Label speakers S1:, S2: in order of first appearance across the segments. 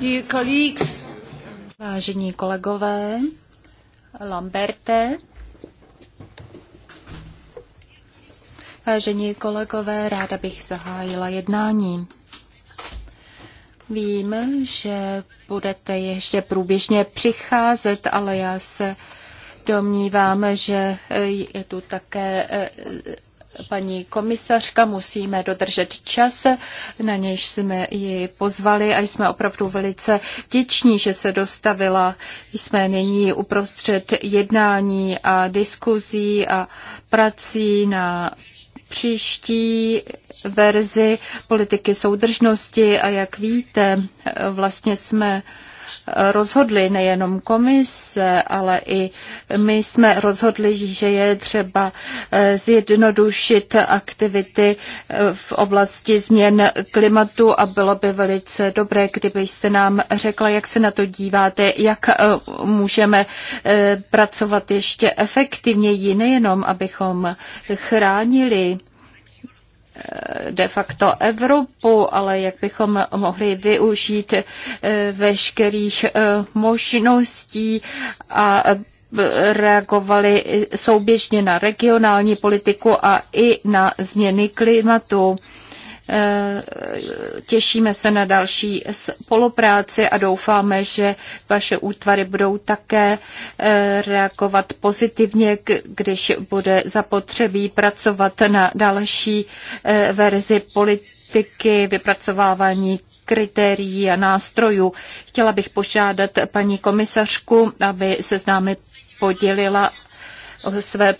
S1: Dear colleagues. Vážení kolegové, Lamberte, Vážení kolegové, ráda bych zahájila jednání. Vím, že budete ještě průběžně přicházet, ale já se domnívám, že je tu také paní komisařka, musíme dodržet čas, na nějž jsme ji pozvali a jsme opravdu velice vděční, že se dostavila. Jsme nyní uprostřed jednání a diskuzí a prací na příští verzi politiky soudržnosti a jak víte, vlastně jsme rozhodli, nejenom komise, ale i my jsme rozhodli, že je třeba eh, zjednodušit aktivity eh, v oblasti změn klimatu a bylo by velice dobré, kdybyste nám řekla, jak se na to díváte, jak eh, můžeme pracovat ještě efektivněji, nejenom abychom chránili de facto Evropu, ale jak bychom mohli využít eh, veškerých eh, možností a eh, reagovali souběžně na regionální politiku a i na změny klimatu. Eh, těšíme se na další spolupráci a doufáme, že vaše útvary budou také eh, reagovat pozitivně, když bude zapotřebí pracovat na další eh, verzi politiky, vypracovávání kritérií a nástrojů. Chtěla bych požádat paní komisařku, aby se s námi podělila o své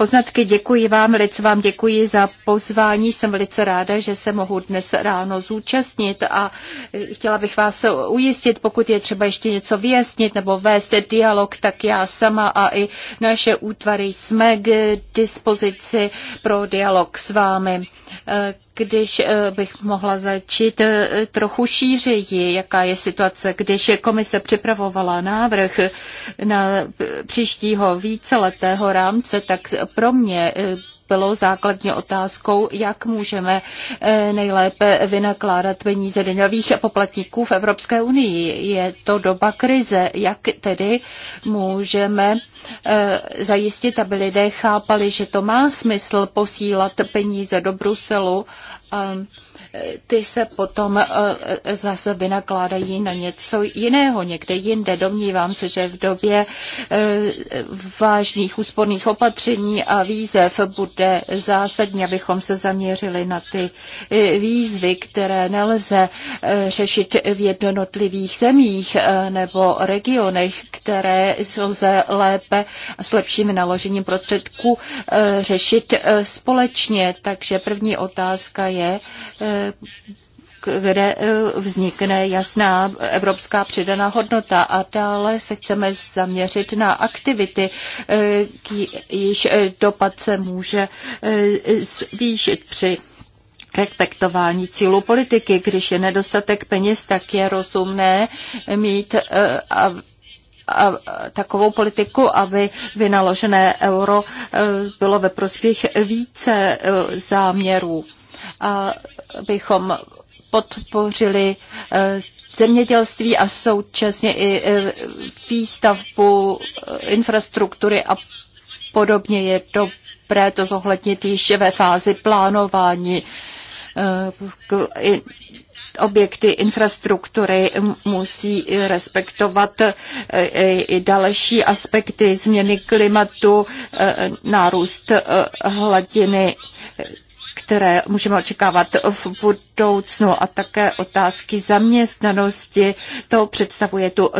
S1: poznatky. Děkuji vám, lic vám děkuji za pozvání. Jsem velice ráda, že se mohu dnes ráno zúčastnit a eh, chtěla bych vás ujistit, pokud je třeba ještě něco vyjasnit nebo vést dialog, tak já sama a i naše útvary jsme k dispozici pro dialog s vámi. Eh, když eh, bych mohla začít eh, trochu šířeji, jaká je situace, když komise připravovala návrh na příštího víceletého rámce, tak pro mě eh, bylo základně otázkou, jak můžeme eh, nejlépe vynakládat peníze daňových poplatníků v Evropské unii. Je to doba krize, jak tedy můžeme eh, zajistit, aby lidé chápali, že to má smysl posílat peníze do Bruselu eh, ty se potom eh, zase vynakládají na něco jiného, někde jinde. Domnívám se, že v době eh, vážných úsporných opatření a výzev bude zásadní, abychom se zaměřili na ty eh, výzvy, které nelze řešit v jednotlivých zemích nebo regionech, které lze lépe a s lepším naložením prostředků řešit společně. Takže první otázka je, kde eh, vznikne jasná evropská přidaná hodnota a dále se chceme zaměřit na aktivity, eh, již eh, dopad se může zvýšit při respektování cílů politiky. Když je nedostatek peněz, tak je rozumné mít a, a takovou politiku, aby vynaložené euro bylo ve prospěch více záměrů. A bychom podpořili eh, zemědělství a současně i eh, výstavbu eh, infrastruktury a podobně je dobré to zohlednit již ve fázi plánování. Objekty infrastruktury musí respektovat i další aspekty změny klimatu, nárůst hladiny které můžeme očekávat v budoucnu a také otázky zaměstnanosti. To představuje tu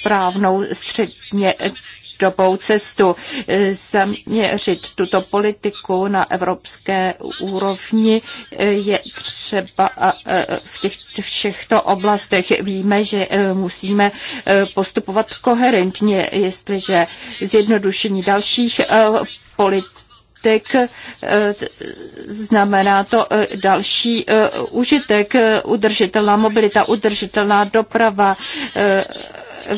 S1: správnou středně dobou cestu zaměřit tuto politiku na evropské úrovni je třeba e, v těch všechto oblastech. Víme, že e, musíme e, postupovat koherentně, jestliže zjednodušení dalších politik užitek, eh, znamená to eh, další eh, užitek, udržitelná mobilita, udržitelná doprava,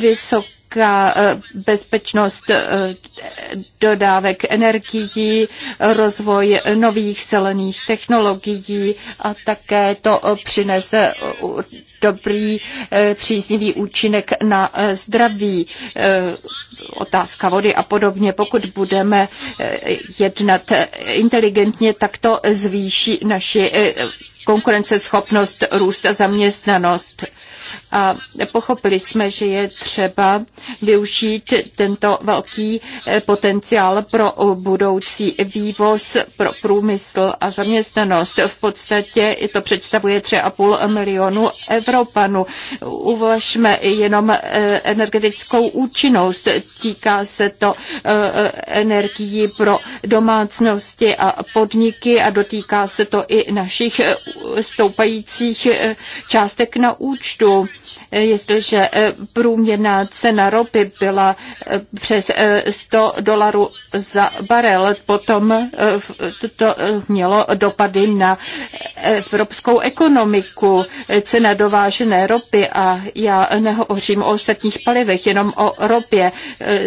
S1: vysoká týká eh, bezpečnost eh, dodávek energií, rozvoj nových zelených technologií a také to eh, přinese dobrý příznivý účinek na zdraví, otázka vody a podobně. Pokud budeme jednat inteligentně, tak to zvýší naši konkurenceschopnost, růst a zaměstnanost a pochopili jsme, že je třeba využít tento velký eh, potenciál pro eh, budoucí vývoz, pro průmysl a zaměstnanost. V podstatě to představuje 3,5 milionu Evropanů. Uvažme jenom eh, energetickou účinnost. Týká se to energii pro domácnosti a podniky a dotýká se to i našich stoupajících částek na účtu Jestliže eh, průměrná cena ropy byla eh, přes 100 eh, dolarů za barel, potom to mělo dopady na evropskou ekonomiku. Cena dovážené ropy, a já nehovořím o ostatních palivech, jenom o ropě,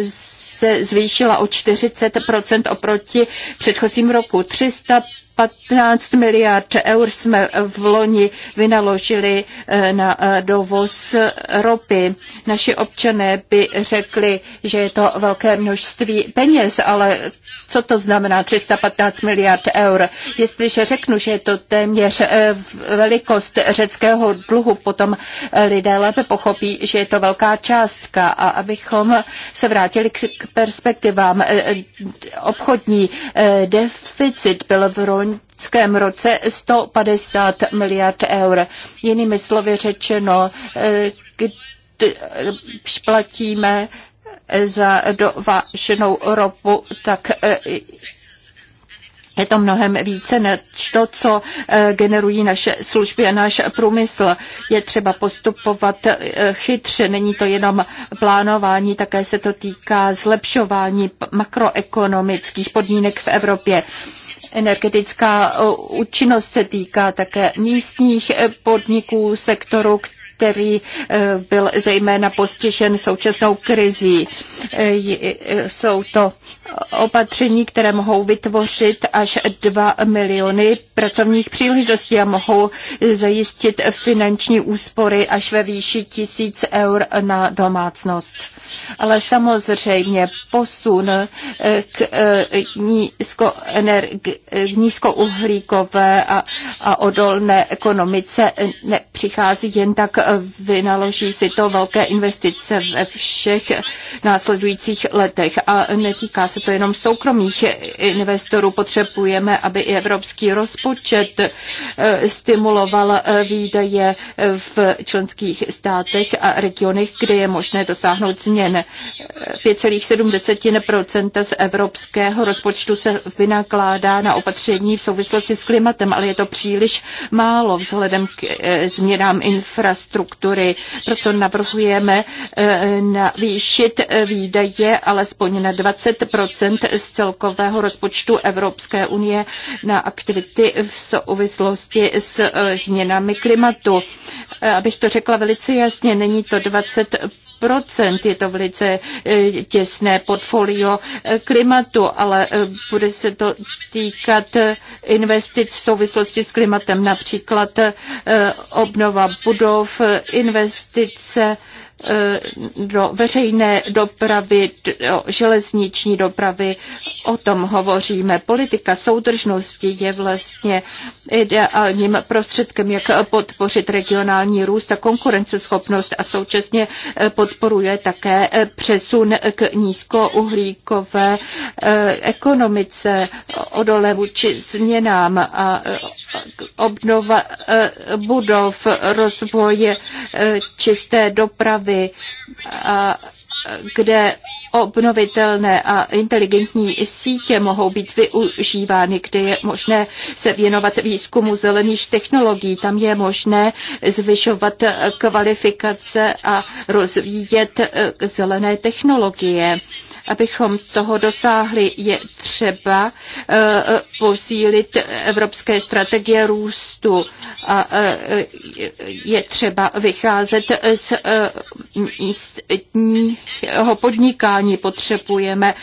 S1: se zvýšila o 40 oproti předchozím roku. 300 15 miliard eur jsme v loni vynaložili eh, na eh, dovoz ropy. Naši občané by řekli, že je to velké množství peněz, ale co to znamená 315 miliard eur? Jestliže řeknu, že je to téměř eh, velikost řeckého dluhu, potom lidé lépe pochopí, že je to velká částka. A abychom se vrátili k perspektivám, obchodní deficit byl v roli loňském roce 150 miliard eur. Jinými slovy řečeno, eh, když platíme za dováženou ropu, tak eh, je to mnohem více než to, co eh, generují naše služby a náš průmysl. Je třeba postupovat chytře, není to jenom plánování, také se to týká zlepšování makroekonomických podmínek v Evropě. Energetická eh, účinnost se týká také místních eh, podniků, sektoru, který eh, byl zejména postižen současnou krizí. Eh, jsou to opatření, které mohou vytvořit až 2 miliony pracovních příležitostí a mohou zajistit finanční úspory až ve výši tisíc eur na domácnost. Ale samozřejmě posun eh, k nízkouhlíkové a, a odolné ekonomice nepřichází jen tak vynaloží si to velké investice ve všech následujících letech. A netýká se to jenom soukromých investorů. Potřebujeme, aby i evropský rozpočet eh, stimuloval eh, výdaje eh, v členských státech a regionech, kde je možné dosáhnout změn. 5,7 z evropského rozpočtu se vynakládá na opatření v souvislosti s klimatem, ale je to příliš málo vzhledem k změnám infrastruktury struktury. Proto navrhujeme eh, navýšit eh, výdaje alespoň na 20 z celkového rozpočtu Evropské unie na aktivity v souvislosti s eh, změnami klimatu. Abych to řekla velice jasně, není to 20 je to velice e, těsné portfolio e, klimatu, ale e, bude se to týkat investic v souvislosti s klimatem, například obnova budov, investice Eh, do veřejné dopravy, do železniční dopravy. O tom hovoříme. Politika soudržnosti je vlastně ideálním prostředkem, jak podpořit regionální růst a konkurenceschopnost a současně eh, podporuje také eh, přesun k nízkouhlíkové ekonomice, odole či změnám a obnova budov, rozvoj čisté dopravy dopravy, a kde obnovitelné a inteligentní sítě mohou být využívány, kde je možné se věnovat výzkumu zelených technologií. Tam je možné zvyšovat kvalifikace a rozvíjet eh, zelené technologie. Abychom toho dosáhli, je třeba eh, posílit evropské strategie růstu a eh, je třeba vycházet z eh, místního podnikání. Potřebujeme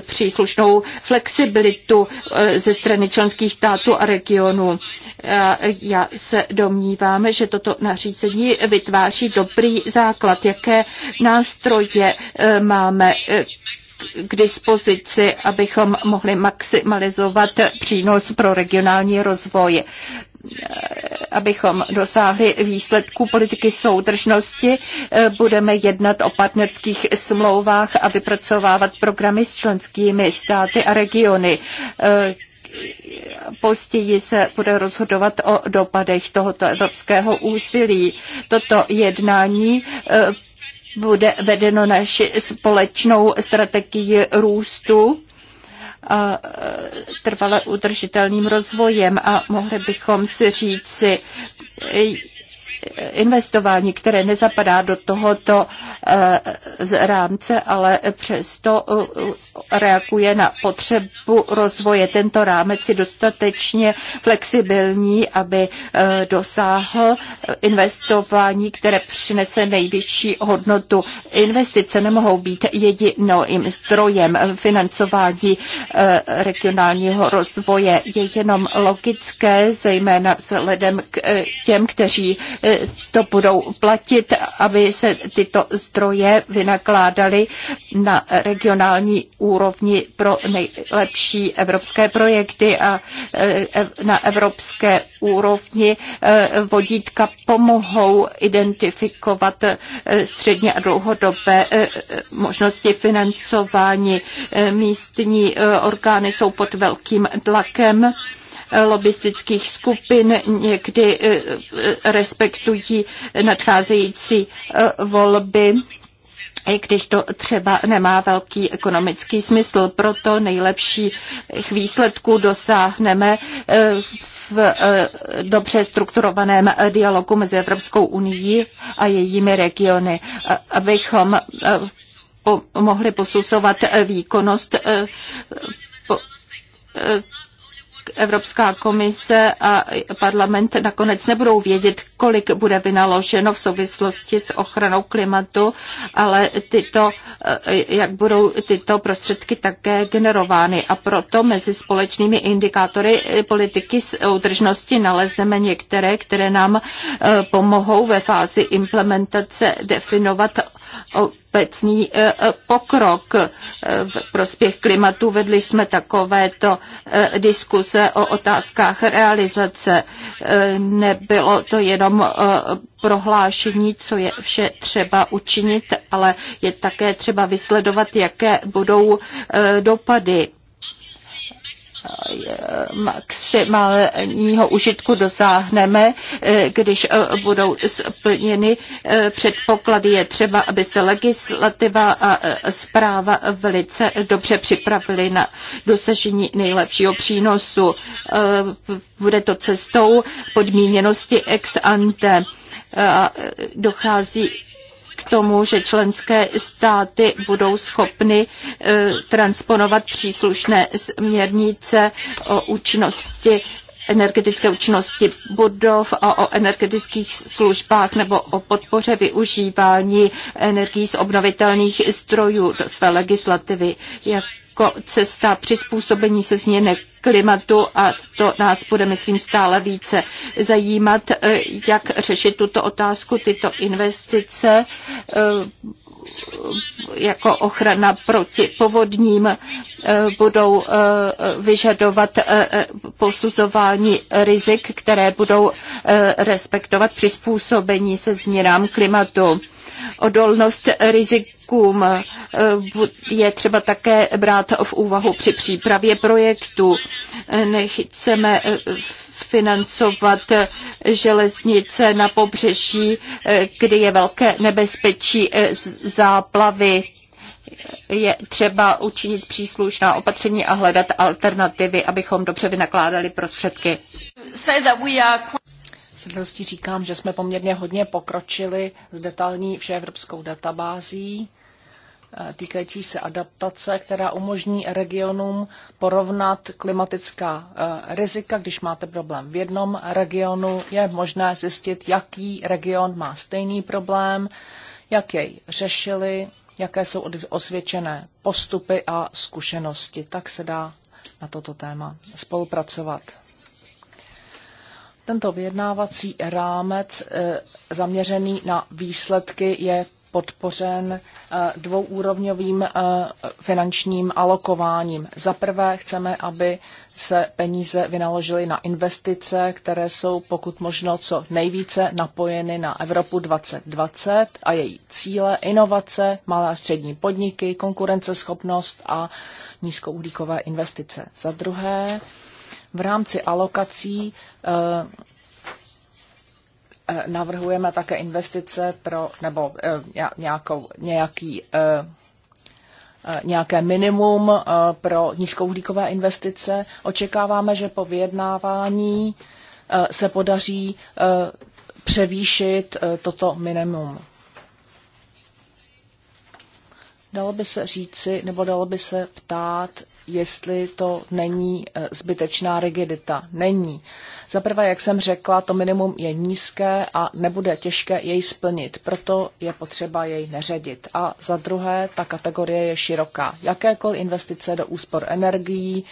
S1: příslušnou flexibilitu ze strany členských států a regionů. Já se domnívám, že toto nařízení vytváří dobrý základ, jaké nástroje máme k dispozici, abychom mohli maximalizovat přínos pro regionální rozvoj abychom dosáhli výsledků politiky soudržnosti, budeme jednat o partnerských smlouvách a vypracovávat programy s členskými státy a regiony. Postěji se bude rozhodovat o dopadech tohoto evropského úsilí. Toto jednání bude vedeno naši společnou strategii růstu a e, trvale udržitelným rozvojem. A mohli bychom si říci, investování, které nezapadá do tohoto eh, z rámce, ale přesto eh, eh, reaguje na potřebu rozvoje. Tento rámec je dostatečně flexibilní, aby dosáhl investování, které přinese největší hodnotu. Investice nemohou být jediným zdrojem financování regionálního rozvoje. Je jenom logické, zejména vzhledem k těm, kteří to budou platit, aby se tyto zdroje vynakládaly na regionální úrovni pro nejlepší evropské projekty a eh, na evropské úrovni eh, vodítka pomohou identifikovat eh, středně a dlouhodobé možnosti financování. Místní orgány jsou pod velkým tlakem lobistických skupin, někdy eh, eh, respektují nadcházející eh, volby i když to třeba nemá velký ekonomický smysl. Proto nejlepších výsledků dosáhneme v dobře strukturovaném dialogu mezi Evropskou unii a jejími regiony, abychom mohli posuzovat výkonnost Evropská komise a parlament nakonec nebudou vědět, kolik bude vynaloženo v souvislosti s ochranou klimatu, ale tyto, eh, jak budou tyto prostředky také generovány. A proto mezi společnými indikátory eh, politiky soudržnosti nalezneme některé, které nám eh, pomohou ve fázi implementace definovat obecný eh, eh, pokrok eh, v prospěch klimatu. Vedli jsme takovéto diskuse o otázkách realizace. Nebylo to jenom prohlášení, co je vše třeba učinit, ale je také třeba vysledovat, jaké budou dopady maximálního užitku dosáhneme, eh, když eh, budou splněny eh, předpoklady. Je třeba, aby se legislativa a zpráva velice dobře připravily na dosažení nejlepšího přínosu. Bude to cestou podmíněnosti ex ante. Dochází tomu, že členské státy budou schopny e, transponovat příslušné směrnice o účinnosti energetické účinnosti budov a o energetických službách nebo o podpoře využívání energií z obnovitelných zdrojů do své legislativy. Jak jako cesta přizpůsobení se změně klimatu a to nás bude, myslím, stále více zajímat, eh, jak řešit tuto otázku, tyto investice eh, jako ochrana proti povodním eh, budou eh, vyžadovat eh, posuzování rizik, které budou respektovat přizpůsobení se změnám klimatu. Odolnost rizikům je třeba také brát v úvahu při přípravě projektu. Nechceme financovat železnice na pobřeží, kdy je velké nebezpečí eh, záplavy. Je třeba učinit příslušná opatření a hledat alternativy, abychom dobře vynakládali prostředky.
S2: S říkám, že jsme poměrně hodně pokročili s detailní všeevropskou databází Eh, týkající se adaptace, která umožní regionům porovnat klimatická eh, rizika. Když máte problém v jednom regionu, je možné zjistit, jaký region má stejný problém, jak jej řešili, jaké jsou osvědčené postupy a zkušenosti. Tak se dá na toto téma spolupracovat. Tento vyjednávací rámec eh, zaměřený na výsledky je podpořen eh, dvouúrovňovým eh, finančním alokováním. Za prvé chceme, aby se peníze vynaložily na investice, které jsou pokud možno co nejvíce napojeny na Evropu 2020 a její cíle, inovace, malé a střední podniky, konkurenceschopnost a nízkouhlíkové investice. Za druhé, v rámci alokací eh, Eh, navrhujeme také investice pro, nebo eh, nějakou, nějaký, eh, nějaké minimum pro nízkouhlíkové investice. Očekáváme, že po vyjednávání se podaří převýšit toto minimum. Dalo by se říci, nebo dalo by se ptát, jestli to není eh, zbytečná rigidita. Není. Za prvé, jak jsem řekla, to minimum je nízké a nebude těžké jej splnit, proto je potřeba jej neředit. A za druhé, ta kategorie je široká. Jakékoliv investice do úspor energií,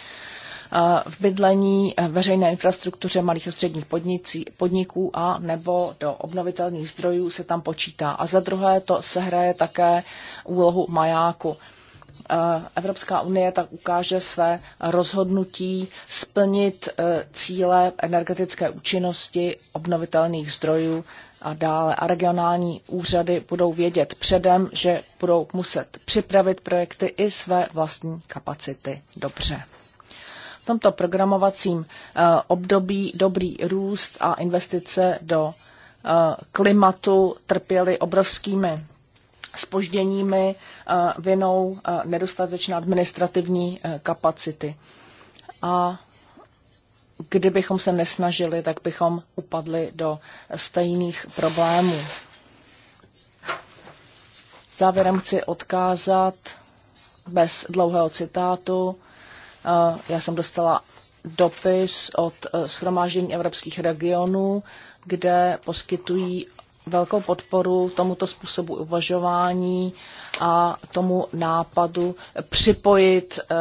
S2: eh, v bydlení, eh, veřejné infrastruktuře malých a středních podnicí, podniků a nebo do obnovitelných zdrojů se tam počítá. A za druhé to sehraje také úlohu majáku. Eh, Evropská unie tak ukáže své rozhodnutí splnit eh, cíle energetické účinnosti obnovitelných zdrojů a dále. A regionální úřady budou vědět předem, že budou muset připravit projekty i své vlastní kapacity dobře. V tomto programovacím eh, období dobrý růst a investice do klimatu trpěly obrovskými spožděními eh, vinou eh, nedostatečné administrativní eh, kapacity. A kdybychom se nesnažili, tak bychom upadli do stejných problémů. Závěrem chci odkázat bez dlouhého citátu. Já jsem dostala dopis od Schromáždění evropských regionů, kde poskytují velkou podporu tomuto způsobu uvažování a tomu nápadu připojit eh,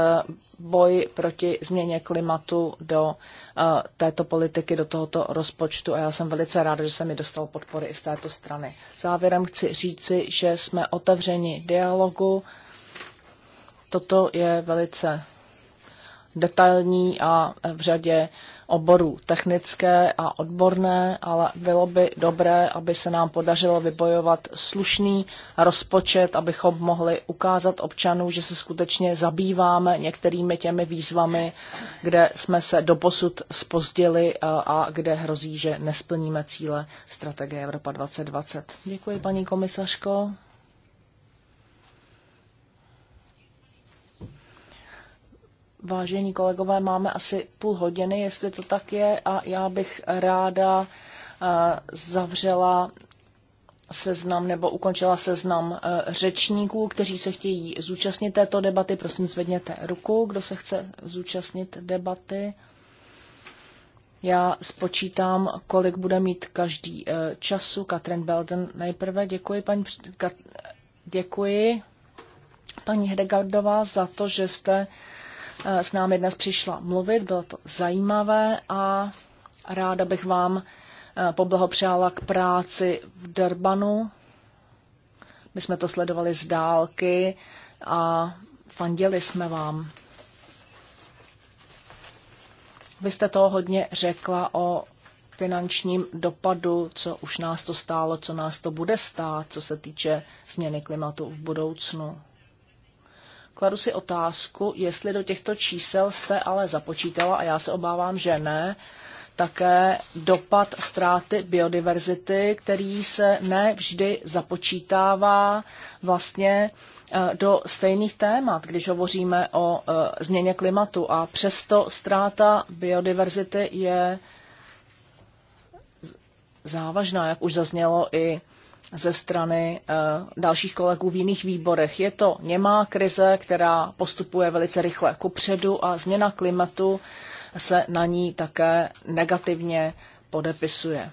S2: boj proti změně klimatu do eh, této politiky, do tohoto rozpočtu a já jsem velice ráda, že se mi dostal podpory i z této strany. Závěrem chci říci, že jsme otevřeni dialogu. Toto je velice detailní a v řadě oborů technické a odborné, ale bylo by dobré, aby se nám podařilo vybojovat slušný rozpočet, abychom mohli ukázat občanům, že se skutečně zabýváme některými těmi výzvami, kde jsme se doposud spozdili eh, a kde hrozí, že nesplníme cíle strategie Evropa 2020. Děkuji, paní komisařko. Vážení kolegové, máme asi půl hodiny, jestli to tak je, a já bych ráda eh, zavřela seznam nebo ukončila seznam eh, řečníků, kteří se chtějí zúčastnit této debaty. Prosím, zvedněte ruku, kdo se chce zúčastnit debaty. Já spočítám, kolik bude mít každý eh, času. Katrin Belden nejprve. Děkuji, paní, děkuji paní Hedegardová za to, že jste Eh, s námi dnes přišla mluvit. Bylo to zajímavé a ráda bych vám eh, poblahopřála k práci v Durbanu. My jsme to sledovali z dálky a fanděli jsme vám. Vy jste toho hodně řekla o finančním dopadu, co už nás to stálo, co nás to bude stát, co se týče změny klimatu v budoucnu. Kladu si otázku, jestli do těchto čísel jste ale započítala, a já se obávám, že ne, také dopad ztráty biodiverzity, který se ne vždy započítává vlastně eh, do stejných témat, když hovoříme o eh, změně klimatu. A přesto ztráta biodiverzity je závažná, jak už zaznělo i ze strany eh, dalších kolegů v jiných výborech. Je to němá krize, která postupuje velice rychle předu a změna klimatu se na ní také negativně podepisuje.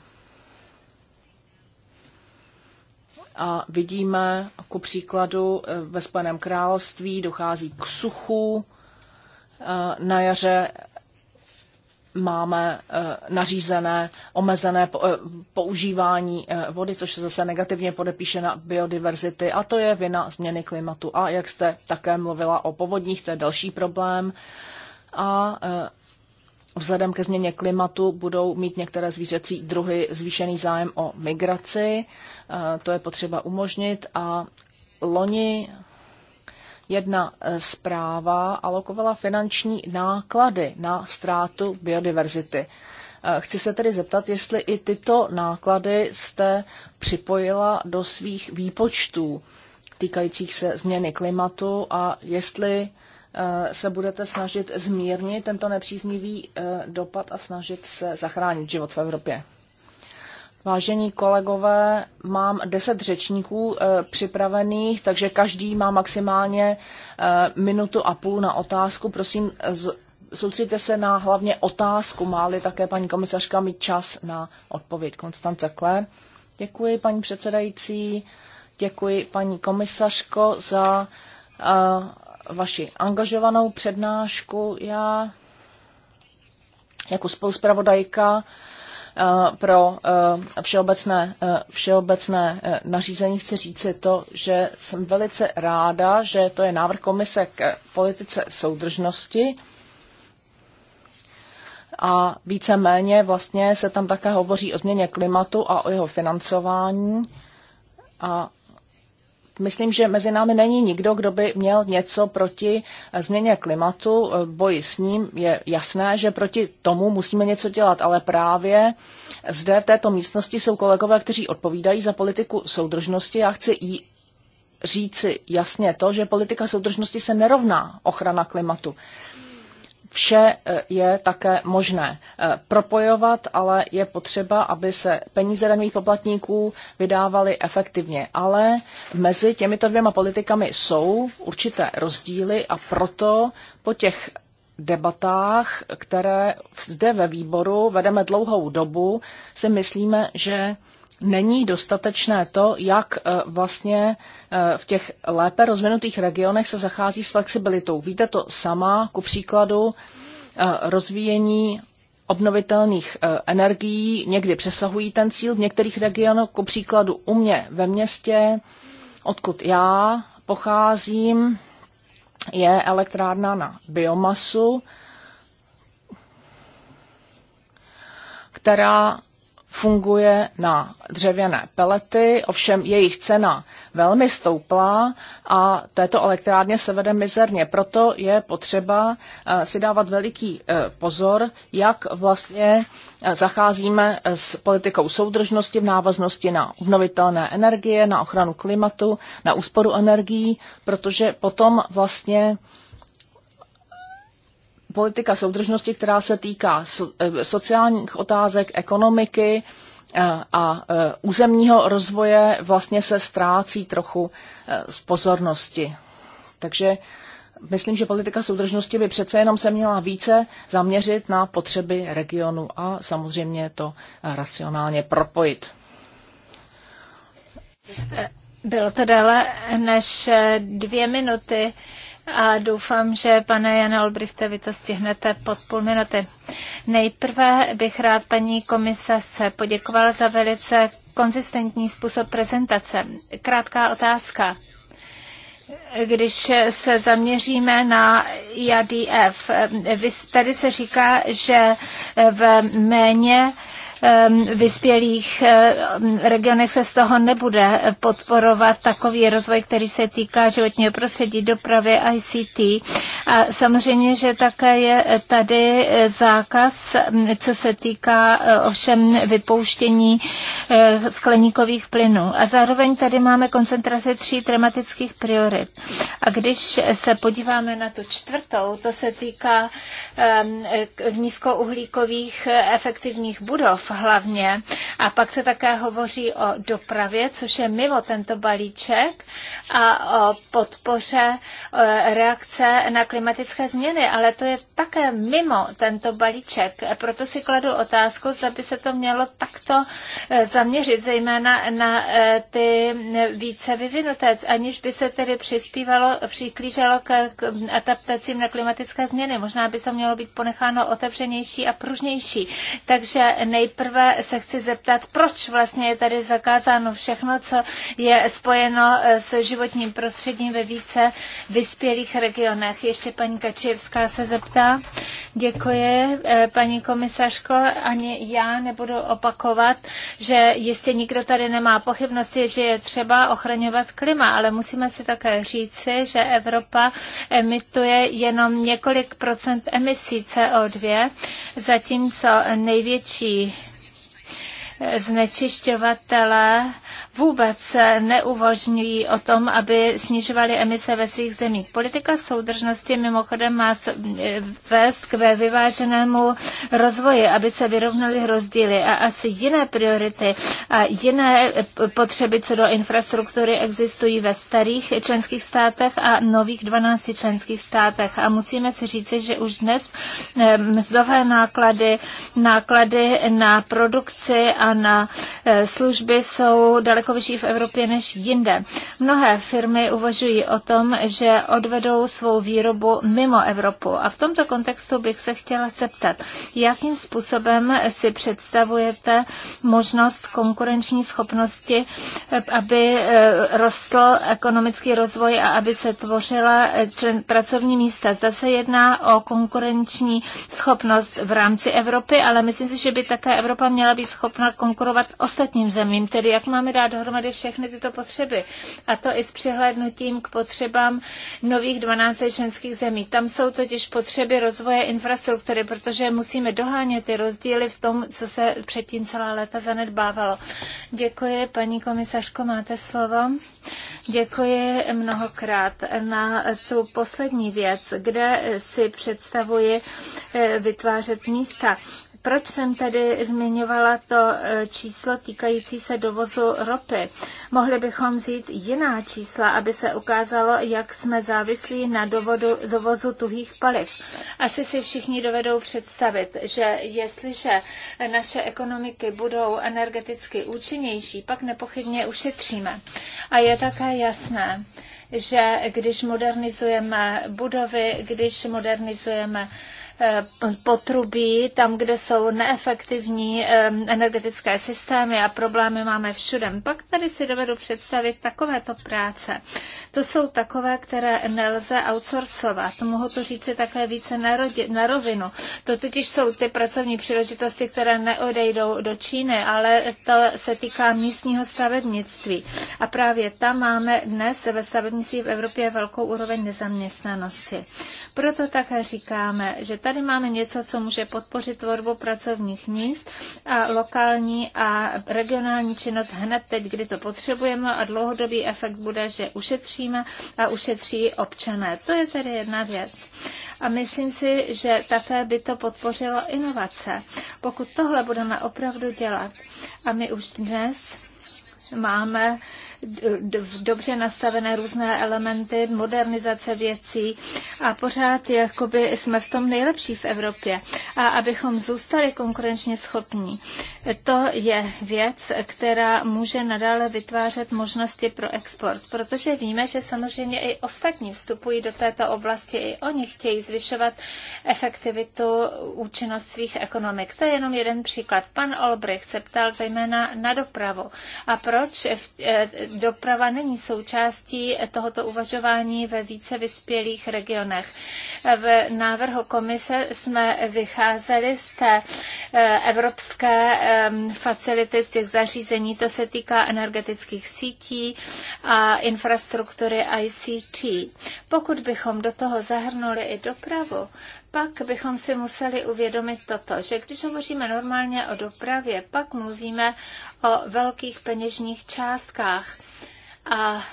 S2: A vidíme, ku příkladu, eh, ve Spojeném království dochází k suchu, eh, na jaře máme eh, nařízené omezené eh, používání eh, vody, což se zase negativně podepíše na biodiverzity a to je vina změny klimatu. A jak jste také mluvila o povodních, to je další problém. A vzhledem ke změně klimatu budou mít některé zvířecí druhy zvýšený zájem o migraci. To je potřeba umožnit a loni Jedna e, zpráva alokovala finanční náklady na ztrátu biodiverzity. E, chci se tedy zeptat, jestli i tyto náklady jste připojila do svých výpočtů týkajících se změny klimatu a jestli e, se budete snažit zmírnit tento nepříznivý dopad a snažit se zachránit život v Evropě. Vážení kolegové, mám deset řečníků e, připravených, takže každý má maximálně e, minutu a půl na otázku. Prosím, z, soustřeďte se na hlavně otázku, má-li také paní komisařka mít čas na odpověď. Konstance Kle. Děkuji, paní předsedající. Děkuji, paní komisařko, za e, vaši angažovanou přednášku. Já jako spoluzpravodajka Eh, pro eh, všeobecné, eh, všeobecné nařízení chci říci to, že jsem velice ráda, že to je návrh komise k politice soudržnosti a víceméně vlastně se tam také hovoří o změně klimatu a o jeho financování a Myslím, že mezi námi není nikdo, kdo by měl něco proti eh, změně klimatu, eh, boji s ním. Je jasné, že proti tomu musíme něco dělat, ale právě zde v této místnosti jsou kolegové, kteří odpovídají za politiku soudržnosti. Já chci jí říci jasně to, že politika soudržnosti se nerovná ochrana klimatu vše eh, je také možné eh, propojovat, ale je potřeba, aby se peníze daňových poplatníků vydávaly efektivně. Ale mezi těmito dvěma politikami jsou určité rozdíly a proto po těch debatách, které zde ve výboru vedeme dlouhou dobu, si myslíme, že není dostatečné to, jak e, vlastně e, v těch lépe rozvinutých regionech se zachází s flexibilitou. Víte to sama, ku příkladu e, rozvíjení obnovitelných energií někdy přesahují ten cíl v některých regionech, ku příkladu u mě ve městě, odkud já pocházím, je elektrárna na biomasu, která funguje na dřevěné pelety, ovšem jejich cena velmi stoupla a této elektrárně se vede mizerně. Proto je potřeba eh, si dávat veliký eh, pozor, jak vlastně eh, zacházíme s politikou soudržnosti v návaznosti na obnovitelné energie, na ochranu klimatu, na úsporu energií, protože potom vlastně politika soudržnosti, která se týká eh, sociálních otázek, ekonomiky eh, a eh, územního rozvoje, vlastně se ztrácí trochu z pozornosti. Takže myslím, že politika soudržnosti by přece jenom se měla více zaměřit na potřeby regionu a samozřejmě to racionálně propojit.
S3: Bylo to déle než dvě minuty a doufám, že pane Jana Olbrichte, vy to stihnete pod půl minuty. Nejprve bych rád paní se poděkoval za velice konzistentní způsob prezentace. Krátká otázka. Když se zaměříme na IADF, tady se říká, že v méně vyspělých regionech se z toho nebude podporovat takový rozvoj, který se týká životního prostředí, dopravy, ICT. A samozřejmě, že také je tady zákaz, co se týká e, ovšem vypouštění e, skleníkových plynů. A zároveň tady máme koncentraci tří tematických priorit. A když se podíváme na tu čtvrtou, to se týká nízkouhlíkových e, efektivních budov, hlavně. A pak se také hovoří o dopravě, což je mimo tento balíček a o podpoře e, reakce na klimatické změny, ale to je také mimo tento balíček. Proto si kladu otázku, zda by se to mělo takto e, zaměřit, zejména na e, ty více vyvinuté, aniž by se tedy přispívalo, přiklíželo k adaptacím na klimatické změny. Možná by se mělo být ponecháno otevřenější a pružnější. Takže nejprve Nejprve se chci zeptat, proč vlastně je tady zakázáno všechno, co je spojeno s životním prostředím ve více vyspělých regionech. Ještě paní Kačijevská se zeptá. Děkuji, eh, paní komisařko. Ani já nebudu opakovat, že jistě nikdo tady nemá pochybnosti, že je třeba ochraňovat klima, ale musíme si také říci, že Evropa emituje jenom několik procent emisí CO2, zatímco největší znečišťovatele vůbec neuvožňují o tom, aby snižovali emise ve svých zemích. Politika soudržnosti mimochodem má vést k vyváženému rozvoji, aby se vyrovnaly rozdíly a asi jiné priority a jiné potřeby co do infrastruktury existují ve starých členských státech a nových 12 členských státech. A musíme si říci, že už dnes eh, mzdové náklady, náklady na produkci a na eh, služby jsou daleko vyšší v Evropě než jinde. Mnohé firmy uvažují o tom, že odvedou svou výrobu mimo Evropu. A v tomto kontextu bych se chtěla zeptat, jakým způsobem si představujete možnost konkurenční schopnosti, eh, aby eh, rostl ekonomický rozvoj a aby se tvořila člen, pracovní místa. Zda se jedná o konkurenční schopnost v rámci Evropy, ale myslím si, že by také Evropa měla být schopna konkurovat ostatním zemím, tedy jak máme dát dohromady všechny tyto potřeby. A to i s přihlédnutím k potřebám nových 12 členských zemí. Tam jsou totiž potřeby rozvoje infrastruktury, protože musíme dohánět ty rozdíly v tom, co se předtím celá léta zanedbávalo. Děkuji, paní komisařko, máte slovo. Děkuji mnohokrát na tu poslední věc, kde si představuji eh, vytvářet místa. Proč jsem tedy zmiňovala to e, číslo týkající se dovozu ropy? Mohli bychom vzít jiná čísla, aby se ukázalo, jak jsme závislí na dovodu, dovozu tuhých paliv. Asi si všichni dovedou představit, že jestliže naše ekonomiky budou energeticky účinnější, pak nepochybně ušetříme. A je také jasné, že když modernizujeme budovy, když modernizujeme Eh, potrubí, tam, kde jsou neefektivní eh, energetické systémy a problémy máme všude. Pak tady si dovedu představit takovéto práce. To jsou takové, které nelze outsourcovat. Mohu to říct si také více na rovinu. To totiž jsou ty pracovní příležitosti, které neodejdou do Číny, ale to se týká místního stavebnictví. A právě tam máme dnes ve stavebnictví v Evropě velkou úroveň nezaměstnanosti. Proto také říkáme, že ta Tady máme něco, co může podpořit tvorbu pracovních míst a lokální a regionální činnost hned teď, kdy to potřebujeme a dlouhodobý efekt bude, že ušetříme a ušetří občané. To je tedy jedna věc. A myslím si, že také by to podpořilo inovace. Pokud tohle budeme opravdu dělat, a my už dnes máme dobře nastavené různé elementy, modernizace věcí a pořád jakoby jsme v tom nejlepší v Evropě. A abychom zůstali konkurenčně schopní, to je věc, která může nadále vytvářet možnosti pro export, protože víme, že samozřejmě i ostatní vstupují do této oblasti, i oni chtějí zvyšovat efektivitu, účinnost svých ekonomik. To je jenom jeden příklad. Pan Olbrich se ptal zejména na dopravu a pro proč eh, doprava není součástí tohoto uvažování ve více vyspělých regionech. V návrhu komise jsme vycházeli z té eh, evropské facility, z těch zařízení, to se týká energetických sítí a infrastruktury ICT. Pokud bychom do toho zahrnuli i dopravu, pak bychom si museli uvědomit toto, že když hovoříme normálně o dopravě, pak mluvíme o velkých peněžních částkách. A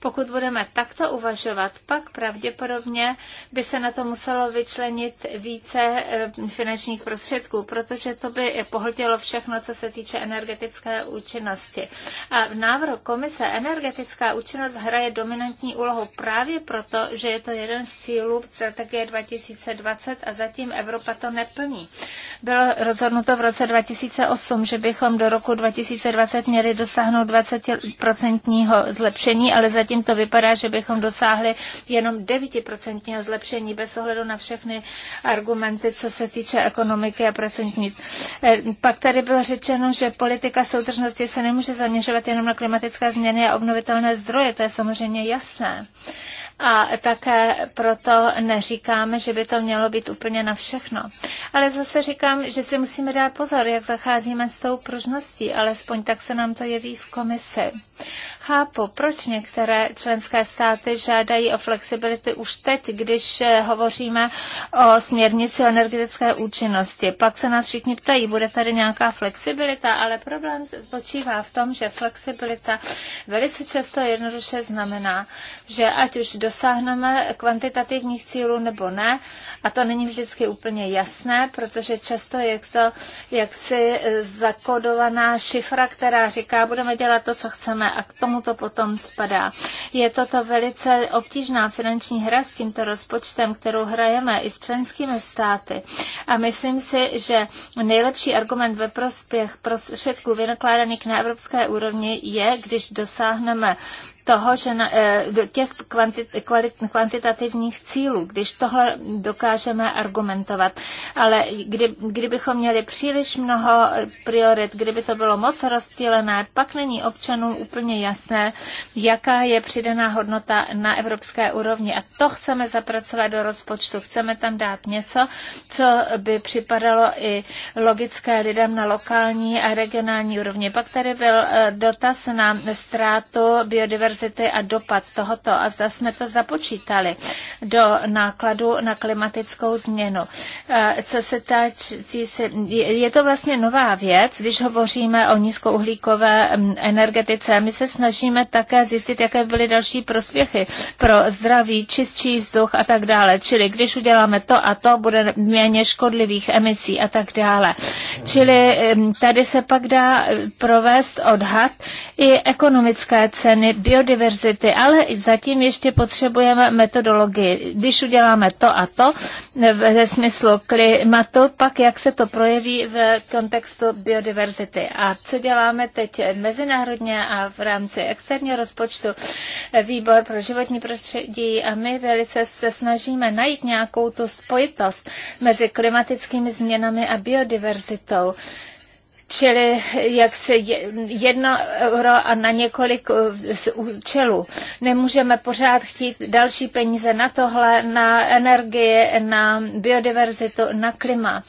S3: pokud budeme takto uvažovat, pak pravděpodobně by se na to muselo vyčlenit více eh, finančních prostředků, protože to by pohltilo všechno, co se týče energetické účinnosti. A v návrhu komise energetická účinnost hraje dominantní úlohu právě proto, že je to jeden z cílů v strategie 2020 a zatím Evropa to neplní. Bylo rozhodnuto v roce 2008, že bychom do roku 2020 měli dosáhnout 20% zlepšení, ale zatím Zatím to vypadá, že bychom dosáhli jenom 9% zlepšení bez ohledu na všechny argumenty, co se týče ekonomiky a pracovních míst. Eh, pak tady bylo řečeno, že politika soudržnosti se nemůže zaměřovat jenom na klimatické změny a obnovitelné zdroje. To je samozřejmě jasné. A také proto neříkáme, že by to mělo být úplně na všechno. Ale zase říkám, že si musíme dát pozor, jak zacházíme s tou pružností, alespoň tak se nám to jeví v komisi. Chápu, proč některé členské státy žádají o flexibilitu už teď, když eh, hovoříme o směrnici o energetické účinnosti. Pak se nás všichni ptají, bude tady nějaká flexibilita, ale problém počívá v tom, že flexibilita velice často jednoduše znamená, že ať už dosáhneme kvantitativních cílů nebo ne, a to není vždycky úplně jasné, protože často je to jaksi eh, zakodovaná šifra, která říká, budeme dělat to, co chceme a k tomu komu to potom spadá. Je toto velice obtížná finanční hra s tímto rozpočtem, kterou hrajeme i s členskými státy. A myslím si, že nejlepší argument ve prospěch prostředků vynakládaných na evropské úrovni je, když dosáhneme toho, že na, eh, do těch kvantit, kvalit, kvantitativních cílů, když tohle dokážeme argumentovat. Ale kdy, kdybychom měli příliš mnoho priorit, kdyby to bylo moc rozdělené, pak není občanům úplně jasné, jaká je přidaná hodnota na evropské úrovni. A to chceme zapracovat do rozpočtu. Chceme tam dát něco, co by připadalo i logické lidem na lokální a regionální úrovni. Pak tady byl eh, dotaz na ztrátu biodiverzity univerzity a dopad tohoto a zda jsme to započítali do nákladu na klimatickou změnu. E, co se táčí, je to vlastně nová věc, když hovoříme o nízkouhlíkové energetice. My se snažíme také zjistit, jaké byly další prospěchy pro zdraví, čistší vzduch a tak dále. Čili když uděláme to a to, bude méně škodlivých emisí a tak dále. Čili tady se pak dá provést odhad i ekonomické ceny bio biodiverzity, ale zatím ještě potřebujeme metodologii. Když uděláme to a to eh, ve smyslu klimatu, pak jak se to projeví v kontextu biodiverzity. A co děláme teď mezinárodně a v rámci externího rozpočtu eh, výbor pro životní prostředí a my velice se snažíme najít nějakou tu spojitost mezi klimatickými změnami a biodiverzitou čili jak se jedno euro a na několik eh, z účelů. Nemůžeme pořád chtít další peníze na tohle, na energii, na biodiverzitu, na klima.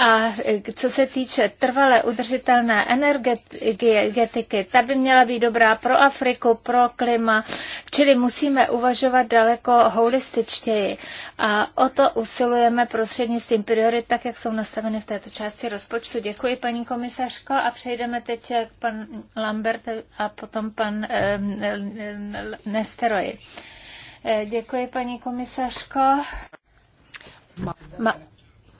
S3: A e, co se týče trvale udržitelné energetiky, ta by měla být dobrá pro Afriku, pro klima, čili musíme uvažovat daleko holističtěji. A o to usilujeme prostřednictvím priorit, tak jak jsou nastaveny v této části rozpočtu. Děkuji, paní komisařko, a přejdeme teď k pan Lambert a potom pan e, e, Nesteroji. Děkuji, paní komisařko. Ma-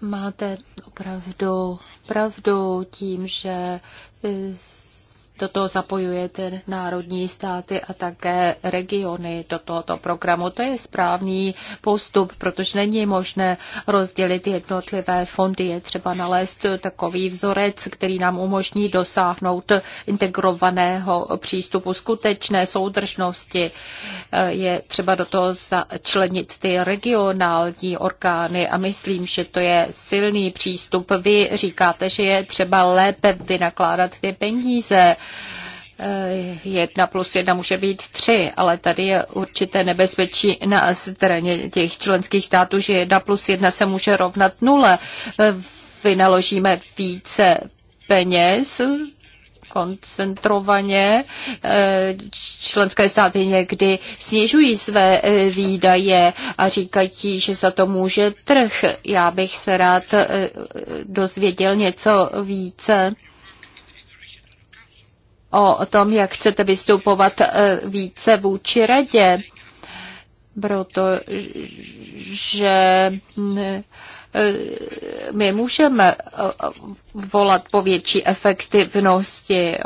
S1: Máte opravdu pravdu tím, že do toho zapojujete národní státy a také regiony do tohoto programu. To je správný postup, protože není možné rozdělit jednotlivé fondy. Je třeba nalézt takový vzorec, který nám umožní dosáhnout integrovaného přístupu skutečné soudržnosti. Je třeba do toho začlenit ty regionální orgány a myslím, že to je silný přístup. Vy říkáte, že je třeba lépe vynakládat ty peníze, Eh, jedna plus jedna může být tři, ale tady je určité nebezpečí na straně těch členských států, že jedna plus jedna se může rovnat nule. Eh, vynaložíme více peněz, koncentrovaně. Eh, členské státy někdy snižují své výdaje a říkají, že za to může trh. Já bych se rád dozvěděl něco více o tom, jak chcete vystupovat eh, více vůči radě, protože mm, eh, my můžeme eh, volat po větší efektivnosti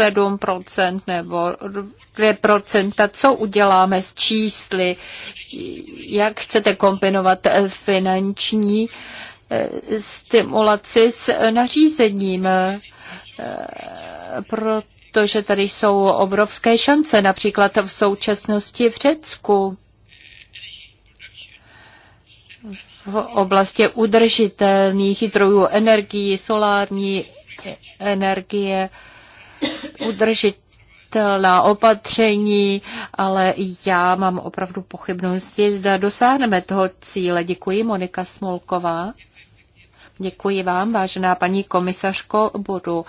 S1: 7% nebo 2%. Co uděláme s čísly? Jak chcete kombinovat finanční stimulaci s nařízením? protože tady jsou obrovské šance, například v současnosti v Řecku. V oblasti udržitelných zdrojů energií, solární energie, udržitelná opatření, ale já mám opravdu pochybnosti, zda dosáhneme toho cíle. Děkuji, Monika Smolková. Děkuji vám, vážená paní komisařko. Budu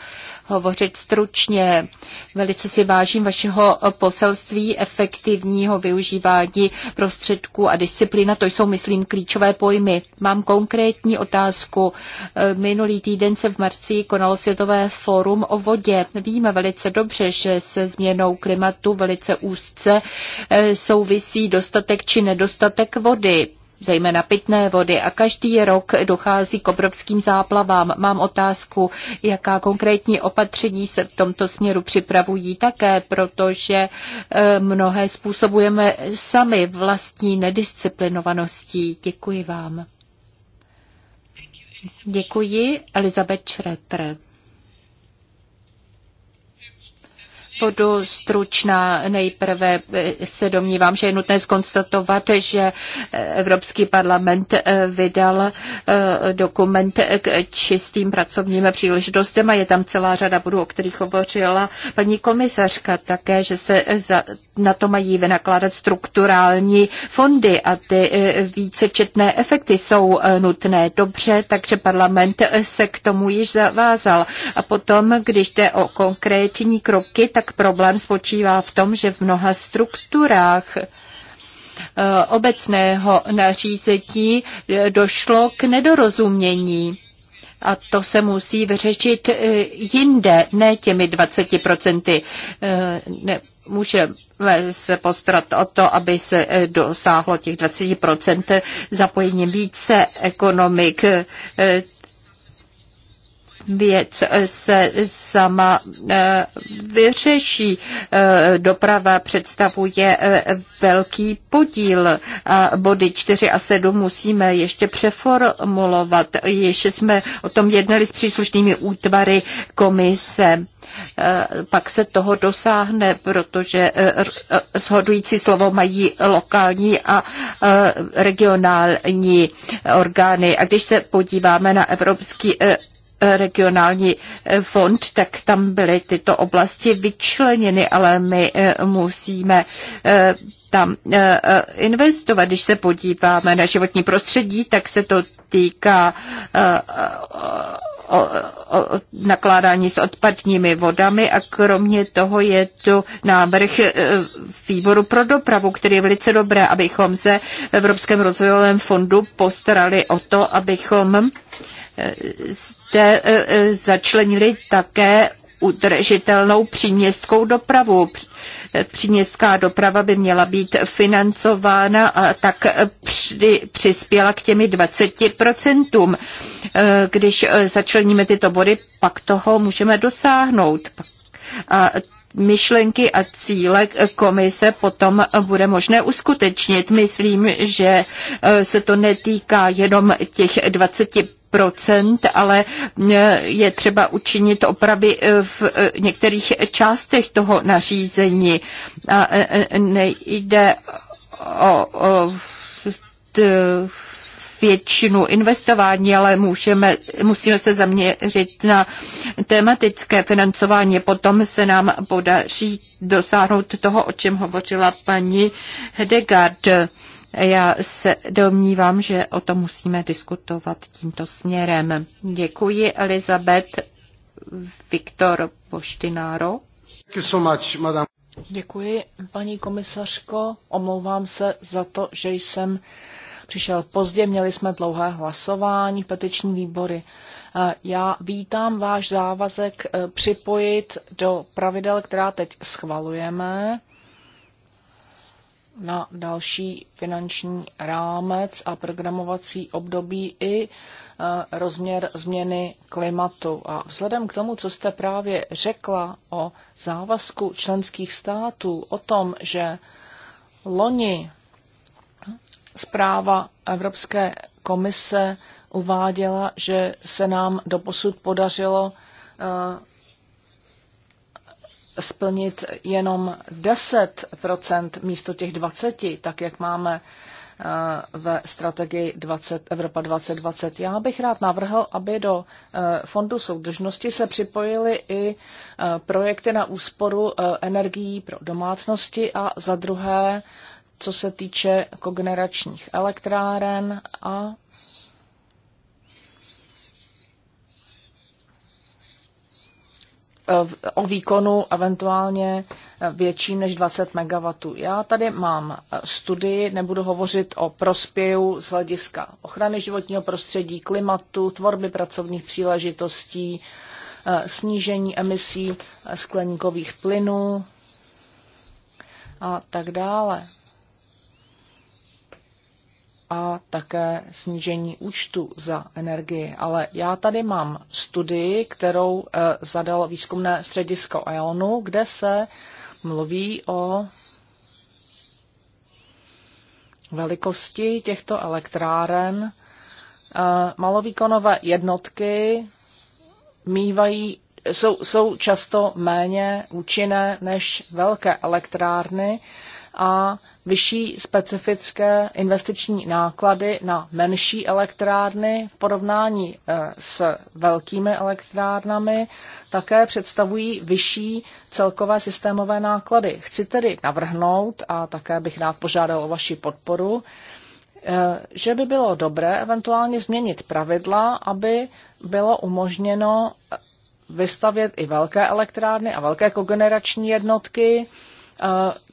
S1: hovořit stručně. Velice si vážím vašeho poselství efektivního využívání prostředků a disciplína. To jsou, myslím, klíčové pojmy. Mám konkrétní otázku. Minulý týden se v Marci konalo Světové fórum o vodě. Víme velice dobře, že se změnou klimatu velice úzce souvisí dostatek či nedostatek vody zejména pitné vody a každý rok dochází k obrovským záplavám. Mám otázku, jaká konkrétní opatření se v tomto směru připravují také, protože eh, mnohé způsobujeme sami vlastní nedisciplinovaností. Děkuji vám. Děkuji, Elizabeth Schretter. budu stručná. Nejprve eh, se domnívám, že je nutné skonstatovat, že eh, Evropský parlament eh, vydal dokument k čistým pracovním příležitostem a je tam celá řada bodů, o kterých hovořila paní komisařka také, že se za, na to mají vynakládat strukturální fondy a ty vícečetné efekty jsou nutné. Dobře, takže parlament se k tomu již zavázal. A potom, když jde o konkrétní kroky, tak problém spočívá v tom, že v mnoha strukturách eh, obecného nařízení došlo k nedorozumění. A to se musí vyřešit eh, jinde, ne těmi 20%. Eh, ne, můžeme se postarat o to, aby se dosáhlo těch 20% zapojením více ekonomik věc se sama eh, vyřeší. Eh, doprava představuje eh, velký podíl. Body 4 a 7 musíme ještě přeformulovat. Ještě jsme o tom jednali s příslušnými útvary komise. Pak se toho dosáhne, protože shodující slovo mají lokální a regionální orgány. A když se podíváme na evropský regionální fond, tak tam byly tyto oblasti vyčleněny, ale my eh, musíme eh, tam eh, investovat. Když se podíváme na životní prostředí, tak se to týká o, o nakládání s odpadními vodami a kromě toho je tu návrh e, výboru pro dopravu, který je velice dobré, abychom se v Evropském rozvojovém fondu postarali o to, abychom e, zde e, začlenili také udržitelnou příměstskou dopravu. Příměstská doprava by měla být financována a tak při, přispěla k těmi 20%. Eh, když eh, začleníme tyto body, pak toho můžeme dosáhnout. A myšlenky a cíle komise potom bude možné uskutečnit. Myslím, že eh, se to netýká jenom těch 20 procent, ale e, je třeba učinit opravy e, v e, některých částech toho nařízení. A nejde o, o většinu investování, ale můžeme, musíme se zaměřit na tematické financování. Potom se nám podaří dosáhnout toho, o čem hovořila paní Hedegard já se domnívám, že o tom musíme diskutovat tímto směrem. Děkuji, Elizabeth. Viktor Poštináro.
S2: Děkuji, paní komisařko. Omlouvám se za to, že jsem přišel pozdě, měli jsme dlouhé hlasování, petiční výbory. Já vítám váš závazek eh, připojit do pravidel, která teď schvalujeme, na další finanční rámec a programovací období i e, rozměr změny klimatu. A vzhledem k tomu, co jste právě řekla o závazku členských států, o tom, že loni zpráva Evropské komise uváděla, že se nám doposud podařilo e, splnit jenom 10 místo těch 20, tak jak máme eh, ve strategii 20, Evropa 2020. Já bych rád navrhl, aby do eh, Fondu soudržnosti se připojily i eh, projekty na úsporu energií pro domácnosti a za druhé, co se týče kogeneračních elektráren a o výkonu eventuálně větším než 20 MW. Já tady mám studii, nebudu hovořit o prospěju z hlediska ochrany životního prostředí, klimatu, tvorby pracovních příležitostí, eh, snížení emisí skleníkových plynů a tak dále a také snížení účtu za energii. Ale já tady mám studii, kterou eh, zadalo výzkumné středisko EONu, kde se mluví o velikosti těchto elektráren. Eh, malovýkonové jednotky mývají, jsou, jsou často méně účinné než velké elektrárny a vyšší specifické investiční náklady na menší elektrárny v porovnání eh, s velkými elektrárnami také představují vyšší celkové systémové náklady. Chci tedy navrhnout, a také bych rád požádal o vaši podporu, eh, že by bylo dobré eventuálně změnit pravidla, aby bylo umožněno vystavět i velké elektrárny a velké kogenerační jednotky eh,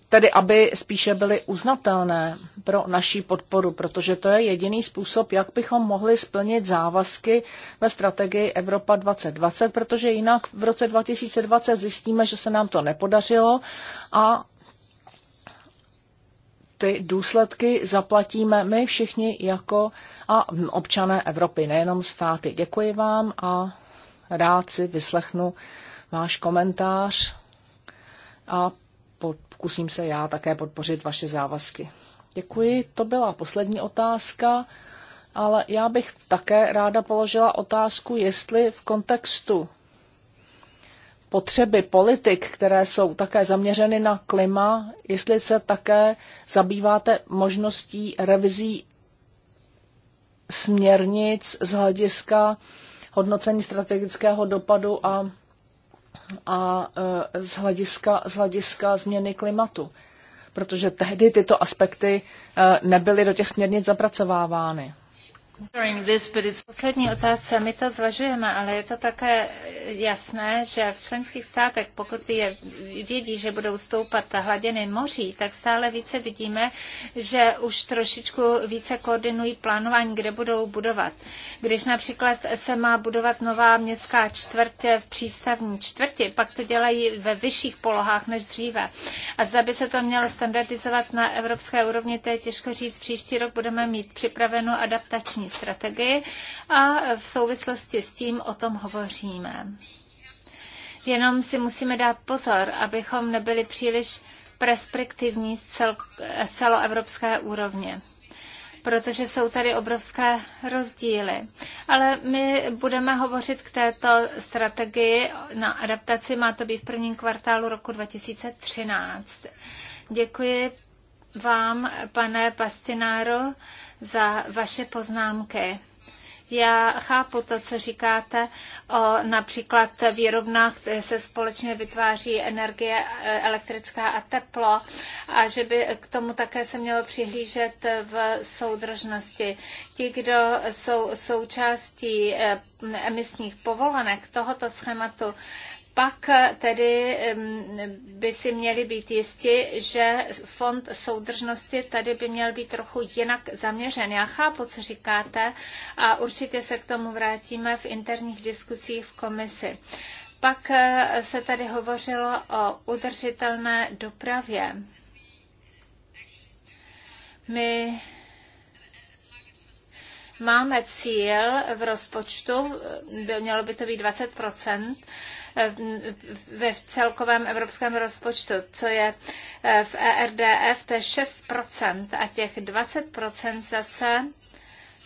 S2: tedy aby spíše byly uznatelné pro naší podporu, protože to je jediný způsob, jak bychom mohli splnit závazky ve strategii Evropa 2020, protože jinak v roce 2020 zjistíme, že se nám to nepodařilo a ty důsledky zaplatíme my všichni jako a občané Evropy, nejenom státy. Děkuji vám a rád si vyslechnu váš komentář a pokusím se já také podpořit vaše závazky. Děkuji, to byla poslední otázka, ale já bych také ráda položila otázku, jestli v kontextu potřeby politik, které jsou také zaměřeny na klima, jestli se také zabýváte možností revizí směrnic z hlediska hodnocení strategického dopadu a a e, z hlediska, z hlediska změny klimatu. Protože tehdy tyto aspekty e, nebyly do těch směrnic zapracovávány.
S3: Poslední otázka, my to zvažujeme, ale je to také jasné, že v členských státech, pokud je, vědí, že budou stoupat hladiny moří, tak stále více vidíme, že už trošičku více koordinují plánování, kde budou budovat. Když například se má budovat nová městská čtvrť v přístavní čtvrti, pak to dělají ve vyšších polohách než dříve. A zda by se to mělo standardizovat na evropské úrovni, to je těžko říct. Příští rok budeme mít připravenou adaptační strategii a v souvislosti s tím o tom hovoříme. Jenom si musíme dát pozor, abychom nebyli příliš perspektivní z cel, celoevropské úrovně protože jsou tady obrovské rozdíly. Ale my budeme hovořit k této strategii na adaptaci, má to být v prvním kvartálu roku 2013. Děkuji vám, pane Pastináro, za vaše poznámky. Já chápu to, co říkáte o například výrobnách, kde se společně vytváří energie elektrická a teplo a že by k tomu také se mělo přihlížet v soudržnosti. Ti, kdo jsou součástí eh, emisních povolenek tohoto schématu, pak tedy by si měli být jisti, že fond soudržnosti tady by měl být trochu jinak zaměřen. Já chápu, co říkáte a určitě se k tomu vrátíme v interních diskusích v komisi. Pak eh, se tady hovořilo o udržitelné dopravě. My máme cíl v rozpočtu, mělo by to být 20 ve celkovém evropském rozpočtu, co je eh, v ERDF, to je 6% a těch 20% zase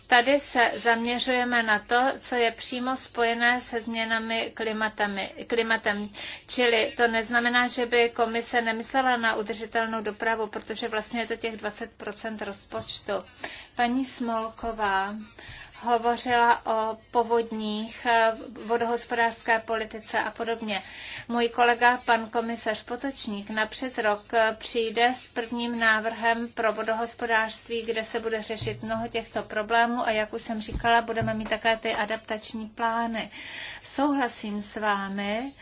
S3: Tady se zaměřujeme na to, co je přímo spojené se změnami klimatami, klimatem. Čili to neznamená, že by komise nemyslela na udržitelnou dopravu, protože vlastně je to těch 20 rozpočtu. Paní Smolková hovořila o povodních, eh, vodohospodářské politice a podobně. Můj kolega, pan komisař Potočník, na přes rok eh, přijde s prvním návrhem pro vodohospodářství, kde se bude řešit mnoho těchto problémů a jak už jsem říkala, budeme mít také ty adaptační plány. Souhlasím s vámi,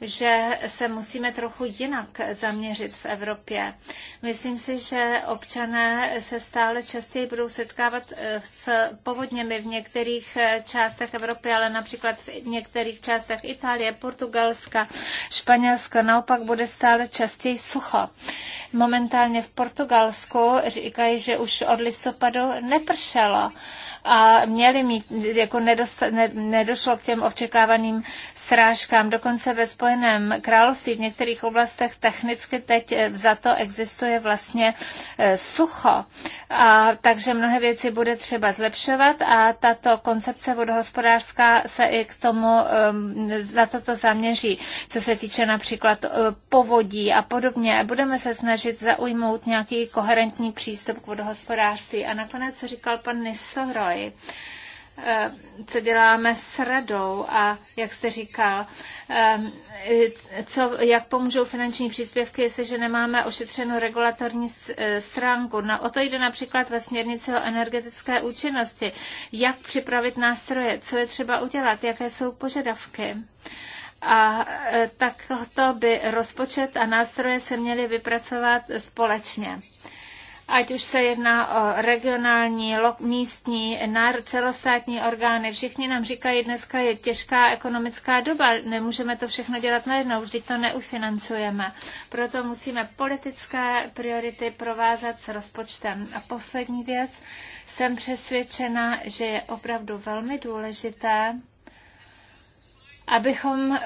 S3: že se musíme trochu jinak zaměřit v Evropě. Myslím si, že občané se stále častěji budou setkávat eh, s povodněmi v některých eh, částech Evropy, ale například v některých částech Itálie, Portugalska, Španělska naopak bude stále častěji sucho. Momentálně v Portugalsku říkají, že už od listopadu nepršelo a měli mít, jako nedost, ne, nedošlo k těm očekávaným srážkám. Dokonce ve Spojeném království v některých oblastech technicky teď eh, za to existuje vlastně eh, sucho. A, takže mnohé věci bude třeba zlepšovat a tato koncepce vodohospodářská se i k tomu ehm, na toto zaměří, co se týče například eh, povodí a podobně. Budeme se snažit zaujmout nějaký koherentní přístup k vodohospodářství. A nakonec říkal pan Nisoroj, Eh, co děláme s radou a, jak jste říkal, eh, co, jak pomůžou finanční příspěvky, jestliže nemáme ošetřenou regulatorní eh, stránku. No, o to jde například ve směrnici o energetické účinnosti. Jak připravit nástroje, co je třeba udělat, jaké jsou požadavky. A takto by rozpočet a nástroje se měly vypracovat společně ať už se jedná o regionální, místní, národ, celostátní orgány. Všichni nám říkají, dneska je těžká ekonomická doba, nemůžeme to všechno dělat najednou, vždyť to neufinancujeme. Proto musíme politické priority provázat s rozpočtem. A poslední věc, jsem přesvědčena, že je opravdu velmi důležité, abychom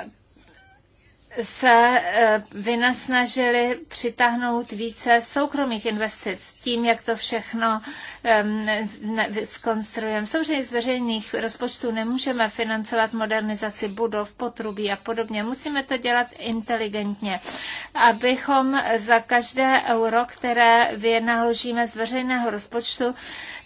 S3: se eh, vynasnažili přitáhnout více soukromých investic tím, jak to všechno skonstruujeme. Samozřejmě z veřejných rozpočtů nemůžeme financovat modernizaci budov, potrubí a podobně. Musíme to dělat inteligentně, abychom za každé euro, které vynaložíme z veřejného rozpočtu,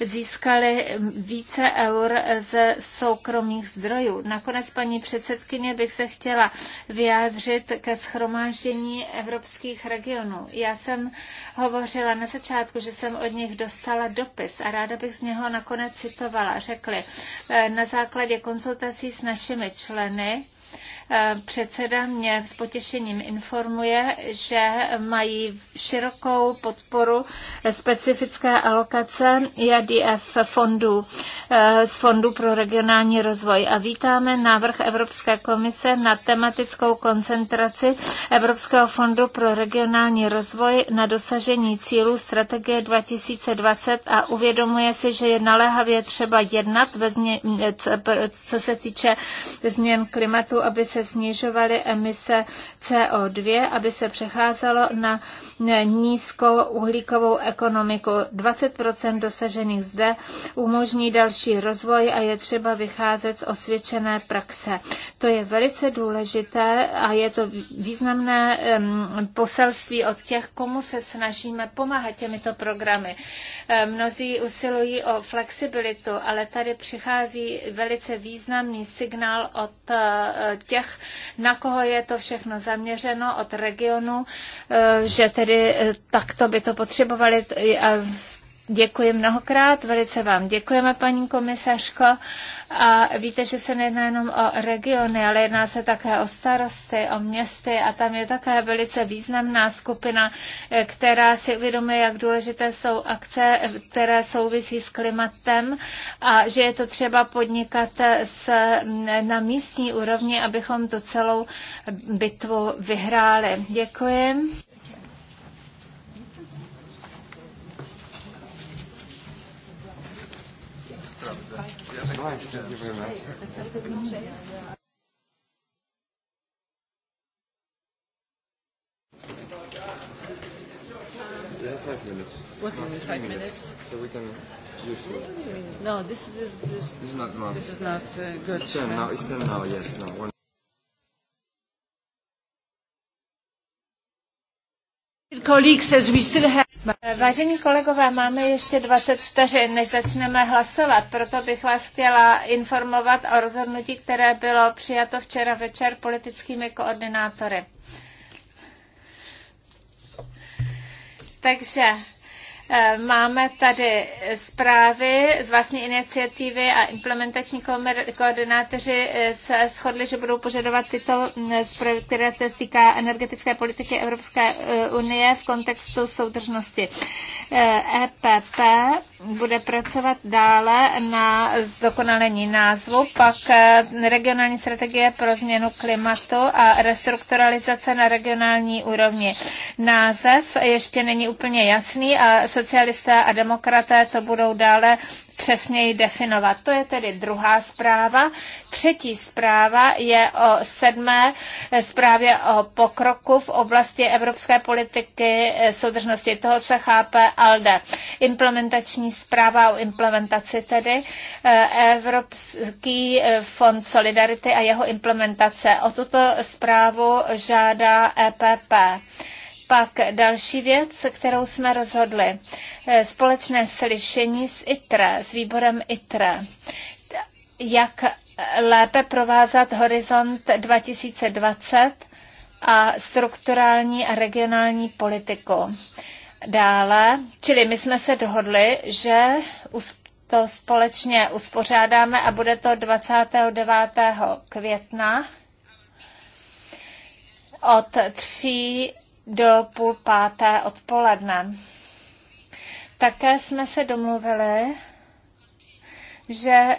S3: získali více eur ze soukromých zdrojů. Nakonec, paní předsedkyně, bych se chtěla vyjádřit vyjádřit ke schromáždění evropských regionů. Já jsem hovořila na začátku, že jsem od nich dostala dopis a ráda bych z něho nakonec citovala. Řekli, eh, na základě konzultací s našimi členy Eh, předseda mě s potěšením informuje, že mají širokou podporu specifické alokace JDF fondů eh, z Fondu pro regionální rozvoj a vítáme návrh Evropské komise na tematickou koncentraci Evropského fondu pro regionální rozvoj na dosažení cílů strategie 2020 a uvědomuje si, že je naléhavě třeba jednat ve eh, co se týče změn klimatu, aby se se snižovaly emise CO2, aby se přecházelo na nízkou uhlíkovou ekonomiku. 20 dosažených zde umožní další rozvoj a je třeba vycházet z osvědčené praxe. To je velice důležité a je to významné poselství od těch, komu se snažíme pomáhat těmito programy. Mnozí usilují o flexibilitu, ale tady přichází velice významný signál od eh, těch, všech, na koho je to všechno zaměřeno od regionu, eh, že tedy eh, takto by to potřebovali Děkuji mnohokrát, velice vám děkujeme, paní komisařko. A víte, že se nejedná jenom o regiony, ale jedná se také o starosty, o městy a tam je také velice významná skupina, eh, která si uvědomuje, jak důležité jsou akce, eh, které souvisí s klimatem a že je to třeba podnikat eh, s, na místní úrovni, abychom tu celou bitvu vyhráli. Děkuji. Thank have five minutes. What no, Five minutes. minutes. So we can use it. No, this is this. This, this is not. This is not uh, good. It's ten now. It's ten now. Yes. No. One Vážení kolegové, máme ještě 20 vteřin, než začneme hlasovat, proto bych vás chtěla informovat o rozhodnutí, které bylo přijato včera večer politickými koordinátory. Takže Eh, máme tady zprávy z vlastní iniciativy a implementační koordinátoři eh, se shodli, že budou požadovat tyto mm, zprávy, které se týká energetické politiky Evropské eh, unie v kontextu soudržnosti. EPP e bude pracovat dále na zdokonalení názvu, pak regionální strategie pro změnu klimatu a restrukturalizace na regionální úrovni. Název ještě není úplně jasný a socialisté a demokraté to budou dále přesněji definovat. To je tedy druhá zpráva. Třetí zpráva je o sedmé zprávě o pokroku v oblasti evropské politiky soudržnosti. Toho se chápe ALDE. Implementační zpráva o implementaci tedy Evropský fond solidarity a jeho implementace. O tuto zprávu žádá EPP. Pak další věc, kterou jsme rozhodli, eh, společné slyšení s ITRE, s výborem ITRE, jak lépe provázat horizont 2020 a strukturální a regionální politiku. Dále, čili my jsme se dohodli, že to společně uspořádáme a bude to 29. května od 3 do půl páté odpoledne. Také jsme se domluvili, že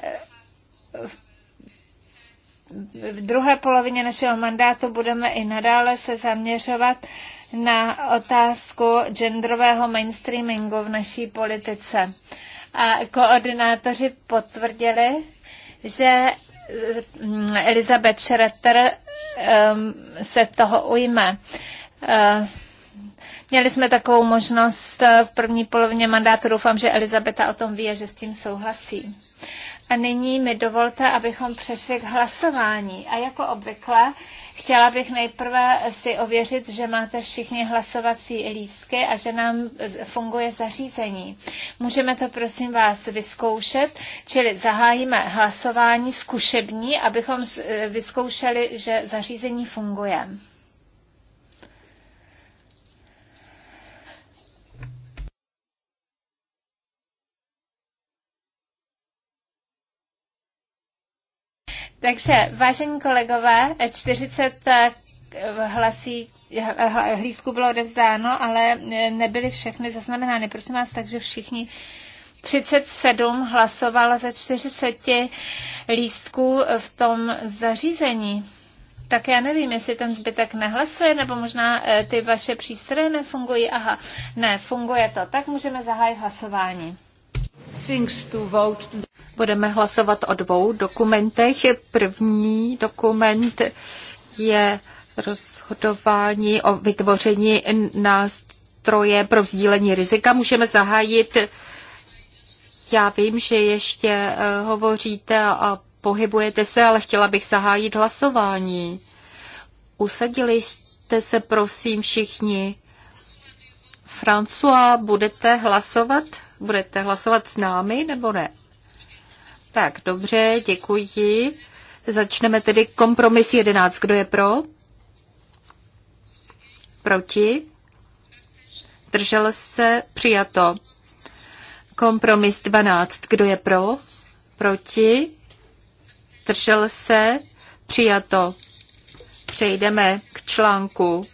S3: v druhé polovině našeho mandátu budeme i nadále se zaměřovat na otázku genderového mainstreamingu v naší politice. A koordinátoři potvrdili, že mm, Elizabeth Schroeter um, ehm, se toho ujme. Eh, měli jsme takovou možnost eh, v první polovině mandátu. Doufám, že Elizabeta o tom ví a že s tím souhlasí. A nyní mi dovolte, abychom přešli k hlasování. A jako obvykle, chtěla bych nejprve si ověřit, že máte všichni hlasovací lístky a že nám funguje zařízení. Můžeme to, prosím vás, vyzkoušet, čili zahájíme hlasování zkušební, abychom vyzkoušeli, že zařízení funguje. Takže, vážení kolegové, 40 eh, hlasí, eh, hlízku bylo odevzdáno, ale eh, nebyly všechny zaznamenány. Prosím vás, takže všichni 37 hlasovalo ze 40 lístků v tom zařízení. Tak já nevím, jestli ten zbytek nehlasuje, nebo možná ty vaše přístroje nefungují. Aha, ne, funguje to. Tak můžeme zahájit hlasování.
S1: Things to vote Budeme hlasovat o dvou dokumentech. První dokument je rozhodování o vytvoření nástroje pro vzdílení rizika. Můžeme zahájit. Já vím, že ještě eh, hovoříte a pohybujete se, ale chtěla bych zahájit hlasování. Usadili jste se, prosím, všichni. François, budete hlasovat? Budete hlasovat s námi nebo ne? Tak, dobře, děkuji. Začneme tedy kompromis 11. Kdo je pro? Proti? Držel se? Přijato. Kompromis 12. Kdo je pro? Proti? Držel se? Přijato. Přejdeme k článku,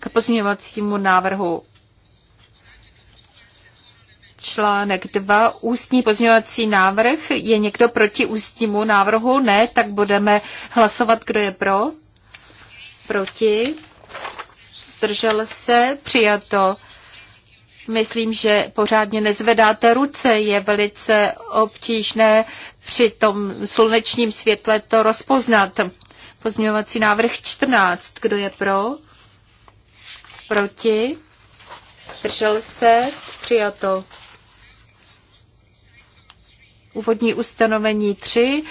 S1: k pozměňovacímu návrhu článek 2, ústní pozměňovací návrh. Je někdo proti ústnímu návrhu? Ne, tak budeme hlasovat, kdo je pro. Proti. Zdržel se. Přijato. Myslím, že pořádně nezvedáte ruce. Je velice obtížné při tom slunečním světle to rozpoznat. Pozměňovací návrh 14. Kdo je pro? Proti? Držel se? Přijato úvodní ustanovení 3,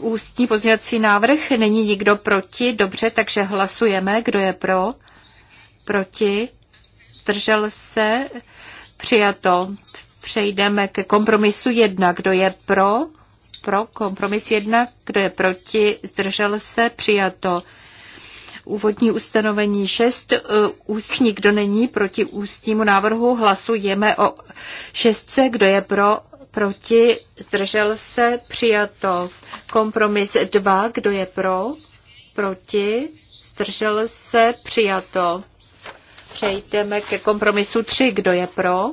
S1: ústní pozměňovací návrh, není nikdo proti, dobře, takže hlasujeme, kdo je pro, proti, držel se, přijato. Přejdeme ke kompromisu 1, kdo je pro, pro kompromis 1, kdo je proti, zdržel se, přijato. Úvodní ustanovení 6, uh, úst, nikdo není proti ústnímu návrhu, hlasujeme o 6, kdo je pro, proti, zdržel se, přijato. Kompromis 2, kdo je pro, proti, zdržel se, přijato. Přejdeme ke kompromisu 3, kdo je pro,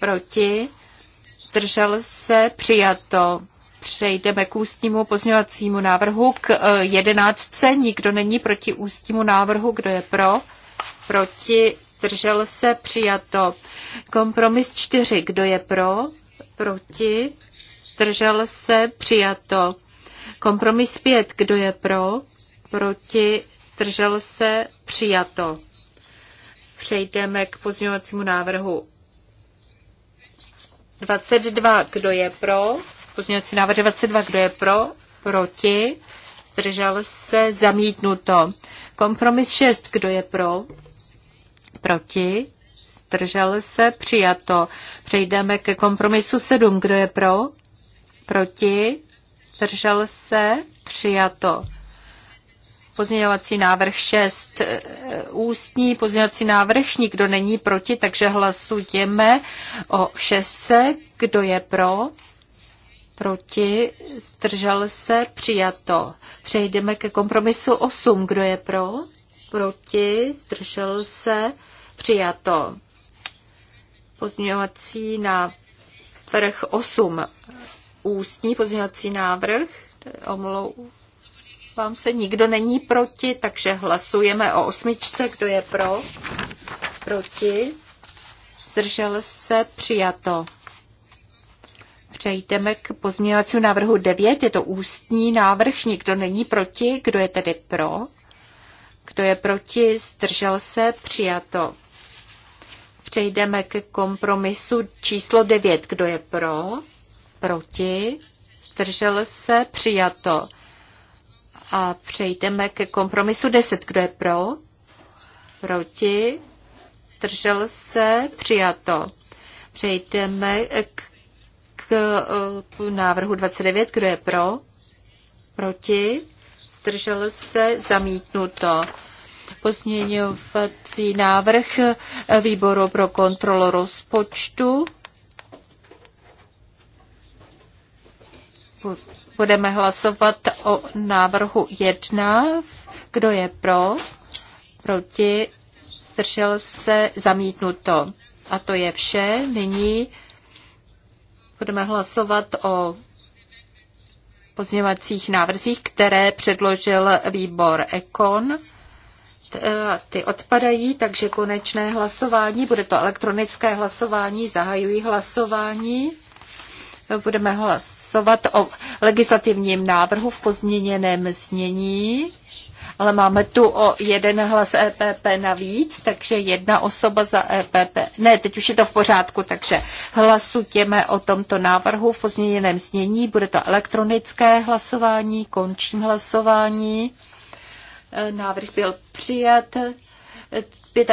S1: proti, zdržel se, přijato. Přejdeme k ústnímu pozměňovacímu návrhu k eh, jedenáctce. Nikdo není proti ústnímu návrhu. Kdo je pro? Proti? Zdržel se? Přijato. Kompromis čtyři. Kdo je pro? proti, Držel se, přijato. Kompromis 5, kdo je pro, proti, Držel se, přijato. Přejdeme k pozměňovacímu návrhu 22, kdo je pro, pozměňovací návrh 22, kdo je pro, proti, Držel se, zamítnuto. Kompromis 6, kdo je pro, proti, zdržel se, přijato. Přejdeme ke kompromisu 7. Kdo je pro? Proti? Zdržel se, přijato. Pozměňovací návrh 6. Eh, Ústní pozměňovací návrh. Nikdo není proti, takže hlasujeme o šestce. Kdo je pro? Proti? Zdržel se? Přijato. Přejdeme ke kompromisu 8. Kdo je pro? Proti? Zdržel se? Přijato. Pozměňovací návrh 8. Ústní pozměňovací návrh. vám se, nikdo není proti, takže hlasujeme o osmičce. Kdo je pro? Proti? Zdržel se? Přijato. Přejdeme k pozměňovacímu návrhu 9. Je to ústní návrh, nikdo není proti. Kdo je tedy pro? Kdo je proti? Zdržel se? Přijato. Přejdeme k kompromisu číslo 9. Kdo je pro? Proti? Zdržel se? Přijato. A přejdeme ke kompromisu 10. Kdo je pro? Proti? Zdržel se? Přijato. Přejdeme k, k eh, návrhu 29. Kdo je pro? Proti? Zdržel se? Zamítnuto pozměňovací návrh výboru pro kontrolu rozpočtu. Budeme hlasovat o návrhu 1. Kdo je pro? Proti? Zdržel se? Zamítnuto. A to je vše. Nyní budeme hlasovat o pozměňovacích návrzích, které předložil výbor Ekon ty odpadají, takže konečné hlasování, bude to elektronické hlasování, zahajují hlasování. Budeme hlasovat o legislativním návrhu v pozměněném znění, ale máme tu o jeden hlas EPP navíc, takže jedna osoba za EPP. Ne, teď už je to v pořádku, takže hlasujeme o tomto návrhu v pozměněném znění. Bude to elektronické hlasování, končím hlasování. Návrh byl přijat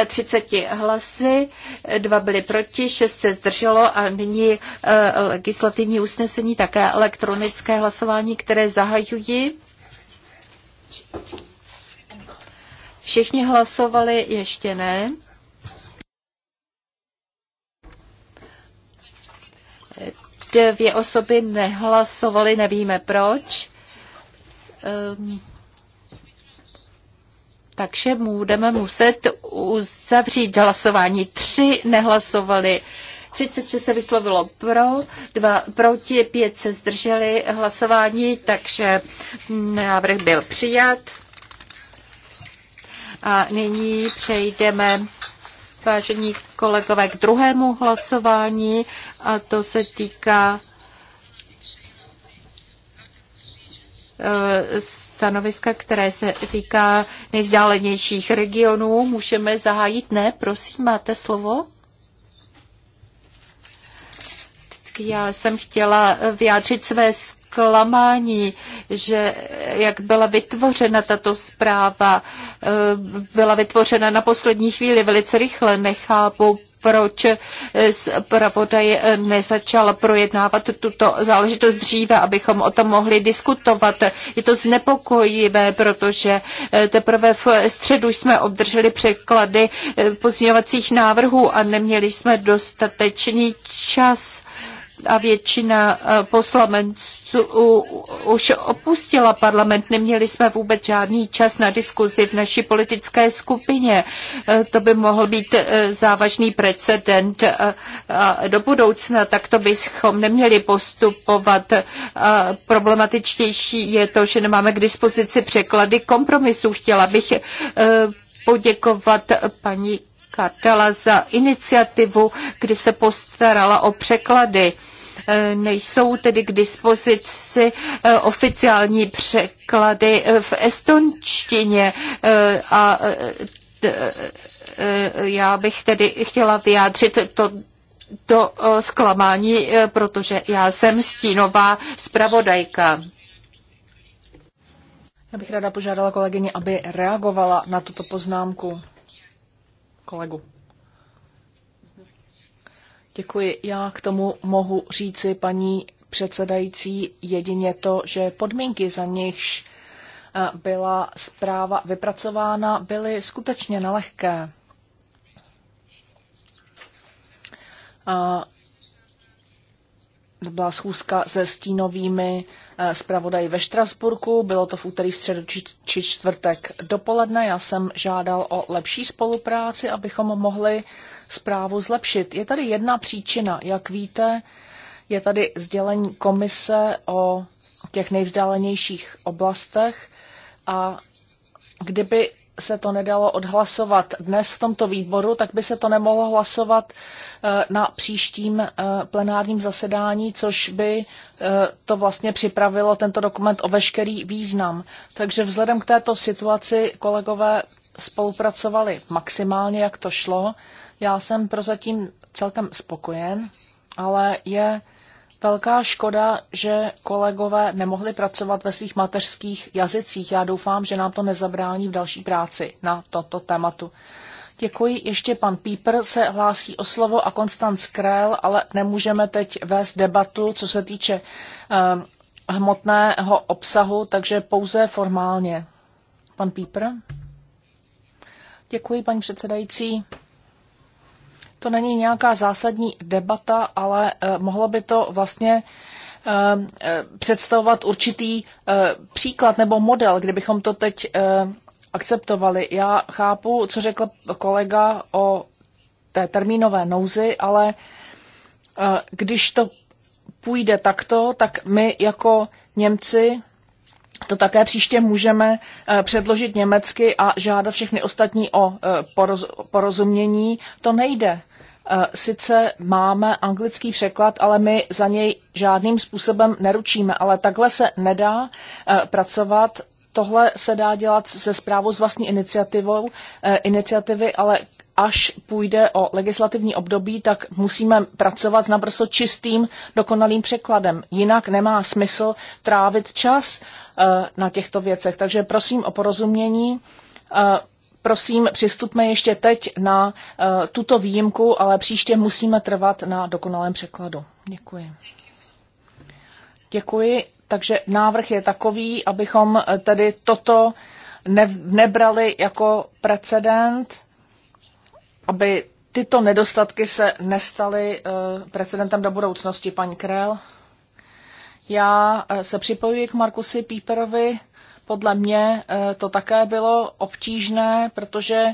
S1: 35 hlasy, dva byly proti, šest se zdrželo a nyní eh, legislativní usnesení, také elektronické hlasování, které zahajují. Všichni hlasovali, ještě ne. Dvě osoby nehlasovaly, nevíme proč. Um takže budeme muset uzavřít hlasování. Tři nehlasovali. 36 se vyslovilo pro, dva proti, pět se zdrželi hlasování, takže návrh byl přijat. A nyní přejdeme, vážení kolegové, k druhému hlasování a to se týká Eh, stanoviska, které se týká nejvzdálenějších regionů. Můžeme zahájit? Ne, prosím, máte slovo. Já jsem chtěla vyjádřit své zklamání, že jak byla vytvořena tato zpráva, eh, byla vytvořena na poslední chvíli velice rychle, nechápu, proč zpravodaj nezačal projednávat tuto záležitost dříve, abychom o tom mohli diskutovat. Je to znepokojivé, protože eh, teprve v středu jsme obdrželi překlady eh, pozměňovacích návrhů a neměli jsme dostatečný čas. Uh, a většina eh, poslanců už opustila parlament. Neměli jsme vůbec žádný čas na diskuzi v naší politické skupině. Eh, to by mohl být eh, závažný precedent do budoucna, tak to bychom neměli postupovat. Problematičtější je to, že nemáme k dispozici překlady kompromisů. Chtěla bych poděkovat paní Kartela za iniciativu, kdy se postarala o překlady e, nejsou tedy k dispozici e, oficiální překlady e, v estonštině a já bych tedy chtěla vyjádřit to, to zklamání, protože já jsem stínová zpravodajka.
S2: Já bych ráda požádala kolegyni, aby reagovala na tuto poznámku kolegu. Děkuji. Já k tomu mohu říci, paní předsedající, jedině to, že podmínky, za nichž eh, byla zpráva vypracována, byly skutečně nelehké. Eh, byla schůzka se stínovými eh, zpravodaji ve Štrasburku. Bylo to v úterý, středu či čtvrtek dopoledne. Já jsem žádal o lepší spolupráci, abychom mohli zprávu zlepšit. Je tady jedna příčina, jak víte, je tady sdělení komise o těch nejvzdálenějších oblastech a kdyby se to nedalo odhlasovat dnes v tomto výboru, tak by se to nemohlo hlasovat eh, na příštím eh, plenárním zasedání, což by eh, to vlastně připravilo tento dokument o veškerý význam. Takže vzhledem k této situaci kolegové spolupracovali maximálně, jak to šlo. Já jsem prozatím celkem spokojen, ale je velká škoda, že kolegové nemohli pracovat ve svých mateřských jazycích. Já doufám, že nám to nezabrání v další práci na toto tématu. Děkuji. Ještě pan Píper se hlásí o slovo a Konstant Krell, ale nemůžeme teď vést debatu, co se týče um, hmotného obsahu, takže pouze formálně. Pan Píper. Děkuji, paní předsedající to není nějaká zásadní debata, ale eh, mohlo by to vlastně eh, eh, představovat určitý příklad nebo model, kdybychom to teď akceptovali. Já chápu, co řekl kolega o té termínové nouzi, ale když to půjde takto, tak my jako Němci to také příště můžeme eh, předložit německy a žádat všechny ostatní o eh, porozumění. To nejde. Eh, sice máme anglický překlad, ale my za něj žádným způsobem neručíme, ale takhle se nedá pracovat. Tohle se dá dělat se zprávou s vlastní iniciativou, iniciativy, ale až půjde o legislativní období, tak musíme pracovat s naprosto čistým, dokonalým překladem. Jinak nemá smysl trávit čas eh, na těchto věcech. Takže prosím o porozumění. Eh, prosím, přistupme ještě teď na eh, tuto výjimku, ale příště musíme trvat na dokonalém překladu. Děkuji. Děkuji. Takže návrh je takový, abychom tedy toto nebrali jako precedent aby tyto nedostatky se nestaly eh, precedentem do budoucnosti, paní Krell. Já eh, se připojuji k Markusi Píperovi. Podle mě eh, to také bylo obtížné, protože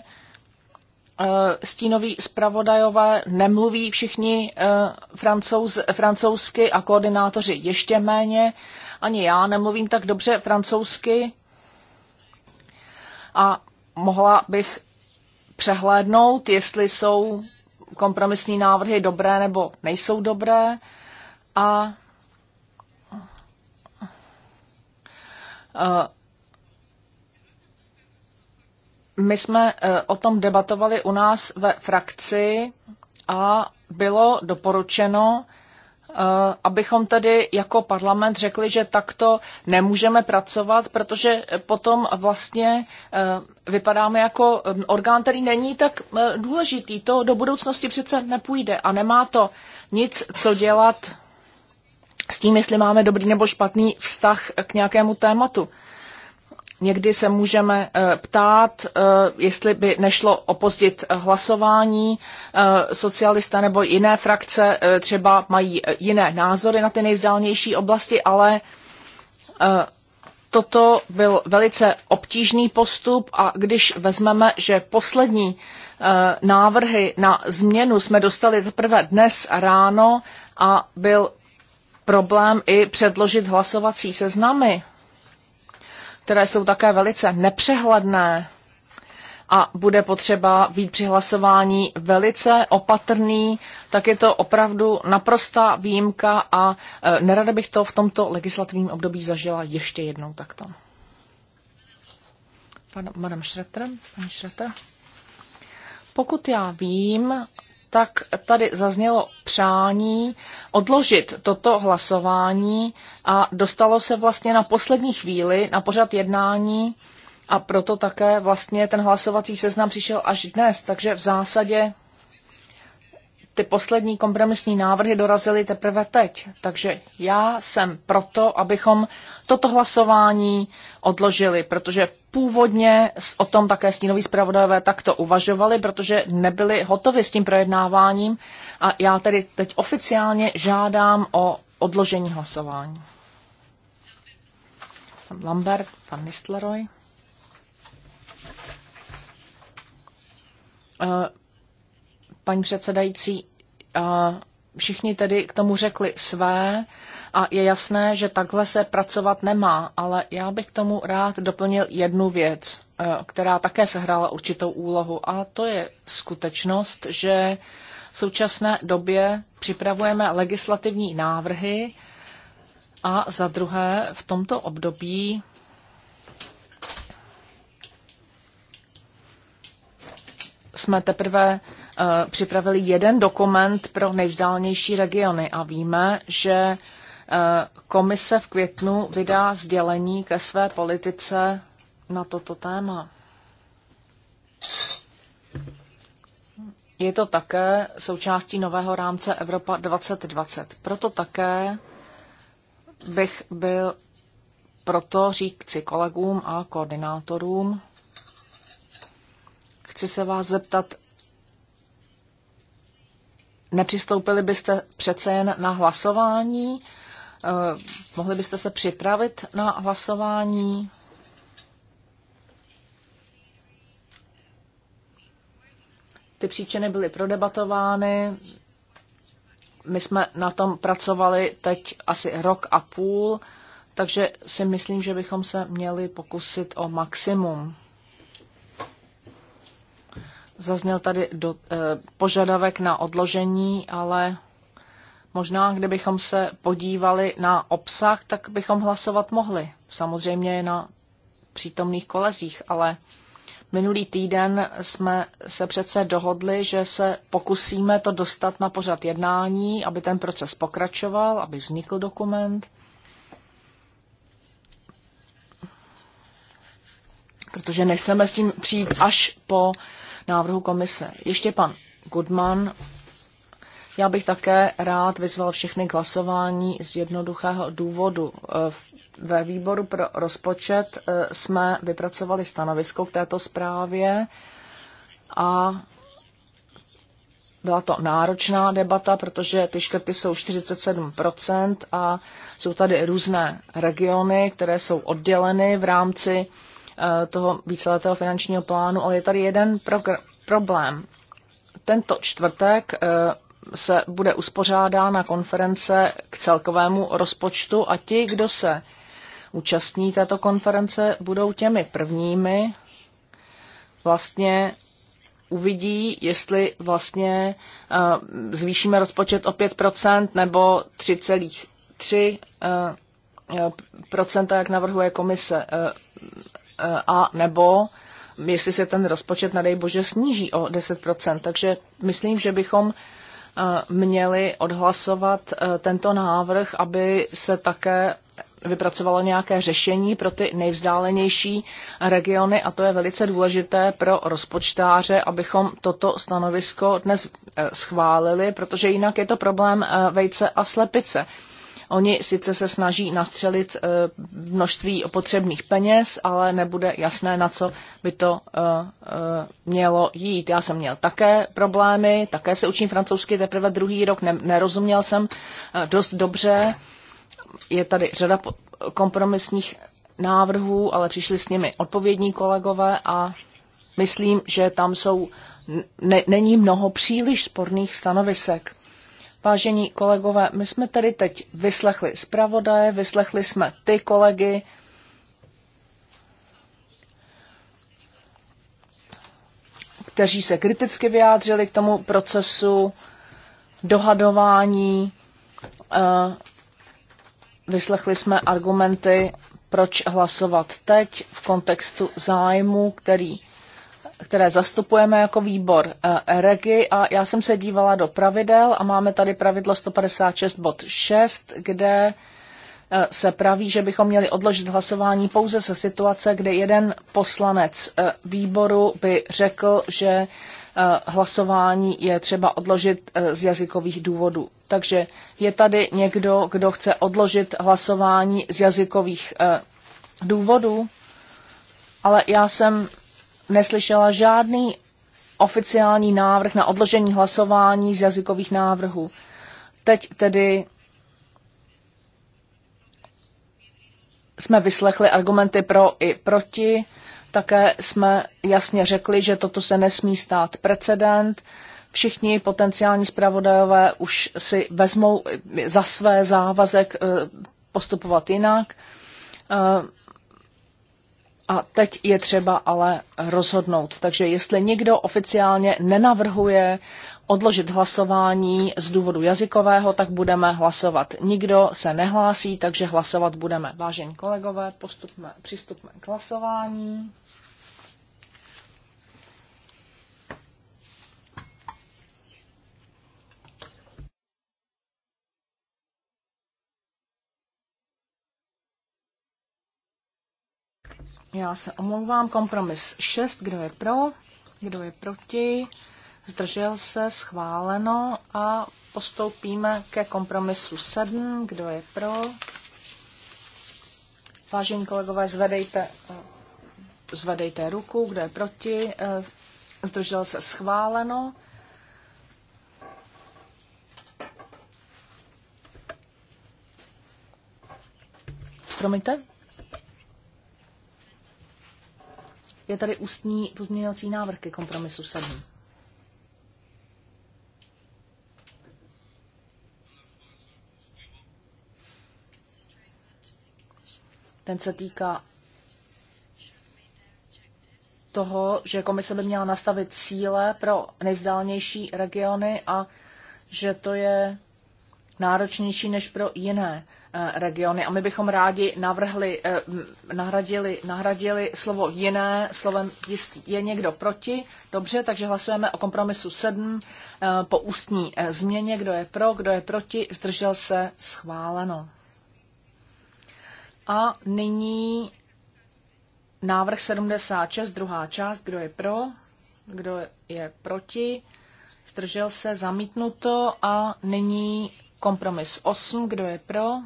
S2: stínoví zpravodajové nemluví všichni francouz, francouzsky a koordinátoři ještě méně. Ani já nemluvím tak dobře francouzsky. A mohla bych přehlédnout, jestli jsou kompromisní návrhy dobré nebo nejsou dobré a my jsme e, o tom debatovali u nás ve frakci a bylo doporučeno, Eh, abychom tedy jako parlament řekli, že takto nemůžeme pracovat, protože potom vlastně eh, vypadáme jako mm, orgán, který není tak eh, důležitý. To do budoucnosti přece nepůjde a nemá to nic, co dělat s tím, jestli máme dobrý nebo špatný vztah k nějakému tématu. Někdy se můžeme eh, ptát, eh, jestli by nešlo opozdit eh, hlasování. Socialista nebo jiné frakce třeba mají jiné názory na ty nejvzdálnější oblasti, ale toto byl velice obtížný postup a když vezmeme, že poslední návrhy na změnu jsme dostali teprve dnes ráno a byl problém i předložit hlasovací seznamy které jsou také velice nepřehledné a bude potřeba být při hlasování velice opatrný, tak je to opravdu naprostá výjimka a e, nerada bych to v tomto legislativním období zažila ještě jednou takto. Pan, madam Schretter, paní Schretter. Pokud já vím, tak tady zaznělo přání odložit toto hlasování a dostalo se vlastně na poslední chvíli na pořad jednání a proto také vlastně ten hlasovací seznam přišel až dnes, takže v zásadě ty poslední kompromisní návrhy dorazily teprve teď. Takže já jsem proto, abychom toto hlasování odložili, protože Původně o tom také stínoví zpravodajové takto uvažovali, protože nebyli hotovi s tím projednáváním a já tedy teď oficiálně žádám o odložení hlasování. Pan Lambert, pan Nistleroy. Eh, paní předsedající, eh, všichni tedy k tomu řekli své. A je jasné, že takhle se pracovat nemá, ale já bych k tomu rád doplnil jednu věc, eh, která také sehrála určitou úlohu, a to je skutečnost, že v současné době připravujeme legislativní návrhy a za druhé v tomto období jsme teprve eh, připravili jeden dokument pro nejvzdálnější regiony a víme, že Komise v květnu vydá sdělení ke své politice na toto téma. Je to také součástí nového rámce Evropa 2020. Proto také bych byl proto říkci kolegům a koordinátorům, chci se vás zeptat, nepřistoupili byste přece jen na hlasování Eh, mohli byste se připravit na hlasování? Ty příčiny byly prodebatovány. My jsme na tom pracovali teď asi rok a půl, takže si myslím, že bychom se měli pokusit o maximum. Zazněl tady do, eh, požadavek na odložení, ale Možná, kdybychom se podívali na obsah, tak bychom hlasovat mohli. Samozřejmě na přítomných kolezích, ale minulý týden jsme se přece dohodli, že se pokusíme to dostat na pořad jednání, aby ten proces pokračoval, aby vznikl dokument. Protože nechceme s tím přijít až po návrhu komise. Ještě pan Goodman já bych také rád vyzval všechny k hlasování z jednoduchého důvodu. E, ve výboru pro rozpočet e, jsme vypracovali stanovisko k této zprávě a byla to náročná debata, protože ty škrty jsou 47% a jsou tady různé regiony, které jsou odděleny v rámci e, toho víceletého finančního plánu, ale je tady jeden problém. Tento čtvrtek se bude uspořádána konference k celkovému rozpočtu a ti, kdo se účastní této konference, budou těmi prvními. Vlastně uvidí, jestli vlastně eh, zvýšíme rozpočet o 5% nebo 3,3%, eh, eh, jak navrhuje komise, a nebo jestli se ten rozpočet, nadej bože, sníží o 10%. Takže myslím, že bychom Eh, měli odhlasovat eh, tento návrh, aby se také vypracovalo nějaké řešení pro ty nejvzdálenější regiony a to je velice důležité pro rozpočtáře, abychom toto stanovisko dnes eh, schválili, protože jinak je to problém vejce a slepice. Oni sice se snaží nastřelit eh, množství potřebných peněz, ale nebude jasné, na co by to eh, eh, mělo jít. Já jsem měl také problémy, také se učím francouzsky teprve druhý rok, nerozuměl jsem dost dobře. Je tady řada kompromisních návrhů, ale přišli s nimi odpovědní kolegové a myslím, že tam jsou, ne, není mnoho příliš sporných stanovisek. Vážení kolegové, my jsme tady teď vyslechli zpravodaje, vyslechli jsme ty kolegy, kteří se kriticky vyjádřili k tomu procesu dohadování. Eh, vyslechli jsme argumenty, proč hlasovat teď v kontextu zájmu, který které zastupujeme jako výbor eh, REGI a já jsem se dívala do pravidel a máme tady pravidlo 156 bod 6, kde eh, se praví, že bychom měli odložit hlasování pouze se situace, kde jeden poslanec eh, výboru by řekl, že hlasování je třeba odložit z jazykových důvodů. Takže je tady někdo, kdo chce odložit hlasování z jazykových důvodů, ale já jsem neslyšela žádný oficiální návrh na odložení hlasování z jazykových návrhů. Teď tedy jsme vyslechli argumenty pro i proti. Také jsme jasně řekli, že toto se nesmí stát precedent. Všichni potenciální zpravodajové už si vezmou za své závazek eh, postupovat jinak. Eh, a teď je třeba ale rozhodnout. Takže jestli někdo oficiálně nenavrhuje odložit hlasování z důvodu jazykového, tak budeme hlasovat. Nikdo se nehlásí, takže hlasovat budeme. Vážení kolegové, postupme, přistupme k hlasování. Já se omlouvám. Kompromis 6. Kdo je pro? Kdo je proti? Zdržel se? Schváleno. A postoupíme ke kompromisu 7. Kdo je pro? Vážení kolegové, zvedejte, zvedejte ruku. Kdo je proti? E, zdržel se? Schváleno. Promiňte? Je tady ústní pozměňovací návrh ke kompromisu 7. Ten se týká toho, že komise by měla nastavit cíle pro nejzdálnější regiony a že to je náročnější než pro jiné eh, regiony. A my bychom rádi navrhli, eh, nahradili, nahradili slovo jiné slovem jistý. Je někdo proti? Dobře, takže hlasujeme o kompromisu 7 eh, po ústní změně. Kdo je pro, kdo je proti? Zdržel se schváleno. A nyní návrh 76, druhá část. Kdo je pro? Kdo je proti? Zdržel se zamítnuto a nyní Kompromis 8, kdo je pro?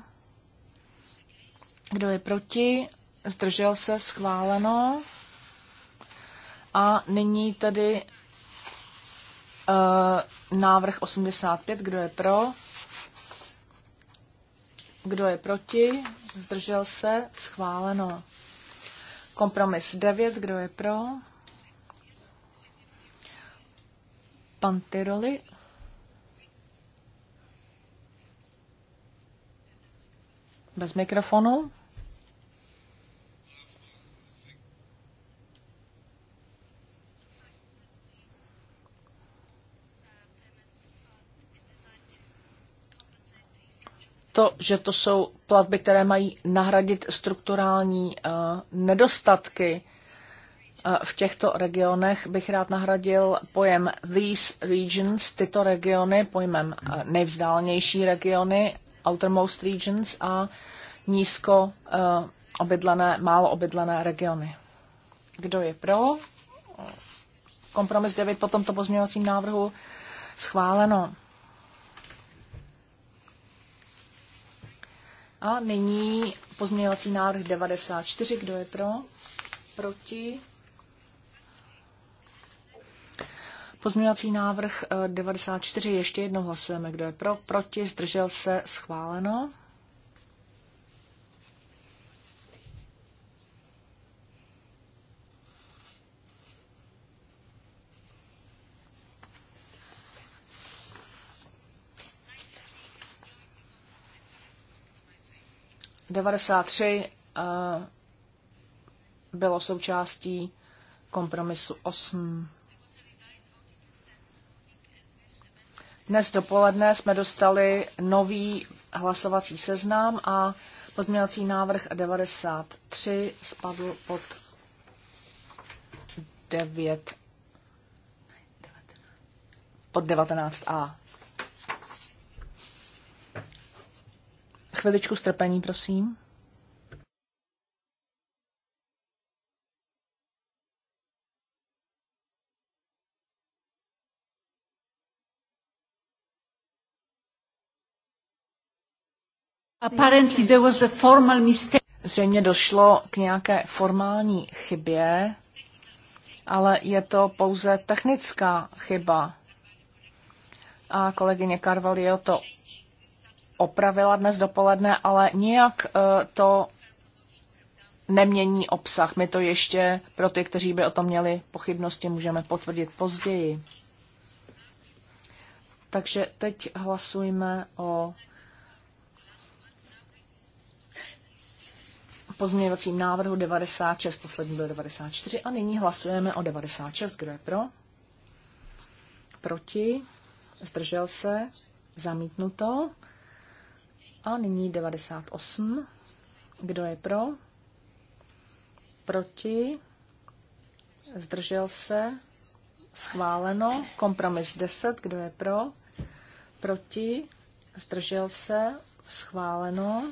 S2: Kdo je proti? Zdržel se schváleno. A nyní tedy uh, návrh 85, kdo je pro? Kdo je proti? Zdržel se? Schváleno. Kompromis 9. Kdo je pro? Pan Tyroli. bez mikrofonu. to, že to jsou platby, které mají nahradit strukturální eh, nedostatky eh, v těchto regionech, bych rád nahradil pojem these regions, tyto regiony, pojmem eh, nejvzdálnější regiony outermost regions a nízko eh, obydlené, málo obydlené regiony. Kdo je pro? Kompromis 9 po tomto pozměňovacím návrhu schváleno. A nyní pozměňovací návrh 94. Kdo je pro? Proti? Pozměňovací návrh 94, eh, ještě jednou hlasujeme, kdo je pro, proti, zdržel se, schváleno. Devadesát tři eh, bylo součástí kompromisu osm. Dnes dopoledne jsme dostali nový hlasovací seznam a pozměňovací návrh 93 spadl pod 9 pod 19a. Chviličku strpení, prosím. Zřejmě došlo k nějaké formální chybě, ale je to pouze technická chyba. A kolegyně Carvalho to opravila dnes dopoledne, ale nijak eh, to nemění obsah. My to ještě pro ty, kteří by o tom měli pochybnosti, můžeme potvrdit později. Takže teď hlasujeme o pozměňovacím návrhu 96, poslední byl 94 a nyní hlasujeme o 96. Kdo je pro? Proti? Zdržel se? Zamítnuto. A nyní 98. Kdo je pro? Proti? Zdržel se? Schváleno. Kompromis 10. Kdo je pro? Proti? Zdržel se? Schváleno.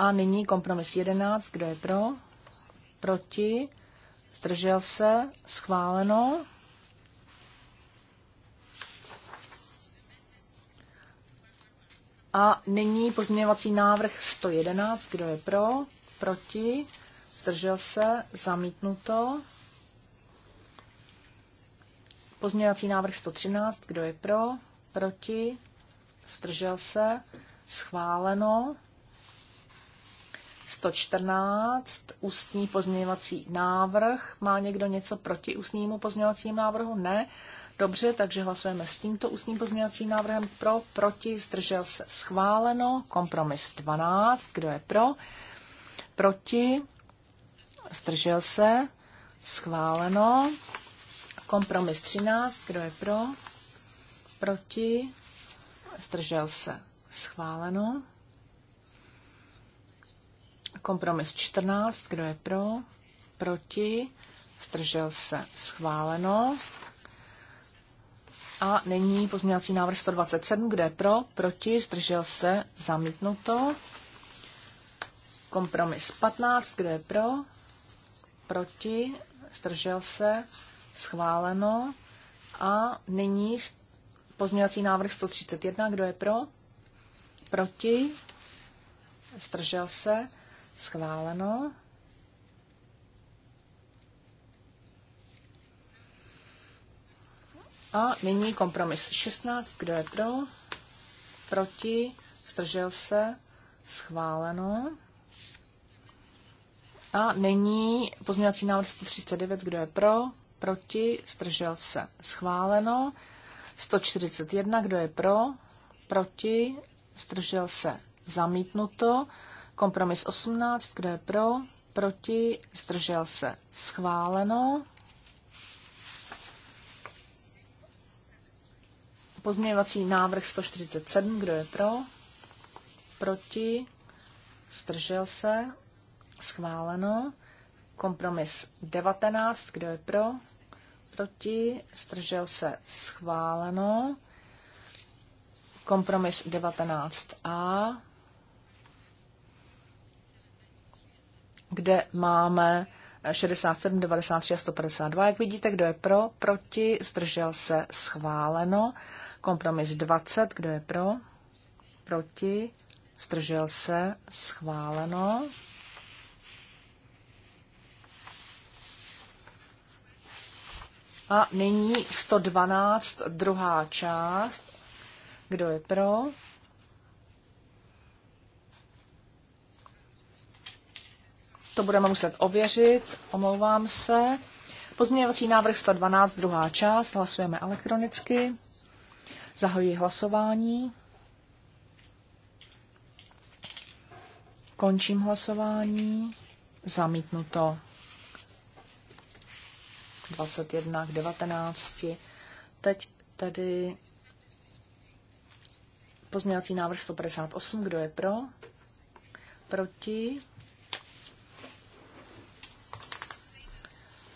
S2: A nyní kompromis 11, kdo je pro, proti, zdržel se, schváleno. A nyní pozměňovací návrh 111, kdo je pro, proti, zdržel se, zamítnuto. Pozměňovací návrh 113, kdo je pro, proti, zdržel se, schváleno. 114, ústní pozměňovací návrh. Má někdo něco proti ústnímu pozměňovacímu návrhu? Ne. Dobře, takže hlasujeme s tímto ústním pozměňovacím návrhem pro, proti, zdržel se schváleno, kompromis 12, kdo je pro, proti, zdržel se, schváleno, kompromis 13, kdo je pro, proti, zdržel se, schváleno. Kompromis 14, kdo je pro? Proti? Zdržel se schváleno. A nyní pozměňovací návrh 127, kde je pro, proti, zdržel se, zamítnuto. Kompromis 15, kde je pro, proti, zdržel se, schváleno. A nyní pozměňovací návrh 131, kdo je pro, proti, zdržel se, Schváleno. A nyní kompromis 16. Kdo je pro? Proti? Zdržel se? Schváleno. A nyní pozměňovací návrh 139. Kdo je pro? Proti? Zdržel se? Schváleno. 141. Kdo je pro? Proti? Zdržel se? Zamítnuto. Kompromis 18, kdo je pro, proti, zdržel se schváleno. Pozměňovací návrh 147, kdo je pro, proti, zdržel se schváleno. Kompromis 19, kdo je pro, proti, zdržel se schváleno. Kompromis 19a, kde máme 67, 93 a 152. Jak vidíte, kdo je pro, proti, zdržel se, schváleno. Kompromis 20, kdo je pro, proti, zdržel se, schváleno. A nyní 112, druhá část. Kdo je pro? to budeme muset ověřit, omlouvám se. Pozměňovací návrh 112, druhá část, hlasujeme elektronicky. Zahajuji hlasování. Končím hlasování. Zamítnuto. 21 k 19. Teď tedy pozměňovací návrh 158. Kdo je pro? Proti?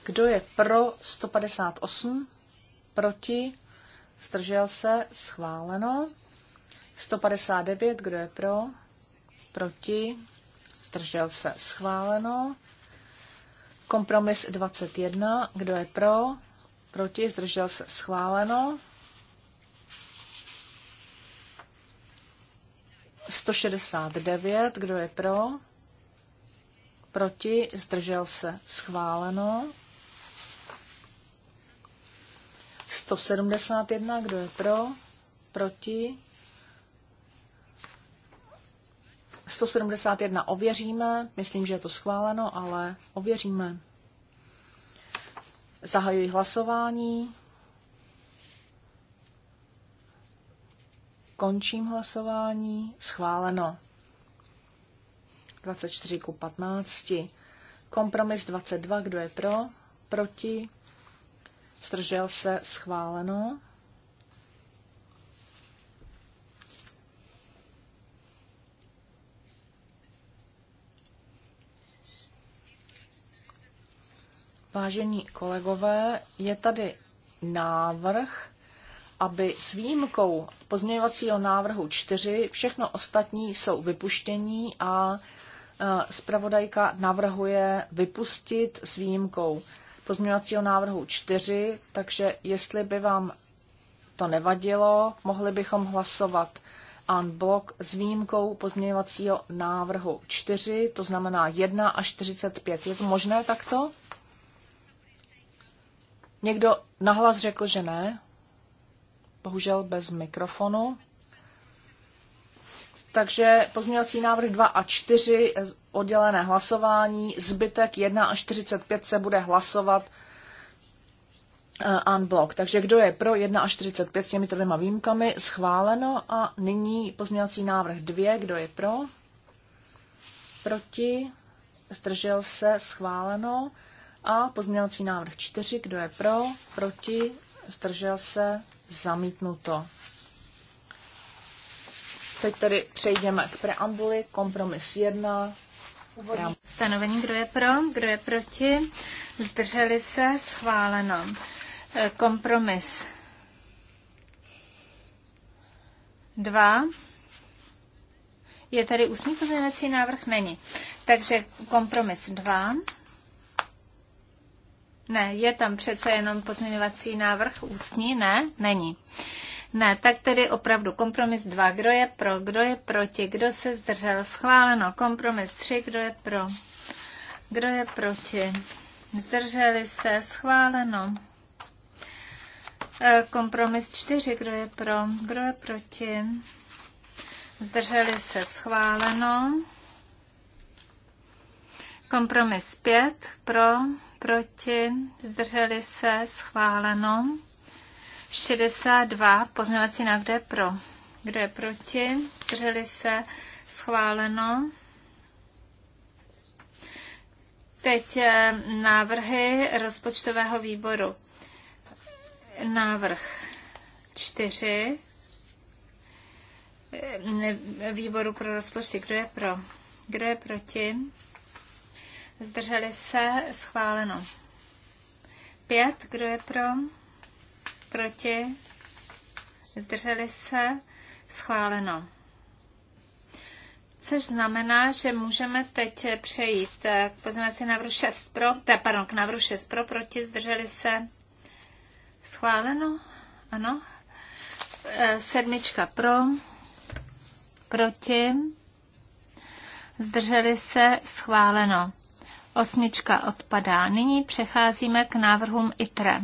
S2: Kdo je pro 158? Proti? Zdržel se? Schváleno. 159. Kdo je pro? Proti? Zdržel se? Schváleno. Kompromis 21. Kdo je pro? Proti? Zdržel se? Schváleno. 169. Kdo je pro? Proti? Zdržel se? Schváleno. 171, kdo je pro, proti. 171 ověříme, myslím, že je to schváleno, ale ověříme. Zahajuji hlasování. Končím hlasování. Schváleno. 24 ku 15. Kompromis 22. Kdo je pro? Proti? zdržel se schváleno. Vážení kolegové, je tady návrh, aby s výjimkou pozměňovacího návrhu 4 všechno ostatní jsou vypuštění a e, zpravodajka navrhuje vypustit s výjimkou pozměňovacího návrhu 4, takže jestli by vám to nevadilo, mohli bychom hlasovat en blok s výjimkou pozměňovacího návrhu 4, to znamená 1 až 45. Je to možné takto? Někdo nahlas řekl, že ne. Bohužel bez mikrofonu. Takže pozměňovací návrh 2 a 4 eh, oddělené hlasování, zbytek 1 a 45 se bude hlasovat uh, eh, unblock. Takže kdo je pro 1 a 45 s těmi dvěma výjimkami, schváleno. A nyní pozměňovací návrh 2, kdo je pro, proti, zdržel se, schváleno. A pozměňovací návrh 4, kdo je pro, proti, zdržel se, zamítnuto. Teď tady přejdeme k preambuli,
S3: kompromis 1. Stanovení, kdo je pro, kdo je proti, zdrželi se, schváleno. E, kompromis 2. Je tady ústní pozměňovací návrh? Není. Takže kompromis 2. Ne, je tam přece jenom pozměňovací návrh ústní? Ne, není. Ne, tak tedy opravdu kompromis 2. Kdo je pro, kdo je proti, kdo se zdržel? Schváleno. Kompromis 3. E, kdo je pro, kdo je proti? Zdrželi se? Schváleno. Kompromis 4. Kdo je pro, kdo je proti? Zdrželi se? Schváleno. Kompromis 5. Pro, proti, zdrželi se, schváleno. 62, poznávací návrh, kde je pro, Kdo je proti, drželi se, schváleno. Teď eh, návrhy rozpočtového výboru. Návrh 4 výboru pro rozpočty. Kdo je pro? Kdo je proti? Zdrželi se? Schváleno. Pět. Kdo je pro? proti, zdrželi se, schváleno. Což znamená, že můžeme teď přejít k pozměnací návrhu 6 pro, te, eh, pardon, k návrhu 6 pro, proti, zdrželi se, schváleno, ano. E, sedmička pro, proti, zdrželi se, schváleno. Osmička odpadá. Nyní přecházíme k návrhům ITRE.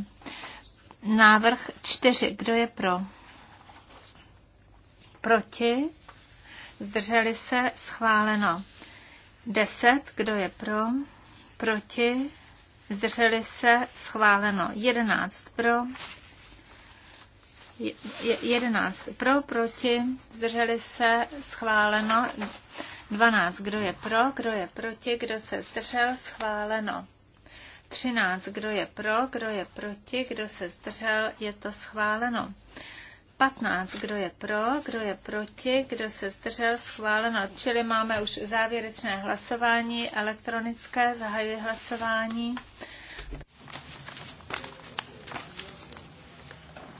S3: Návrh čtyři, Kdo je pro? Proti? Zdrželi se? Schváleno. Deset, Kdo je pro? Proti? Zdrželi se? Schváleno. Jedenáct. Pro? jedenáct. Pro? Proti? Zdrželi se? Schváleno. 12. Kdo je pro? Kdo je proti? Kdo se zdržel? Schváleno. 13. Kdo je pro, kdo je proti, kdo se zdržel, je to schváleno. 15. Kdo je pro, kdo je proti, kdo se zdržel, schváleno. Čili máme už závěrečné hlasování, elektronické, zahajuje hlasování.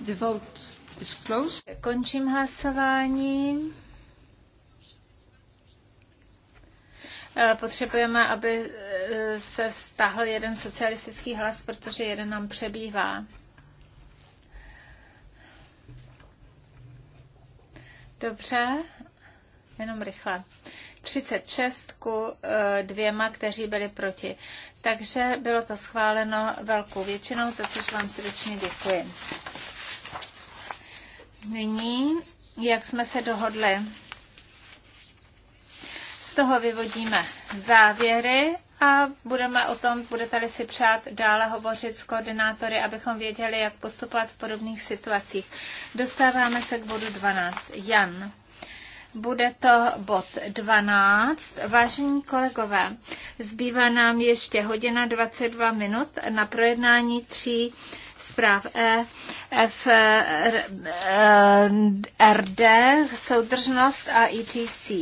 S3: The vote is closed. Končím hlasování. Eh, potřebujeme, aby eh, se stáhl jeden socialistický hlas, protože jeden nám přebývá. Dobře, jenom rychle. 36 ku eh, dvěma, kteří byli proti. Takže bylo to schváleno velkou většinou, za což vám srdečně děkuji. Nyní, jak jsme se dohodli, z toho vyvodíme závěry a budeme o tom, bude tady si přát dále hovořit s koordinátory, abychom věděli, jak postupovat v podobných situacích. Dostáváme se k bodu 12. Jan. Bude to bod 12. Vážení kolegové, zbývá nám ještě hodina 22 minut na projednání tří zpráv E, F, R, R, RD, soudržnost a ITC.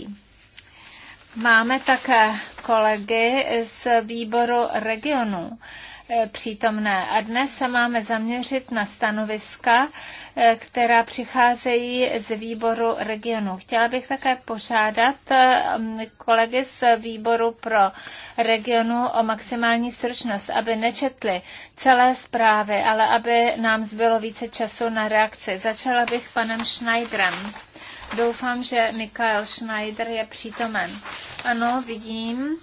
S3: Máme také kolegy z výboru regionů eh, přítomné. A dnes se máme zaměřit na stanoviska, eh, která přicházejí z výboru regionu. Chtěla bych také požádat eh, kolegy z výboru pro regionu o maximální stručnost, aby nečetli celé zprávy, ale aby nám zbylo více času na reakci. Začala bych panem Schneiderem. Doufám, že Michael Schneider je přítomen. Ano, vidím.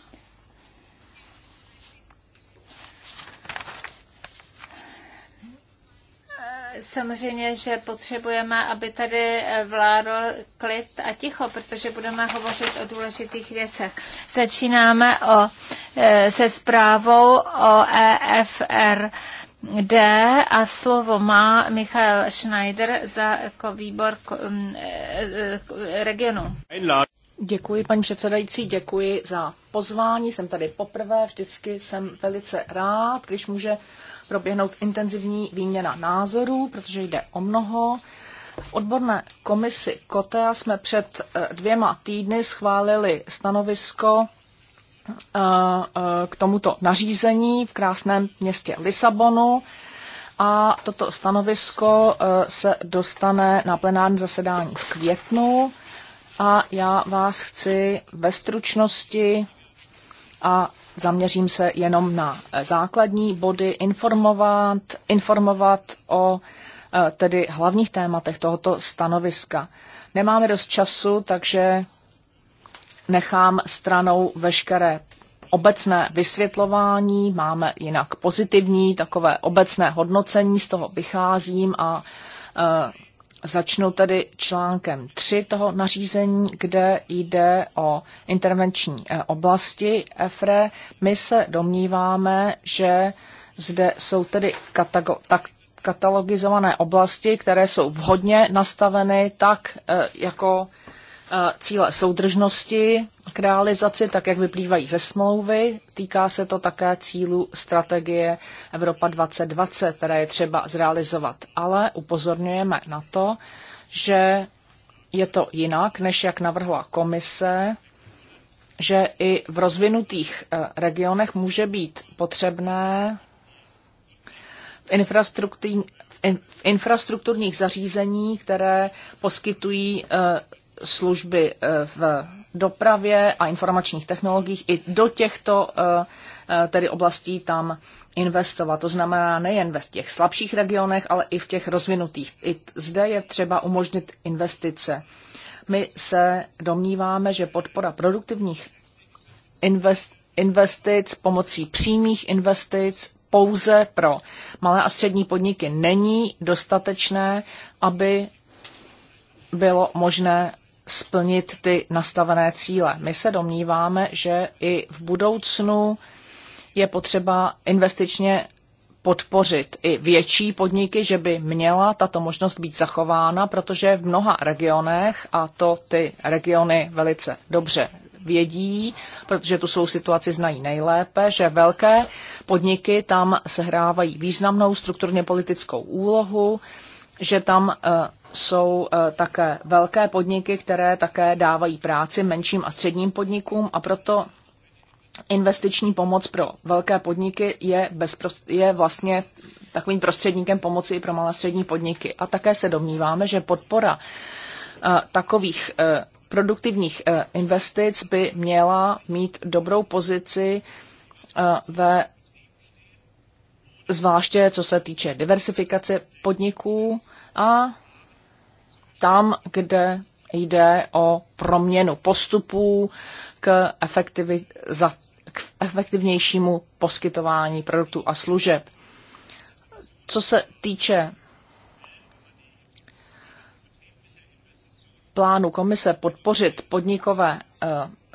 S3: Samozřejmě, že potřebujeme, aby tady vládl klid a ticho, protože budeme hovořit o důležitých věcech. Začínáme o, e, se zprávou o EFR. D a slovo má Michal Schneider za jako výbor e, e, regionu. Děkuji, paní předsedající,
S2: děkuji za pozvání. Jsem tady poprvé, vždycky jsem velice rád, když může proběhnout intenzivní výměna názorů, protože jde o mnoho. V odborné komisi KOTEA jsme před e, dvěma týdny schválili stanovisko k tomuto nařízení v krásném městě Lisabonu a toto stanovisko e, se dostane na plenární zasedání v květnu a já vás chci ve stručnosti a zaměřím se jenom na e, základní body informovat, informovat o e, tedy hlavních tématech tohoto stanoviska. Nemáme dost času, takže nechám stranou veškeré obecné vysvětlování, máme jinak pozitivní, takové obecné hodnocení, z toho vycházím a e, začnu tedy článkem 3 toho nařízení, kde jde o intervenční e, oblasti EFRE. My se domníváme, že zde jsou tedy katago- tak, katalogizované oblasti, které jsou vhodně nastaveny tak, e, jako e, Eh, cíle soudržnosti k realizaci, tak jak vyplývají ze smlouvy. Týká se to také cílu strategie Evropa 2020, které je třeba zrealizovat. Ale upozorňujeme na to, že je to jinak, než jak navrhla komise, že i v rozvinutých eh, regionech může být potřebné v, infrastrukturní, v infrastrukturních zařízení, které poskytují eh, služby eh, v dopravě a informačních technologiích i do těchto eh, eh, tedy oblastí tam investovat. To znamená nejen ve těch slabších regionech, ale i v těch rozvinutých. I zde je třeba umožnit investice. My se domníváme, že podpora produktivních invest, investic pomocí přímých investic pouze pro malé a střední podniky není dostatečné, aby bylo možné splnit ty nastavené cíle. My se domníváme, že i v budoucnu je potřeba investičně podpořit i větší podniky, že by měla tato možnost být zachována, protože v mnoha regionech, a to ty regiony velice dobře vědí, protože tu svou situaci znají nejlépe, že velké podniky tam sehrávají významnou strukturně politickou úlohu, že tam eh, jsou eh, také velké podniky, které také dávají práci menším a středním podnikům a proto investiční pomoc pro velké podniky je, bezprost, je vlastně takovým prostředníkem pomoci i pro malé střední podniky. A také se domníváme, že podpora eh, takových eh, produktivních investic by měla mít dobrou pozici ve zvláště co se týče diversifikace podniků a tam, kde jde o proměnu postupů k, za, k efektivnějšímu poskytování produktů a služeb. Co se týče plánu komise podpořit podnikové eh,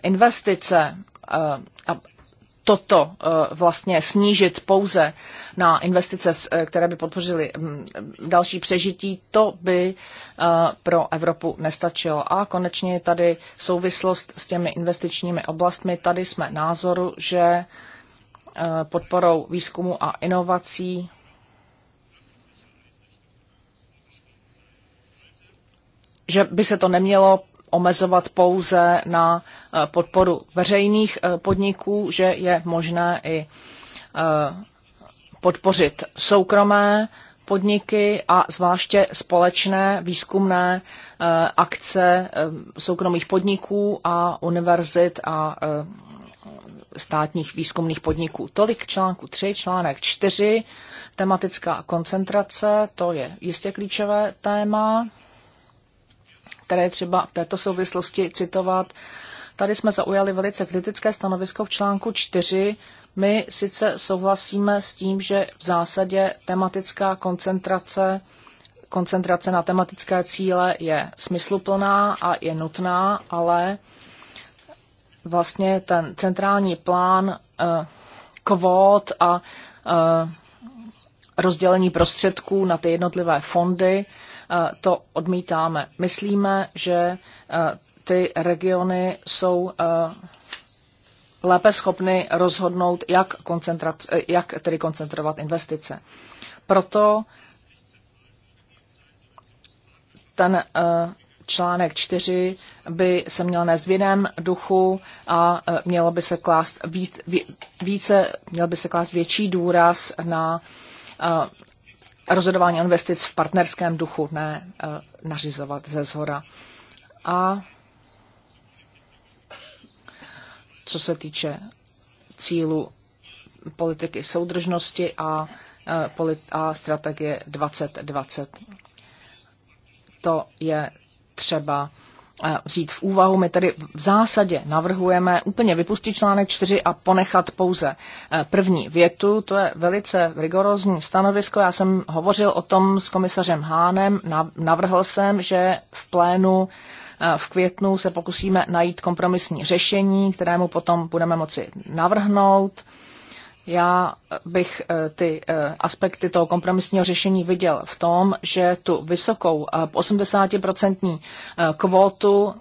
S2: investice eh, a toto eh, vlastně snížit pouze na investice, eh, které by podpořily mm, další přežití, to by eh, pro Evropu nestačilo. A konečně je tady souvislost s těmi investičními oblastmi. Tady jsme názoru, že podporou výzkumu a inovací že by se to nemělo omezovat pouze na eh, podporu veřejných eh, podniků, že je možné i eh, podpořit soukromé podniky a zvláště společné výzkumné akce soukromých podniků a univerzit a státních výzkumných podniků. Tolik článku 3, článek 4, tematická koncentrace, to je jistě klíčové téma které je třeba v této souvislosti citovat. Tady jsme zaujali velice kritické stanovisko v článku 4. My sice souhlasíme s tím, že v zásadě tematická koncentrace koncentrace na tematické cíle je smysluplná a je nutná, ale vlastně ten centrální plán eh, kvót a eh, rozdělení prostředků na ty jednotlivé fondy Eh, to odmítáme. Myslíme, že eh, ty regiony jsou eh, lépe schopny rozhodnout, jak, jak tedy koncentrovat investice. Proto ten článek 4 by se měl nést v jiném duchu a mělo by se klást víc, více, měl by se klást větší důraz na rozhodování investic v partnerském duchu, ne eh, nařizovat ze zhora. A co se týče cílu politiky soudržnosti a, eh, a strategie 2020. To je třeba Eh, vzít v úvahu. My tedy v zásadě navrhujeme úplně vypustit článek 4 a ponechat pouze eh, první větu. To je velice rigorózní stanovisko. Já jsem hovořil o tom s komisařem Hánem. Navrhl jsem, že v plénu eh, v květnu se pokusíme najít kompromisní řešení, kterému potom budeme moci navrhnout. Já bych eh, ty eh, aspekty toho kompromisního řešení viděl v tom, že tu vysokou 80% eh, kvótu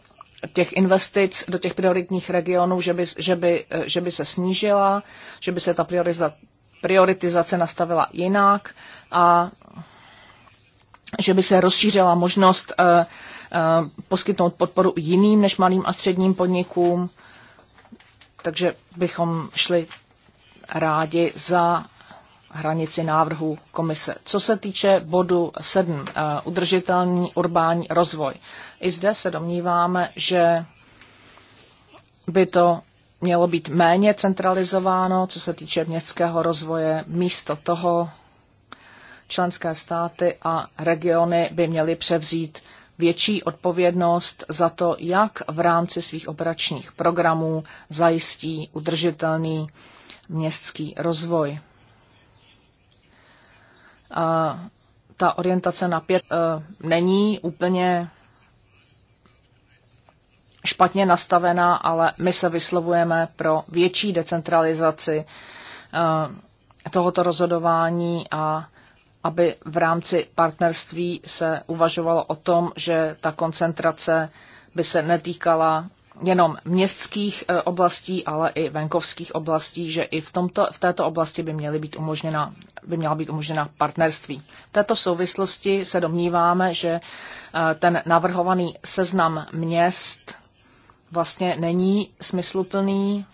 S2: těch investic do těch prioritních regionů, že by, že by, že by se snížila, že by se ta prioritizace nastavila jinak a že by se rozšířila možnost poskytnout podporu jiným než malým a středním podnikům, takže bychom šli rádi za hranici návrhu komise. Co se týče bodu 7, eh, udržitelný urbání rozvoj, i zde se domníváme, že by to mělo být méně centralizováno, co se týče městského rozvoje. Místo toho členské státy a regiony by měly převzít větší odpovědnost za to, jak v rámci svých operačních programů zajistí udržitelný městský rozvoj. A ta orientace na pět e, není úplně špatně nastavená, ale my se vyslovujeme pro větší decentralizaci e, tohoto rozhodování a aby v rámci partnerství se uvažovalo o tom, že ta koncentrace by se netýkala jenom městských eh, oblastí, ale i venkovských oblastí, že i v, tomto, v této oblasti by, měly být umožněna, by měla být umožněna partnerství. V této souvislosti se domníváme, že eh, ten navrhovaný seznam měst vlastně není smysluplný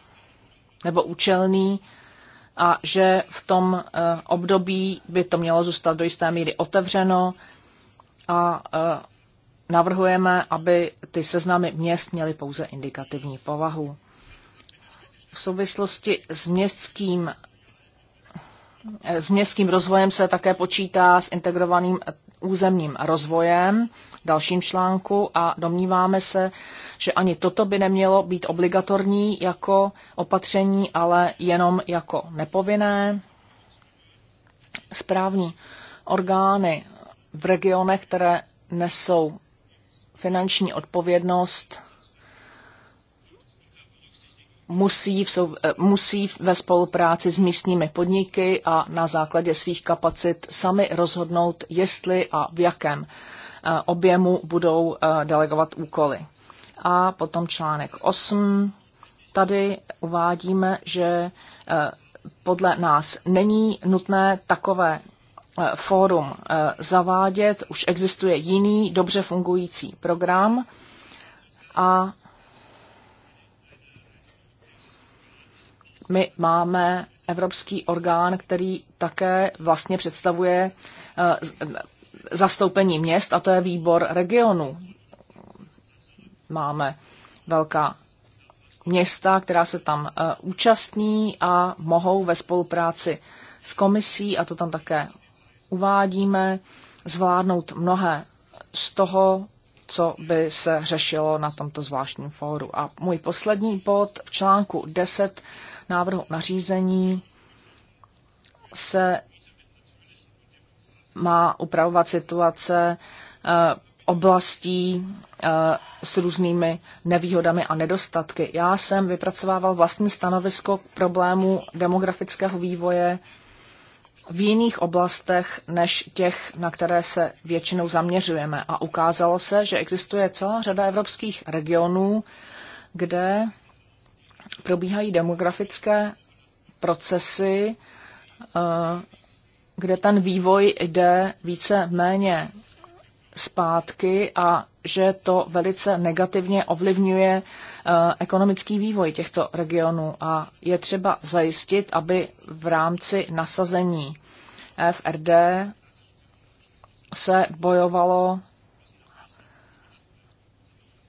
S2: nebo účelný a že v tom eh, období by to mělo zůstat do jisté míry otevřeno a navrhujeme, aby ty seznamy měst měly pouze indikativní povahu. V souvislosti s městským s městským rozvojem se také počítá s integrovaným územním rozvojem, dalším článku, a domníváme se, že ani toto by nemělo být obligatorní jako opatření, ale jenom jako nepovinné. Správní orgány v regionech, které nesou finanční odpovědnost musí, v sou, eh, musí ve spolupráci s místními podniky a na základě svých kapacit sami rozhodnout, jestli a v jakém eh, objemu budou eh, delegovat úkoly. A potom článek 8. Tady uvádíme, že podle nás není nutné takové Eh, fórum eh, zavádět. Už existuje jiný dobře fungující program a my máme evropský orgán, který také vlastně představuje eh, zastoupení měst a to je výbor regionu. Máme velká města, která se tam účastní a mohou ve spolupráci s komisí, a to tam také uvádíme, zvládnout mnohé z toho, co by se řešilo na tomto zvláštním fóru. A můj poslední bod v článku 10 návrhu nařízení se má upravovat situace eh, oblastí eh, s různými nevýhodami a nedostatky. Já jsem vypracovával vlastní stanovisko k problému demografického vývoje v jiných oblastech než těch, na které se většinou zaměřujeme. A ukázalo se, že existuje celá řada evropských regionů, kde probíhají demografické procesy, eh, kde ten vývoj jde více méně zpátky a že to velice negativně ovlivňuje eh, ekonomický vývoj těchto regionů a je třeba zajistit, aby v rámci nasazení FRD se bojovalo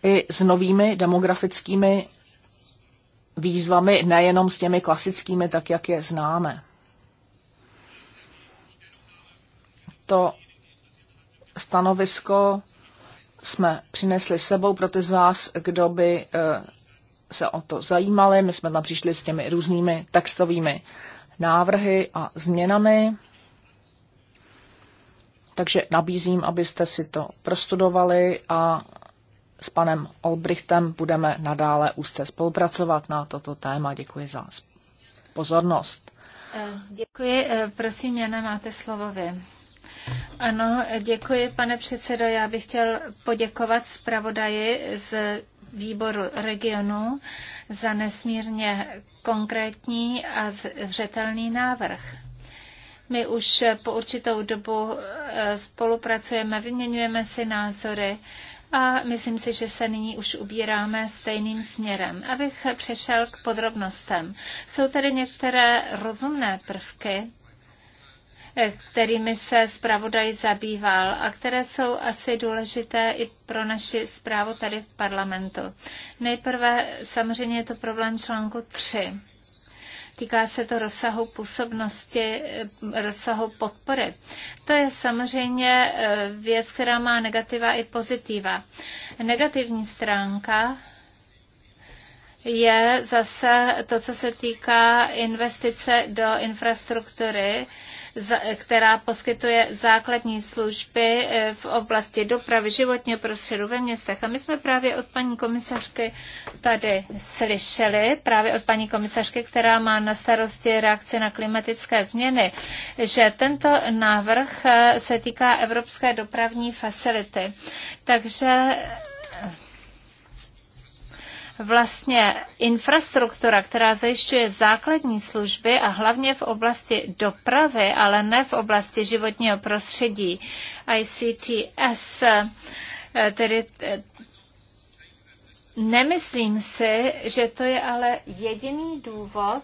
S2: i s novými demografickými výzvami, nejenom s těmi klasickými, tak jak je známe. To stanovisko jsme přinesli sebou pro ty z vás, kdo by eh, se o to zajímali. My jsme tam přišli s těmi různými textovými návrhy a změnami. Takže nabízím, abyste si to prostudovali a s panem Olbrichtem budeme nadále úzce spolupracovat na toto téma. Děkuji za pozornost.
S3: Eh, děkuji. Eh, prosím, Jana, máte slovo vy. Ano, děkuji, pane předsedo. Já bych chtěl poděkovat zpravodaji z výboru regionu za nesmírně konkrétní a zřetelný návrh. My už po určitou dobu eh, spolupracujeme, vyměňujeme si názory a myslím si, že se nyní už ubíráme stejným směrem. Abych přešel k podrobnostem. Jsou tady některé rozumné prvky, kterými se zpravodaj zabýval a které jsou asi důležité i pro naši zprávu tady v parlamentu. Nejprve samozřejmě je to problém článku 3. Týká se to rozsahu působnosti, eh, rozsahu podpory. To je samozřejmě eh, věc, která má negativa i pozitiva. Negativní stránka je zase to, co se týká investice do infrastruktury, která poskytuje základní služby eh, v oblasti dopravy životního prostředí ve městech. A my jsme právě od paní komisařky tady slyšeli, právě od paní komisařky, která má na starosti reakci na klimatické změny, že tento návrh eh, se týká Evropské dopravní facility. Takže vlastně infrastruktura, která zajišťuje základní služby a hlavně v oblasti dopravy, ale ne v oblasti životního prostředí, ICTS, eh, tedy eh, nemyslím si, že to je ale jediný důvod,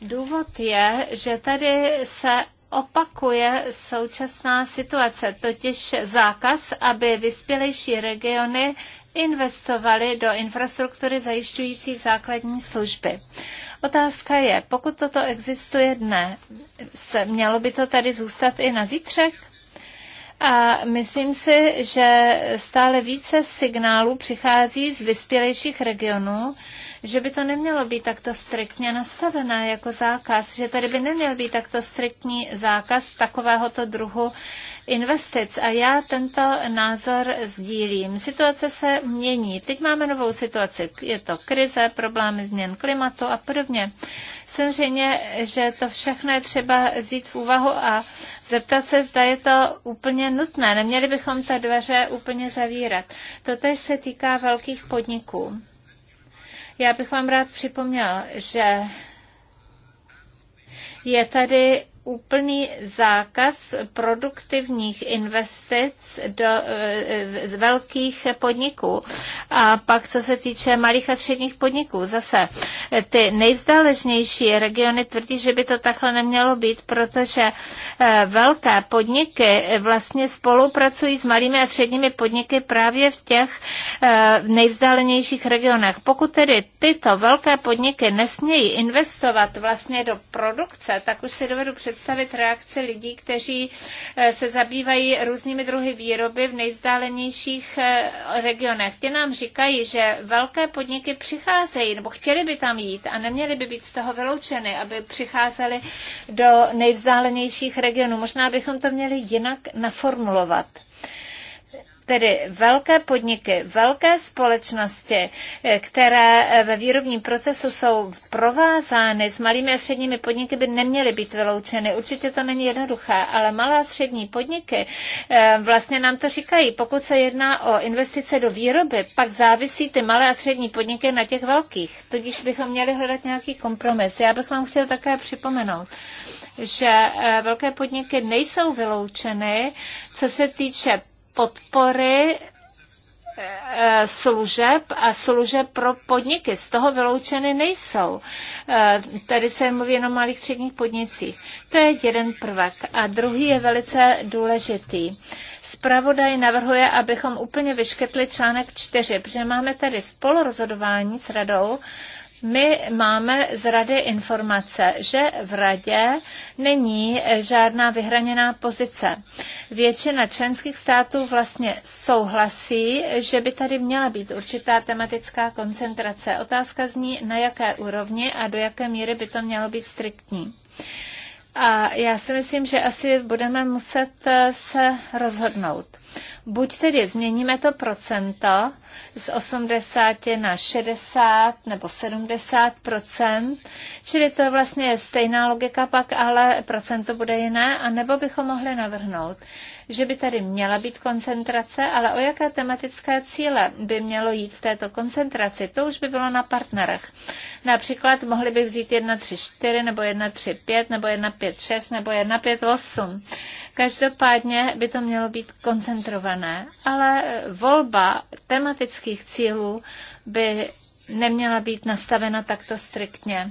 S3: Důvod je, že tady se opakuje současná situace, totiž zákaz, aby vyspělejší regiony investovali do infrastruktury zajišťující základní služby. Otázka je, pokud toto existuje dne, mělo by to tady zůstat i na zítřek? A myslím si, že stále více signálů přichází z vyspělejších regionů, že by to nemělo být takto striktně nastavené jako zákaz, že tady by neměl být takto striktní zákaz takovéhoto druhu investic a já tento názor sdílím. Situace se mění. Teď máme novou situaci. Je to krize, problémy změn klimatu a podobně. Samozřejmě, že to všechno je třeba vzít v úvahu a zeptat se, zda je to úplně nutné. Neměli bychom ta dveře úplně zavírat. Totež se týká velkých podniků. Já bych vám rád připomněl, že je tady úplný zákaz produktivních investic do eh, velkých podniků. A pak, co se týče malých a středních podniků, zase eh, ty nejvzdáležnější regiony tvrdí, že by to takhle nemělo být, protože eh, velké podniky vlastně spolupracují s malými a středními podniky právě v těch nejvzdálenějších regionech. Pokud tedy tyto velké podniky nesmějí investovat vlastně do produkce, tak už si dovedu představit, představit reakce lidí, kteří eh, se zabývají různými druhy výroby v nejvzdálenějších eh, regionech. Ti nám říkají, že velké podniky přicházejí, nebo chtěli by tam jít a neměli by být z toho vyloučeny, aby přicházeli do nejvzdálenějších regionů. Možná bychom to měli jinak naformulovat tedy velké podniky, velké společnosti, eh, které eh, ve výrobním procesu jsou provázány s malými a středními podniky, by neměly být vyloučeny. Určitě to není jednoduché, ale malé a střední podniky eh, vlastně nám to říkají. Pokud se jedná o investice do výroby, pak závisí ty malé a střední podniky na těch velkých. Tudíž bychom měli hledat nějaký kompromis. Já bych vám chtěl také připomenout, že velké podniky nejsou vyloučeny, co se týče podpory eh, služeb a služeb pro podniky. Z toho vyloučeny nejsou. Eh, tady se mluví jenom o malých středních podnicích. To je jeden prvek. A druhý je velice důležitý. Spravodaj navrhuje, abychom úplně vyškrtli článek 4, protože máme tady spolurozhodování s radou my máme z rady informace, že v radě není žádná vyhraněná pozice. Většina členských států vlastně souhlasí, že by tady měla být určitá tematická koncentrace. Otázka zní, na jaké úrovni a do jaké míry by to mělo být striktní. A já si myslím, že asi budeme muset eh, se rozhodnout. Buď tedy změníme to procento z 80 na 60 nebo 70 čili to vlastně je stejná logika pak, ale procento bude jiné, a nebo bychom mohli navrhnout, že by tady měla být koncentrace, ale o jaké tematické cíle by mělo jít v této koncentraci, to už by bylo na partnerech. Například mohli by vzít 1,34 nebo 1,35 nebo 1,56 nebo 1,58. Každopádně by to mělo být koncentrované, ale volba tematických cílů by neměla být nastavena takto striktně.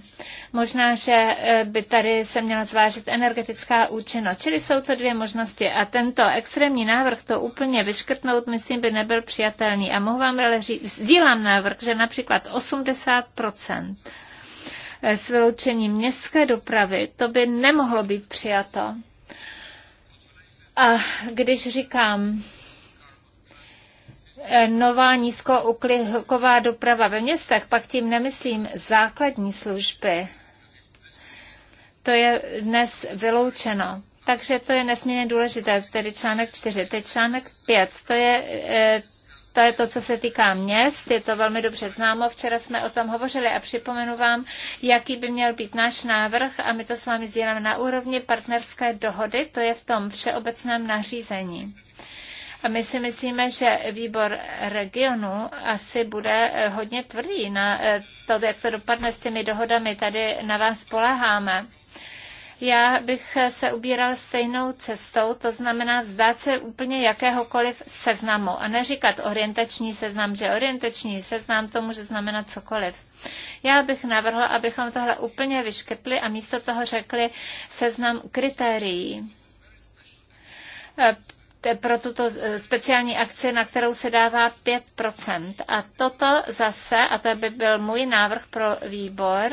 S3: Možná, že eh, by tady se měla zvážit energetická účinnost, čili jsou to dvě možnosti. A tento extrémní návrh to úplně vyškrtnout, myslím, by nebyl přijatelný. A mohu vám ale říct, sdílám návrh, že například 80 eh, s vyloučením městské dopravy, to by nemohlo být přijato. A když říkám, eh, nová nízkouhlíková doprava ve městech, pak tím nemyslím základní služby. To je dnes vyloučeno. Takže to je nesmírně důležité, tedy článek 4. Teď článek 5, to je eh, to je to, co se týká měst, je to velmi dobře známo, včera jsme o tom hovořili a připomenu vám, jaký by měl být náš návrh a my to s vámi sdíláme na úrovni partnerské dohody, to je v tom všeobecném nařízení. A my si myslíme, že výbor regionu asi bude eh, hodně tvrdý na eh, to, jak to dopadne s těmi dohodami. Tady na vás spoleháme já bych se ubíral stejnou cestou, to znamená vzdát se úplně jakéhokoliv seznamu a neříkat orientační seznam, že orientační seznam to může znamenat cokoliv. Já bych navrhla, abychom tohle úplně vyškrtli a místo toho řekli seznam kritérií eh, pro tuto eh, speciální akci, na kterou se dává 5%. A toto zase, a to by byl můj návrh pro výbor,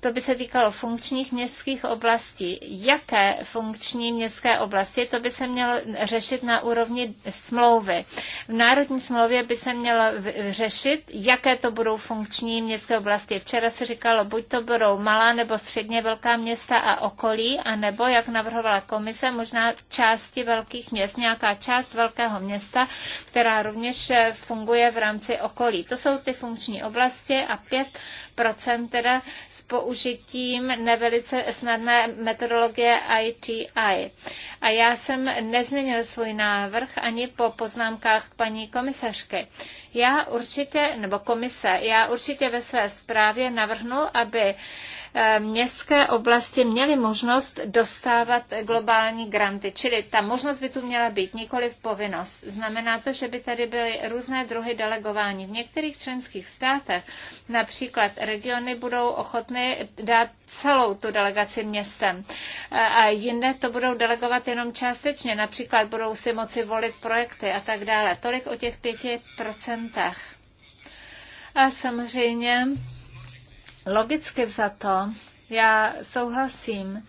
S3: to by se týkalo funkčních městských oblastí. Jaké funkční městské oblasti, to by se mělo řešit na úrovni smlouvy. V národní smlouvě by se mělo řešit, jaké to budou funkční městské oblasti. Včera se říkalo, buď to budou malá nebo středně velká města a okolí, anebo, jak navrhovala komise, možná části velkých měst, nějaká část velkého města, která rovněž eh, funguje v rámci okolí. To jsou ty funkční oblasti a 5% teda spou použitím nevelice snadné metodologie ITI. A já jsem nezměnil svůj návrh ani po poznámkách paní komisařky. Já určitě, nebo komise, já určitě ve své zprávě navrhnu, aby eh, městské oblasti měly možnost dostávat globální granty. Čili ta možnost by tu měla být, nikoli povinnost. Znamená to, že by tady byly různé druhy delegování. V některých členských státech například regiony budou ochotny dát celou tu delegaci městem eh, a jinde to budou delegovat jenom částečně. Například budou si moci volit projekty a tak dále. Tolik o těch pěti procent frontách. A samozřejmě logicky za to já souhlasím,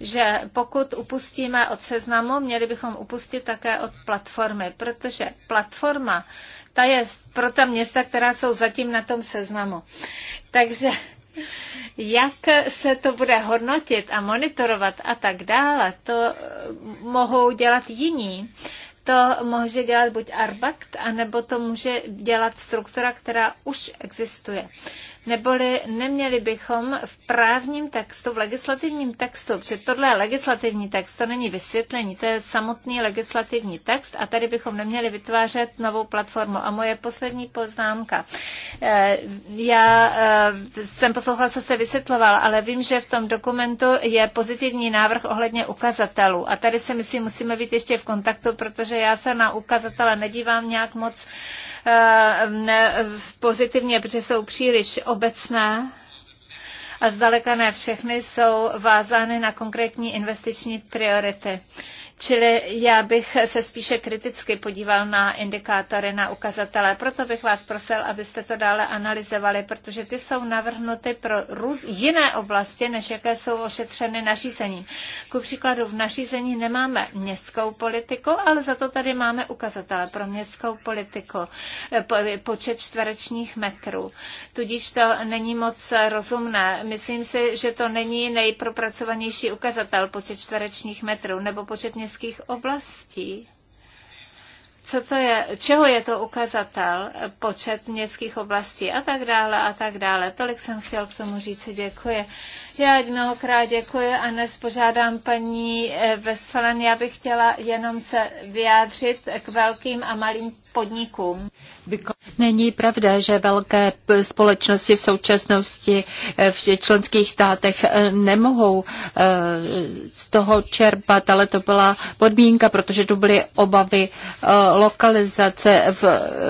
S3: že pokud upustíme od seznamu, měli bychom upustit také od platformy, protože platforma, ta je pro ta města, která jsou zatím na tom seznamu. Takže jak se to bude hodnotit a monitorovat a tak dále, to mohou dělat jiní to může dělat buď Arbakt, anebo to může dělat struktura, která už existuje neboli neměli bychom v právním textu, v legislativním textu, protože tohle je legislativní text, to není vysvětlení, to je samotný legislativní text a tady bychom neměli vytvářet novou platformu. A moje poslední poznámka. Eh, já eh, jsem poslouchala, co jste vysvětloval, ale vím, že v tom dokumentu je pozitivní návrh ohledně ukazatelů. A tady se myslím, musíme být ještě v kontaktu, protože já se na ukazatele nedívám nějak moc Eh, pozitivně, protože jsou příliš obecné a zdaleka ne všechny jsou vázány na konkrétní investiční priority. Čili já bych se spíše kriticky podíval na indikátory, na ukazatele. Proto bych vás prosil, abyste to dále analyzovali, protože ty jsou navrhnuty pro růz, jiné oblasti, než jaké jsou ošetřeny nařízením. Ku příkladu v nařízení nemáme městskou politiku, ale za to tady máme ukazatele pro městskou politiku, počet čtverečních metrů. Tudíž to není moc rozumné. Myslím si, že to není nejpropracovanější ukazatel počet čtverečních metrů nebo počet městských městských oblastí co to je, čeho je to ukazatel, počet městských oblastí a tak dále a tak dále. Tolik jsem chtěl k tomu říct. Děkuji. Já jednohokrát děkuji a dnes požádám paní eh, Veselen. Já bych chtěla jenom se vyjádřit k velkým a malým podnikům.
S1: Není pravda, že velké společnosti v současnosti eh, v členských státech eh, nemohou z toho čerpat, ale to byla podmínka, protože tu byly obavy lokalizace v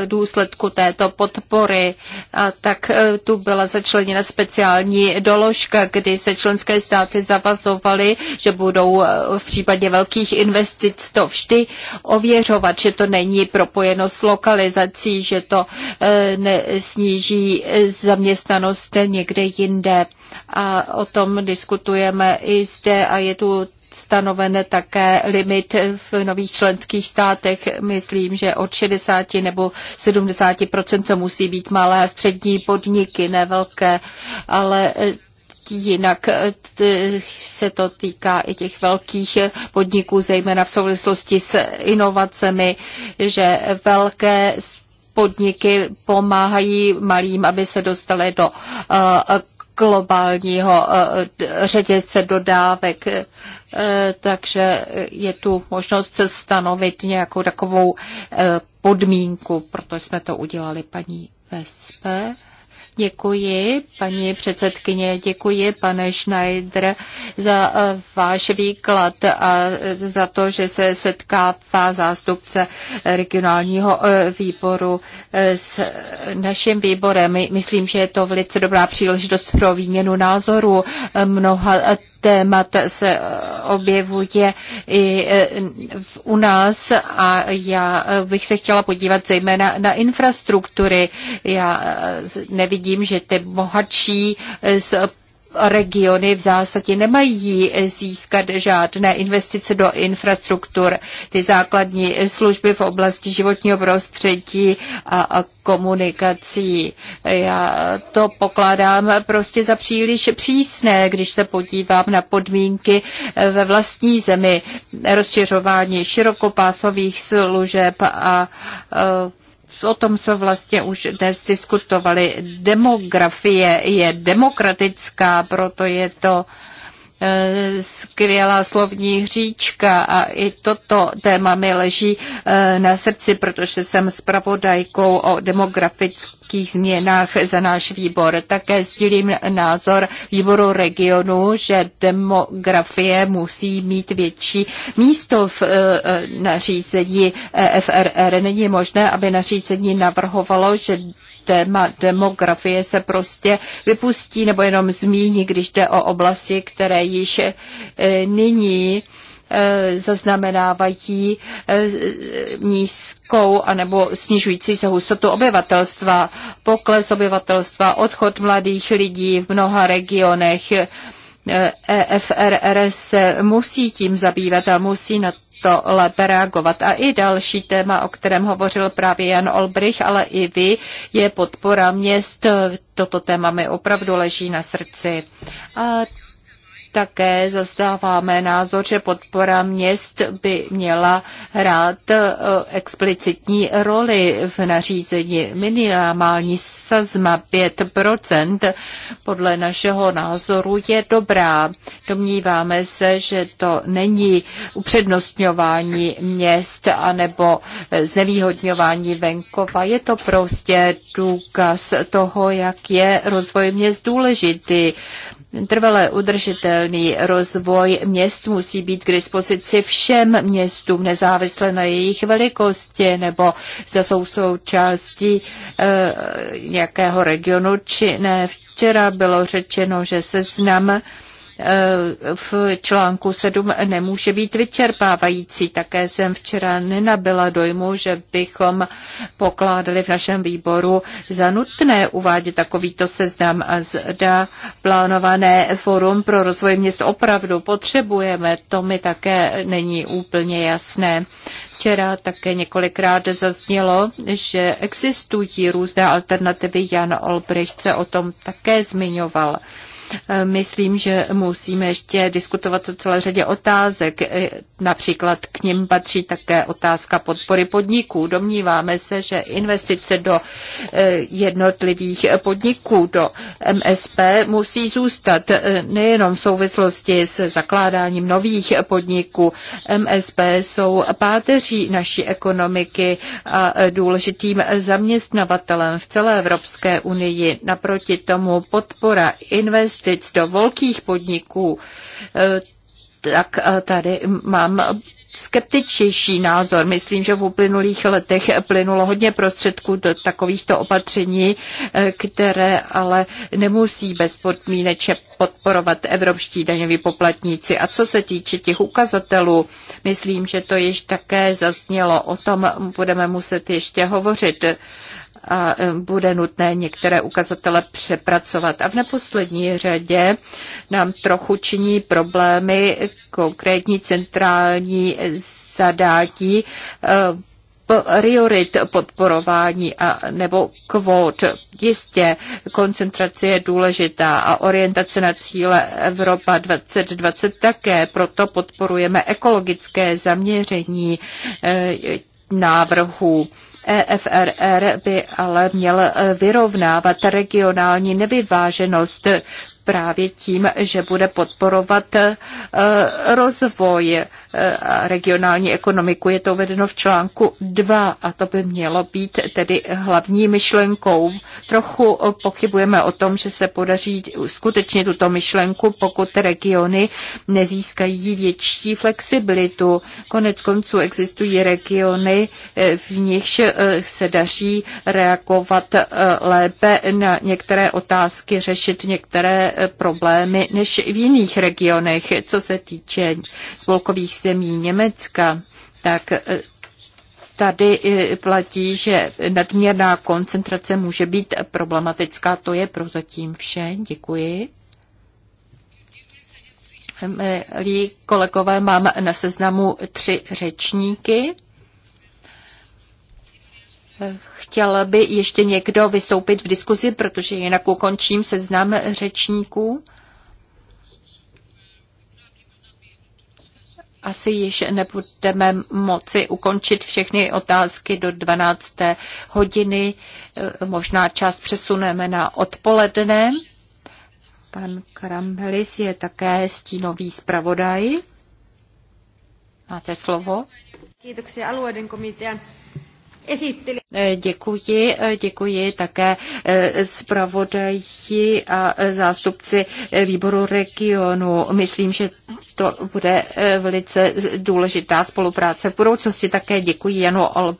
S1: důsledku této podpory. A tak e, tu byla začleněna speciální doložka, kdy se členské státy zavazovaly, že budou e, v případě velkých investic to vždy ověřovat, že to není propojeno s lokalizací, že to e, sníží zaměstnanost někde jinde. A o tom diskutujeme i zde a je tu stanoven také limit v nových členských státech. Myslím, že od 60 nebo 70 to musí být malé a střední podniky, ne velké, ale eh, jinak eh, se to týká i těch velkých podniků, zejména v souvislosti s inovacemi, že velké podniky pomáhají malým, aby se dostali do eh, globálního eh, řetězce dodávek. Eh, takže je tu možnost stanovit nějakou takovou eh, podmínku, proto jsme to udělali paní Vespe. Děkuji, paní předsedkyně, děkuji, pane Schneider, za eh, váš výklad a za to, že se setkává zástupce regionálního eh, výboru eh, s naším výborem. Myslím, že je to velice dobrá příležitost pro výměnu názorů. Mnoha témat se eh, objevuje i eh, u nás a já eh, bych se chtěla podívat zejména na infrastruktury. Já nevidím, že ty bohatší z regiony v zásadě nemají získat žádné investice do infrastruktur. Ty základní služby v oblasti životního prostředí a komunikací. Já to pokládám prostě za příliš přísné, když se podívám na podmínky ve vlastní zemi rozšiřování širokopásových služeb a o tom jsme vlastně už dnes diskutovali. Demografie je demokratická, proto je to uh, Eh, skvělá slovní hříčka a i toto téma mi leží eh, na srdci, protože jsem zpravodajkou o demografických změnách za náš výbor. Také sdílím názor výboru regionu, že demografie musí mít větší místo v eh, nařízení e FRR. Není možné, aby nařízení navrhovalo, že téma demografie se prostě vypustí nebo jenom zmíní, když jde o oblasti, které již e, nyní e, zaznamenávají e, nízkou anebo snižující se hustotu obyvatelstva, pokles obyvatelstva, odchod mladých lidí v mnoha regionech. EFRRS se musí tím zabývat a musí na to lépe reagovat. A i další téma, o kterém hovořil právě Jan Olbrich, ale i vy, je podpora měst. Toto téma mi opravdu leží na srdci. A také zastáváme názor, že podpora měst by měla hrát e, explicitní roli v nařízení minimální sazma 5%. Podle našeho názoru je dobrá. Domníváme se, že to není upřednostňování měst anebo znevýhodňování venkova. Je to prostě důkaz toho, jak je rozvoj měst důležitý. Trvale udržitelný rozvoj měst musí být k dispozici všem městům, nezávisle na jejich velikosti nebo za jsou součástí e, nějakého regionu či ne. Včera bylo řečeno, že seznam Eh, v článku 7 nemůže být vyčerpávající. Také jsem včera nenabila dojmu, že bychom pokládali v našem výboru za nutné uvádět takovýto seznam a zda plánované forum pro rozvoj měst opravdu potřebujeme. To mi také není úplně jasné. Včera také několikrát zaznělo, že existují různé alternativy. Jan Olbricht se o tom také zmiňoval. E, myslím, že musíme ještě diskutovat o celé řadě otázek. E, například k ním patří také otázka podpory podniků. Domníváme se, že investice do e, jednotlivých podniků, do MSP, musí zůstat nejenom v souvislosti s zakládáním nových podniků. MSP jsou páteří naší ekonomiky a důležitým zaměstnavatelem v celé Evropské unii. Naproti tomu podpora investic investic do velkých podniků, e, tak e, tady mám skeptičtější názor. Myslím, že v uplynulých letech plynulo hodně prostředků do takovýchto opatření, e, které ale nemusí bezpodmínečně podporovat evropští daňoví poplatníci. A co se týče těch ukazatelů, myslím, že to již také zaznělo. O tom budeme muset ještě hovořit a e, bude nutné některé ukazatele přepracovat. A v neposlední řadě nám trochu činí problémy konkrétní centrální zadání e, priorit podporování a, nebo kvót. Jistě koncentrace je důležitá a orientace na cíle Evropa 2020 také, proto podporujeme ekologické zaměření e, návrhu. EFRR by ale měl e, vyrovnávat regionální nevyváženost právě tím, že bude podporovat eh, rozvoj eh, a regionální ekonomiku. Je to uvedeno v článku 2 a to by mělo být tedy hlavní myšlenkou. Trochu eh, pochybujeme o tom, že se podaří skutečně tuto myšlenku, pokud regiony nezískají větší flexibilitu. Konec konců existují regiony, v nichž se daří reagovat lépe na některé otázky, řešit některé Eh, problémy než v jiných regionech. Co se týče spolkových zemí Německa, tak eh, tady eh, platí, že nadměrná koncentrace může být problematická. To je prozatím vše. Děkuji. Milí kolegové, mám na seznamu tři řečníky. Chtěl by ještě někdo vystoupit v diskuzi, protože jinak ukončím seznam řečníků. asi již nebudeme moci ukončit všechny otázky do 12. hodiny. Možná část přesuneme na odpoledne. Pan Karambelis je také stínový zpravodaj. Máte slovo. Kiitoksia alueiden komitean Eh, děkuji, eh, děkuji také eh, zpravodaji a zástupci výboru regionu. Myslím, že to bude velice důležitá spolupráce v budoucnosti. Také děkuji Janu Olb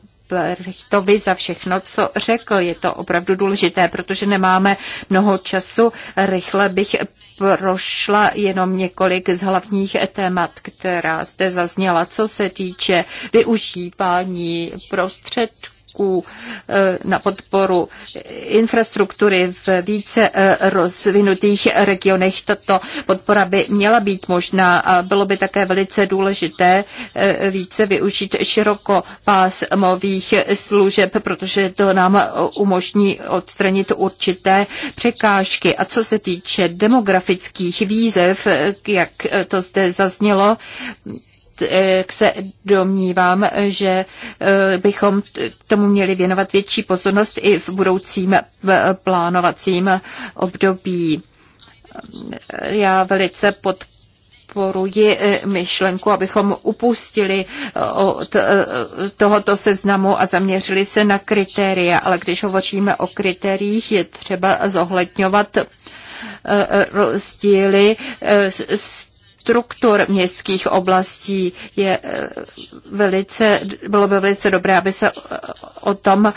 S1: za všechno, co řekl. Je to opravdu důležité, protože nemáme mnoho času. Rychle bych prošla jenom několik z hlavních témat, která zde zazněla, co se týče využívání prostředků prostředků eh, na podporu infrastruktury v více eh, rozvinutých regionech. Tato podpora by měla být možná a bylo by také velice důležité eh, více využít širokopásmových služeb, protože to nám umožní odstranit určité překážky. A co se týče demografických výzev, jak to zde zaznělo, jak eh, se domnívám, že eh, bychom tomu měli věnovat větší pozornost i v budoucím plánovacím období. Já velice pod podporuji eh, myšlenku, abychom upustili od tohoto seznamu a zaměřili se na kritéria. Ale když hovoříme o kritériích, je třeba zohledňovat rozdíly s struktur městských oblastí. Je eh, velice, bylo by velice dobré, aby se eh, o tom eh,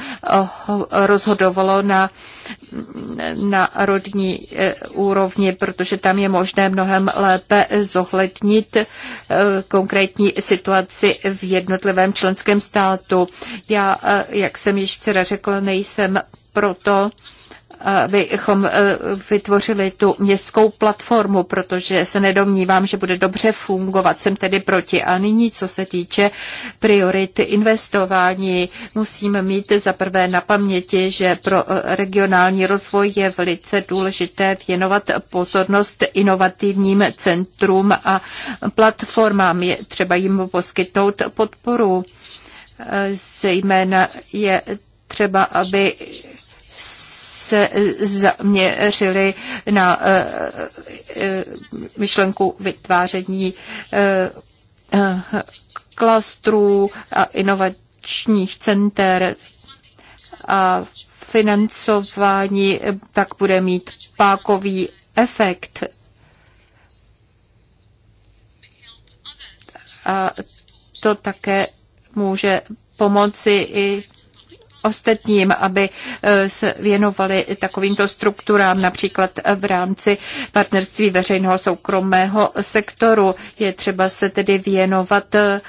S1: rozhodovalo na na rodní úrovni, protože tam je možné mnohem lépe zohlednit konkrétní situaci v jednotlivém členském státu. Já, jak jsem již včera řekla, nejsem proto, abychom e, vytvořili tu městskou platformu, protože se nedomnívám, že bude dobře fungovat. Jsem tedy proti. A nyní, co se týče priority investování, musíme mít za prvé na paměti, že pro e, regionální rozvoj je velice důležité věnovat pozornost inovativním centrum a platformám. Je třeba jim poskytnout podporu. E, zejména je třeba, aby se eh, zaměřili na eh, eh, myšlenku vytváření klastrů a inovačních center a financování tak bude mít pákový efekt. A to také může pomoci i ostatním, aby eh, se věnovali takovýmto strukturám, například v rámci partnerství veřejného soukromého sektoru. Je třeba se tedy věnovat eh,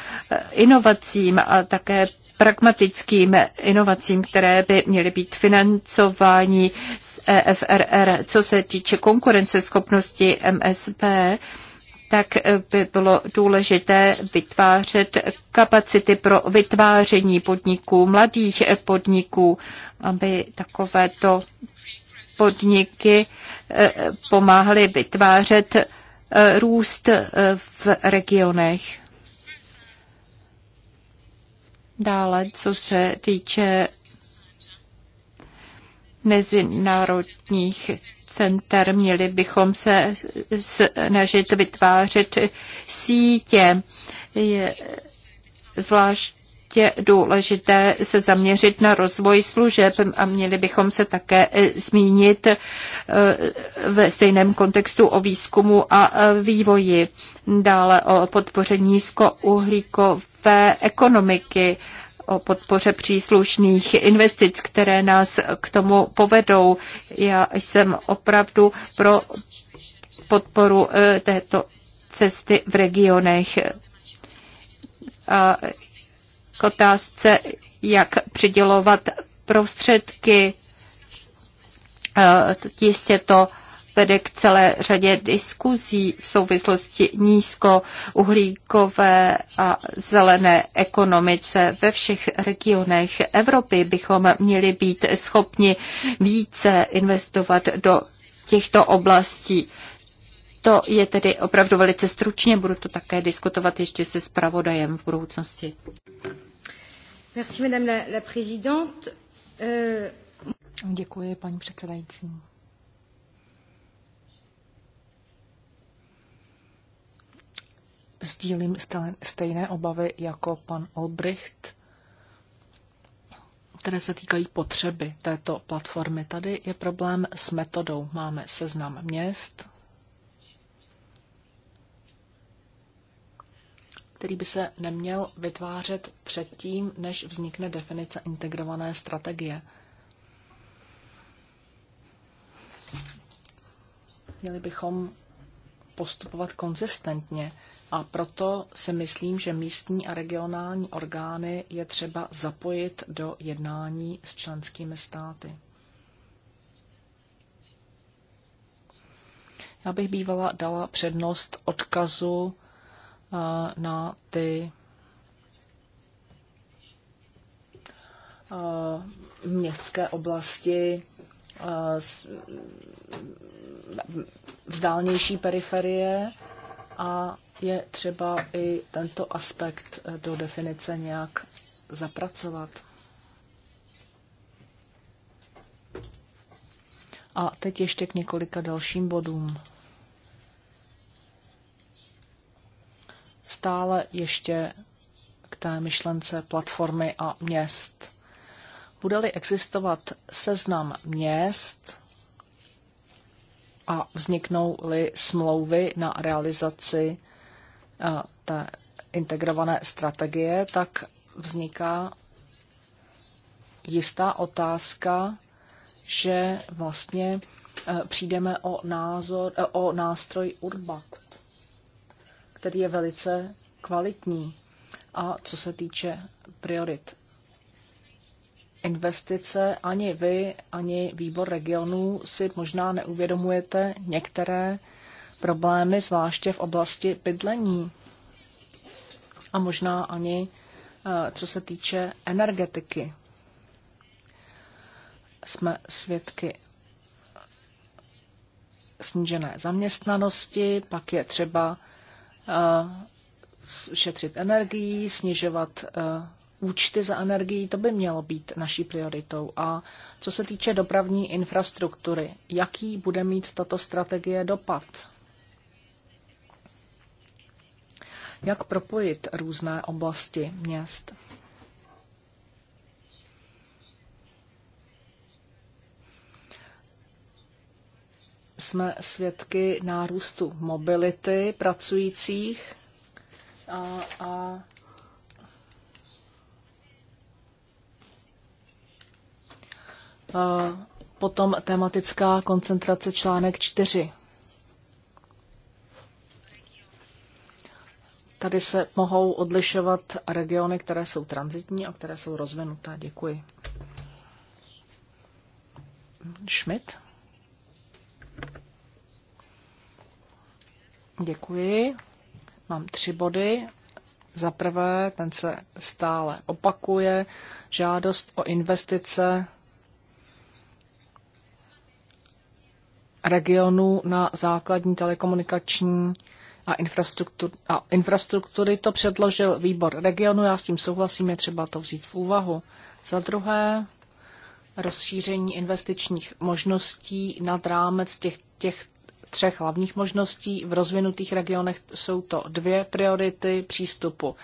S1: inovacím a také pragmatickým inovacím, které by měly být financování z EFRR. Co se týče konkurenceschopnosti MSP, tak eh, by bylo důležité vytvářet kapacity pro vytváření podniků, mladých eh, podniků, aby takovéto podniky eh, pomáhaly vytvářet růst v regionech. Dále, co se týče mezinárodních center. Měli bychom se snažit vytvářet sítě. Je zvlášť důležité se zaměřit na rozvoj služeb a měli bychom se také eh, zmínit eh, ve stejném kontextu o výzkumu a eh, vývoji, dále o podpoření nízkouhlíkové ekonomiky o podpoře příslušných investic, které nás k tomu povedou. Já jsem opravdu pro podporu eh, této cesty v regionech. A k otázce, jak přidělovat prostředky, eh, jistě to vede k celé řadě diskuzí v souvislosti nízkouhlíkové a zelené ekonomice. Ve všech regionech Evropy bychom měli být schopni více investovat do těchto oblastí. To je tedy opravdu velice stručně, budu to také diskutovat ještě se zpravodajem v budoucnosti.
S3: Merci, madame la, la présidente.
S2: Euh, Děkuji, paní předsedající. sdílím stejné obavy jako pan Olbricht, které se týkají potřeby této platformy. Tady je problém s metodou. Máme seznam měst, který by se neměl vytvářet předtím, než vznikne definice integrované strategie. Měli bychom postupovat konzistentně. A proto si myslím, že místní a regionální orgány je třeba zapojit do jednání s členskými státy. Já bych bývala dala přednost odkazu eh, na ty eh, městské oblasti, eh, vzdálnější periferie, a je třeba i tento aspekt eh, do definice nějak zapracovat. A teď ještě k několika dalším bodům. Stále ještě k té myšlence platformy a měst. Bude-li existovat seznam měst, a vzniknou-li smlouvy na realizaci eh, té integrované strategie, tak vzniká jistá otázka, že vlastně eh, přijdeme o, názor, eh, o nástroj Urbak, který je velice kvalitní. A co se týče priorit investice, ani vy, ani výbor regionů si možná neuvědomujete některé problémy, zvláště v oblasti bydlení a možná ani eh, co se týče energetiky. Jsme svědky snížené zaměstnanosti, pak je třeba eh, šetřit energii, snižovat eh, účty za energii, to by mělo být naší prioritou. A co se týče dopravní infrastruktury, jaký bude mít tato strategie dopad? Jak propojit různé oblasti měst? Jsme svědky nárůstu mobility pracujících a, a Eh, potom tematická koncentrace článek 4. Tady se mohou odlišovat regiony, které jsou transitní a které jsou rozvinuté. Děkuji. Schmidt. Děkuji. Mám tři body. Za prvé, ten se stále opakuje. Žádost o investice regionu na základní telekomunikační a, infrastruktur, a infrastruktury. To předložil výbor regionu, já s tím souhlasím, je třeba to vzít v úvahu. Za druhé, rozšíření investičních možností nad rámec těch, těch třech hlavních možností. V rozvinutých regionech jsou to dvě priority přístupu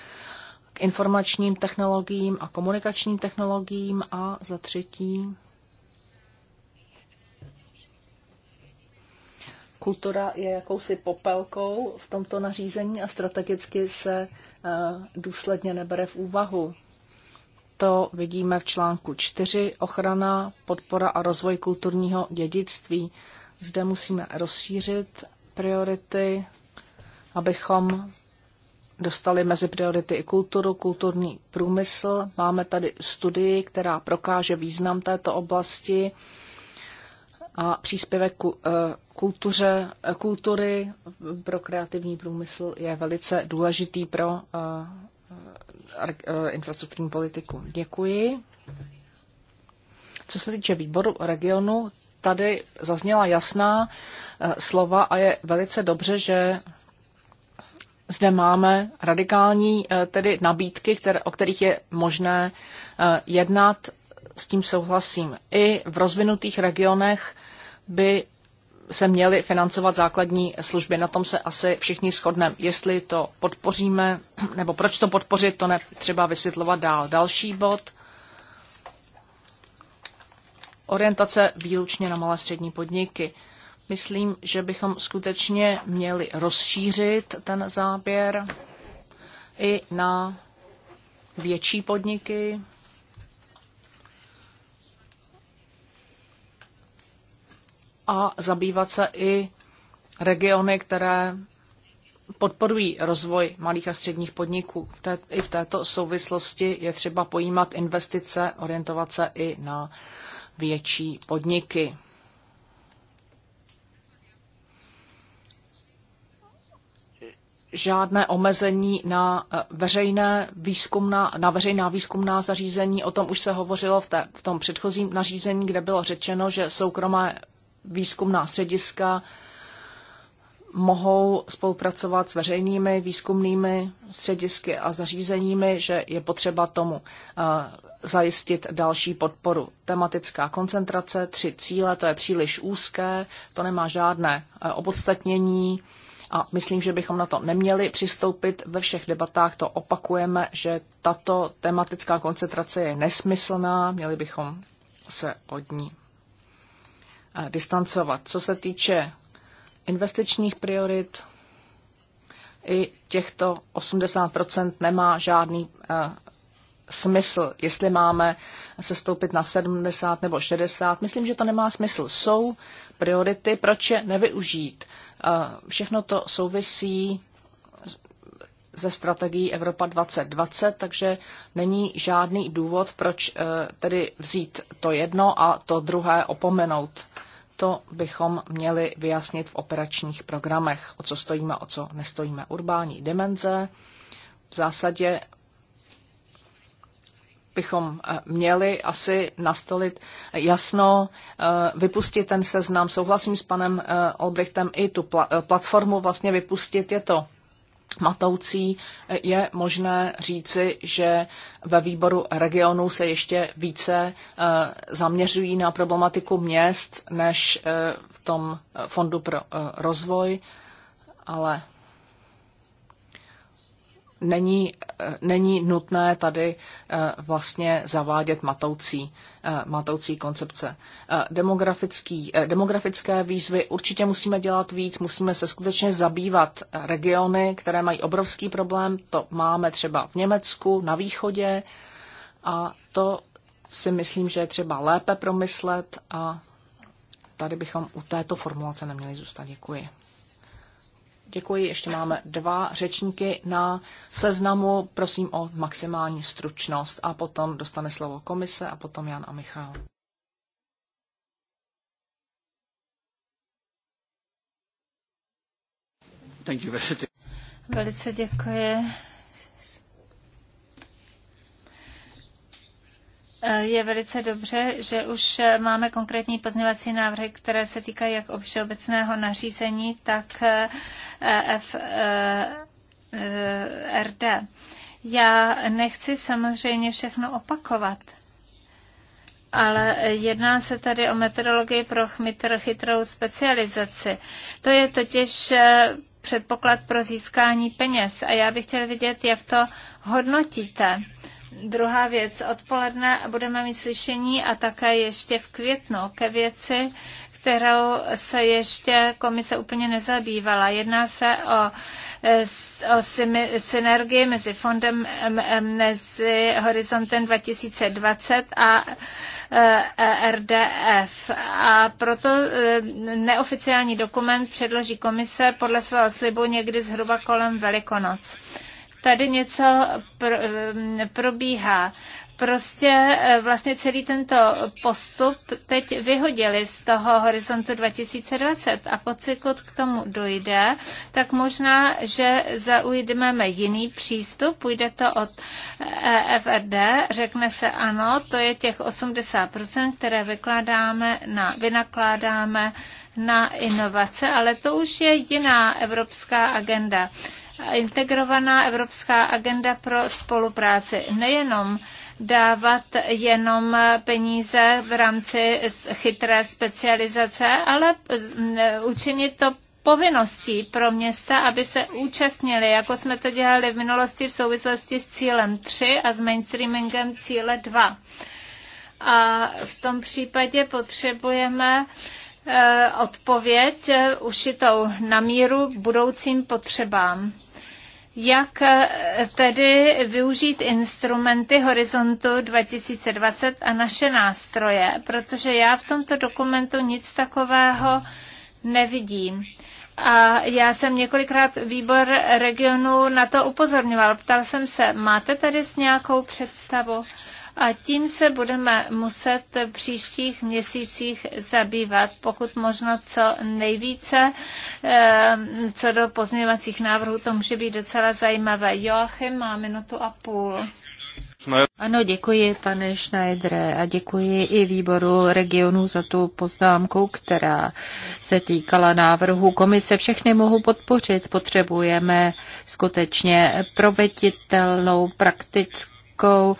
S2: k informačním technologiím a komunikačním technologiím a za třetí kultura je jakousi popelkou v tomto nařízení a strategicky se eh, důsledně nebere v úvahu. To vidíme v článku 4 ochrana, podpora a rozvoj kulturního dědictví. Zde musíme rozšířit priority, abychom dostali mezi priority i kulturu, kulturní průmysl. Máme tady studii, která prokáže význam této oblasti a příspěvek eh, kultuře, kultury pro kreativní průmysl je velice důležitý pro eh, eh, eh, infrastrukturní politiku. Děkuji. Co se týče výboru regionu, tady zazněla jasná slova a je velice dobře, že zde máme radikální tedy nabídky, které, o kterých je možné jednat. S tím souhlasím. I v rozvinutých regionech by se měly financovat základní služby. Na tom se asi všichni shodneme. Jestli to podpoříme, nebo proč to podpořit, to Třeba vysvětlovat dál. Další bod. Orientace výlučně na malé střední podniky. Myslím, že bychom skutečně měli rozšířit ten záběr i na větší podniky, a zabývat se i regiony, které podporují rozvoj malých a středních podniků. V té, I v této souvislosti je třeba pojímat investice, orientovat se i na větší podniky. žádné omezení na eh, veřejné výzkumná, na veřejná výzkumná zařízení. O tom už se hovořilo v, té, v tom předchozím nařízení, kde bylo řečeno, že soukromé výzkumná střediska mohou spolupracovat s veřejnými výzkumnými středisky a zařízeními, že je potřeba tomu eh, zajistit další podporu. Tematická koncentrace, tři cíle, to je příliš úzké, to nemá žádné eh, opodstatnění a myslím, že bychom na to neměli přistoupit. Ve všech debatách to opakujeme, že tato tematická koncentrace je nesmyslná, měli bychom se od ní distancovat. Co se týče investičních priorit, i těchto 80 nemá žádný eh, smysl, jestli máme se stoupit na 70 nebo 60. Myslím, že to nemá smysl. Jsou priority, proč je nevyužít. Eh, všechno to souvisí ze strategií Evropa 2020, takže není žádný důvod, proč eh, tedy vzít to jedno a to druhé opomenout to bychom měli vyjasnit v operačních programech, o co stojíme, o co nestojíme. Urbání dimenze v zásadě bychom eh, měli asi nastolit jasno, eh, vypustit ten seznam. Souhlasím s panem eh, Olbrichtem i tu platformu vlastně vypustit je to matoucí, je možné říci, že ve výboru regionů se ještě více eh, zaměřují na problematiku měst než eh, v tom eh, Fondu pro rozvoj, ale není, eh, není nutné tady eh, vlastně zavádět matoucí, eh, matoucí koncepce. Demografický, demografické výzvy určitě musíme dělat víc, musíme se skutečně zabývat regiony, které mají obrovský problém. To máme třeba v Německu, na východě a to si myslím, že je třeba lépe promyslet a tady bychom u této formulace neměli zůstat. Děkuji. Děkuji, ještě máme dva řečníky na seznamu. Prosím o maximální stručnost a potom dostane slovo komise a potom Jan a Michal.
S3: Thank you. Velice děkuji. Je velice dobře, že už máme konkrétní pozměvací návrhy, které se týkají jak všeobecného nařízení, tak eh, FRD. Eh, eh, já nechci samozřejmě všechno opakovat, ale jedná se tady o metodologii pro chytrou specializaci. To je totiž předpoklad pro získání peněz a já bych chtěl vidět, jak to hodnotíte Druhá věc, odpoledne budeme mít slyšení a také ještě v květnu ke věci, kterou se ještě komise úplně nezabývala. Jedná se o, o synergii mezi fondem mezi Horizontem 2020 a e, e RDF. A proto e, neoficiální dokument předloží komise podle svého slibu někdy zhruba kolem Velikonoc. Tady něco pr- probíhá prostě eh, vlastně celý tento postup teď vyhodili z toho horizontu 2020 a pokud k tomu dojde, tak možná, že zaujdeme jiný přístup, půjde to od e FRD. řekne se ano, to je těch 80%, které vykládáme na, vynakládáme na inovace, ale to už je jiná evropská agenda integrovaná evropská agenda pro spolupráci. Nejenom dávat jenom peníze v rámci chytré specializace, ale učinit to povinností pro města, aby se účastnili, jako jsme to dělali v minulosti v souvislosti s cílem 3 a s mainstreamingem cíle 2. A v tom případě potřebujeme eh, odpověď eh, ušitou na míru budoucím potřebám jak eh, tedy využít instrumenty Horizontu 2020 a naše nástroje, protože já v tomto dokumentu nic takového nevidím. A já jsem několikrát výbor regionu na to upozorňoval. Ptal jsem se, máte tady s nějakou představu? A tím se budeme muset v příštích měsících zabývat, pokud možno co nejvíce. Ehm, co do pozměňovacích návrhů, to může být docela zajímavé. Joachim má minutu a půl.
S1: Ano, děkuji, pane Schneidere, a děkuji i výboru regionu za tu poznámku, která se týkala návrhu komise. Všechny mohu podpořit. Potřebujeme skutečně proveditelnou praktickou velkou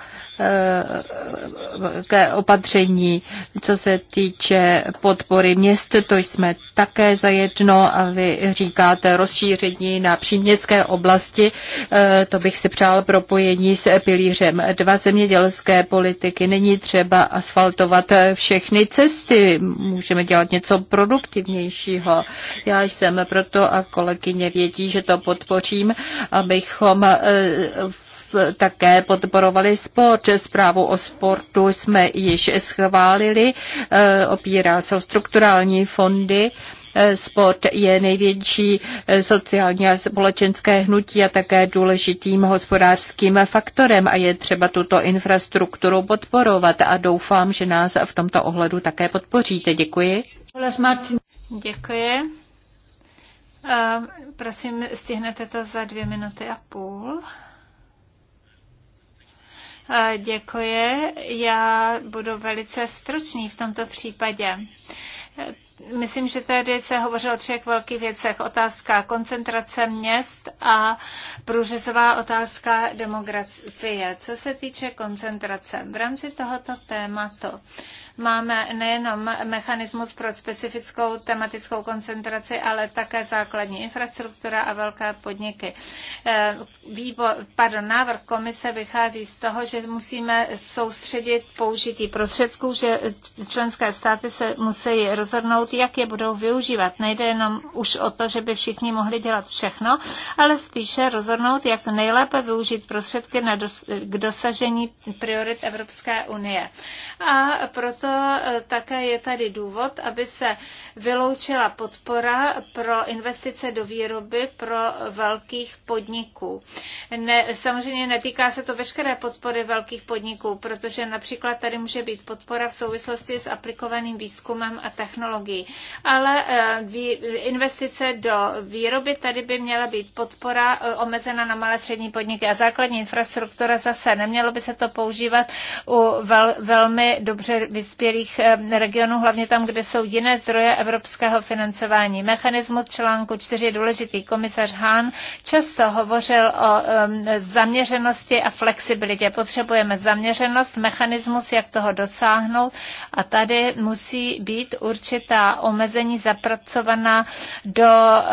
S1: velké eh, opatření, co se týče podpory měst, to jsme také zajedno a vy říkáte rozšíření na příměstské oblasti, eh, to bych si přál propojení s pilířem dva zemědělské politiky. Není třeba asfaltovat všechny cesty, můžeme dělat něco produktivnějšího. Já jsem proto a kolegyně vědí, že to podpořím, abychom v eh, také podporovali sport. Zprávu o sportu jsme již schválili, eh, opírá se o strukturální fondy. Eh, sport je největší eh, sociální a společenské hnutí a také důležitým hospodářským faktorem a je třeba tuto infrastrukturu podporovat a doufám, že nás v tomto ohledu také podpoříte. Děkuji.
S3: Děkuji. Prosím, stihnete to za dvě minuty a půl. Děkuji. Já budu velice stručný v tomto případě. Myslím, že tady se hovořilo o třech velkých věcech. Otázka koncentrace měst a průřezová otázka demografie. Co se týče koncentrace, v rámci tohoto tématu Máme nejenom mechanismus pro specifickou tematickou koncentraci, ale také základní infrastruktura a velké podniky. Eh, Výbor, pardon, návrh komise vychází z toho, že musíme soustředit použití prostředků, že členské státy se musí rozhodnout, jak je budou využívat. Nejde jenom už o to, že by všichni mohli dělat všechno, ale spíše rozhodnout, jak nejlépe využít prostředky na dos- k dosažení priorit Evropské unie. A proto proto eh, také je tady důvod, aby se vyloučila podpora pro investice do výroby pro velkých podniků. Ne, samozřejmě netýká se to veškeré podpory velkých podniků, protože například tady může být podpora v souvislosti s aplikovaným výzkumem a technologií. Ale eh, investice do výroby tady by měla být podpora eh, omezena na malé střední podniky a základní infrastruktura zase. Nemělo by se to používat u vel, velmi dobře vyspělých regionů, hlavně tam, kde jsou jiné zdroje evropského financování. Mechanismus článku 4 je důležitý komisař Hahn často hovořil o zaměřenosti a flexibilitě. Potřebujeme zaměřenost, mechanismus, jak toho dosáhnout a tady musí být určitá omezení zapracovaná do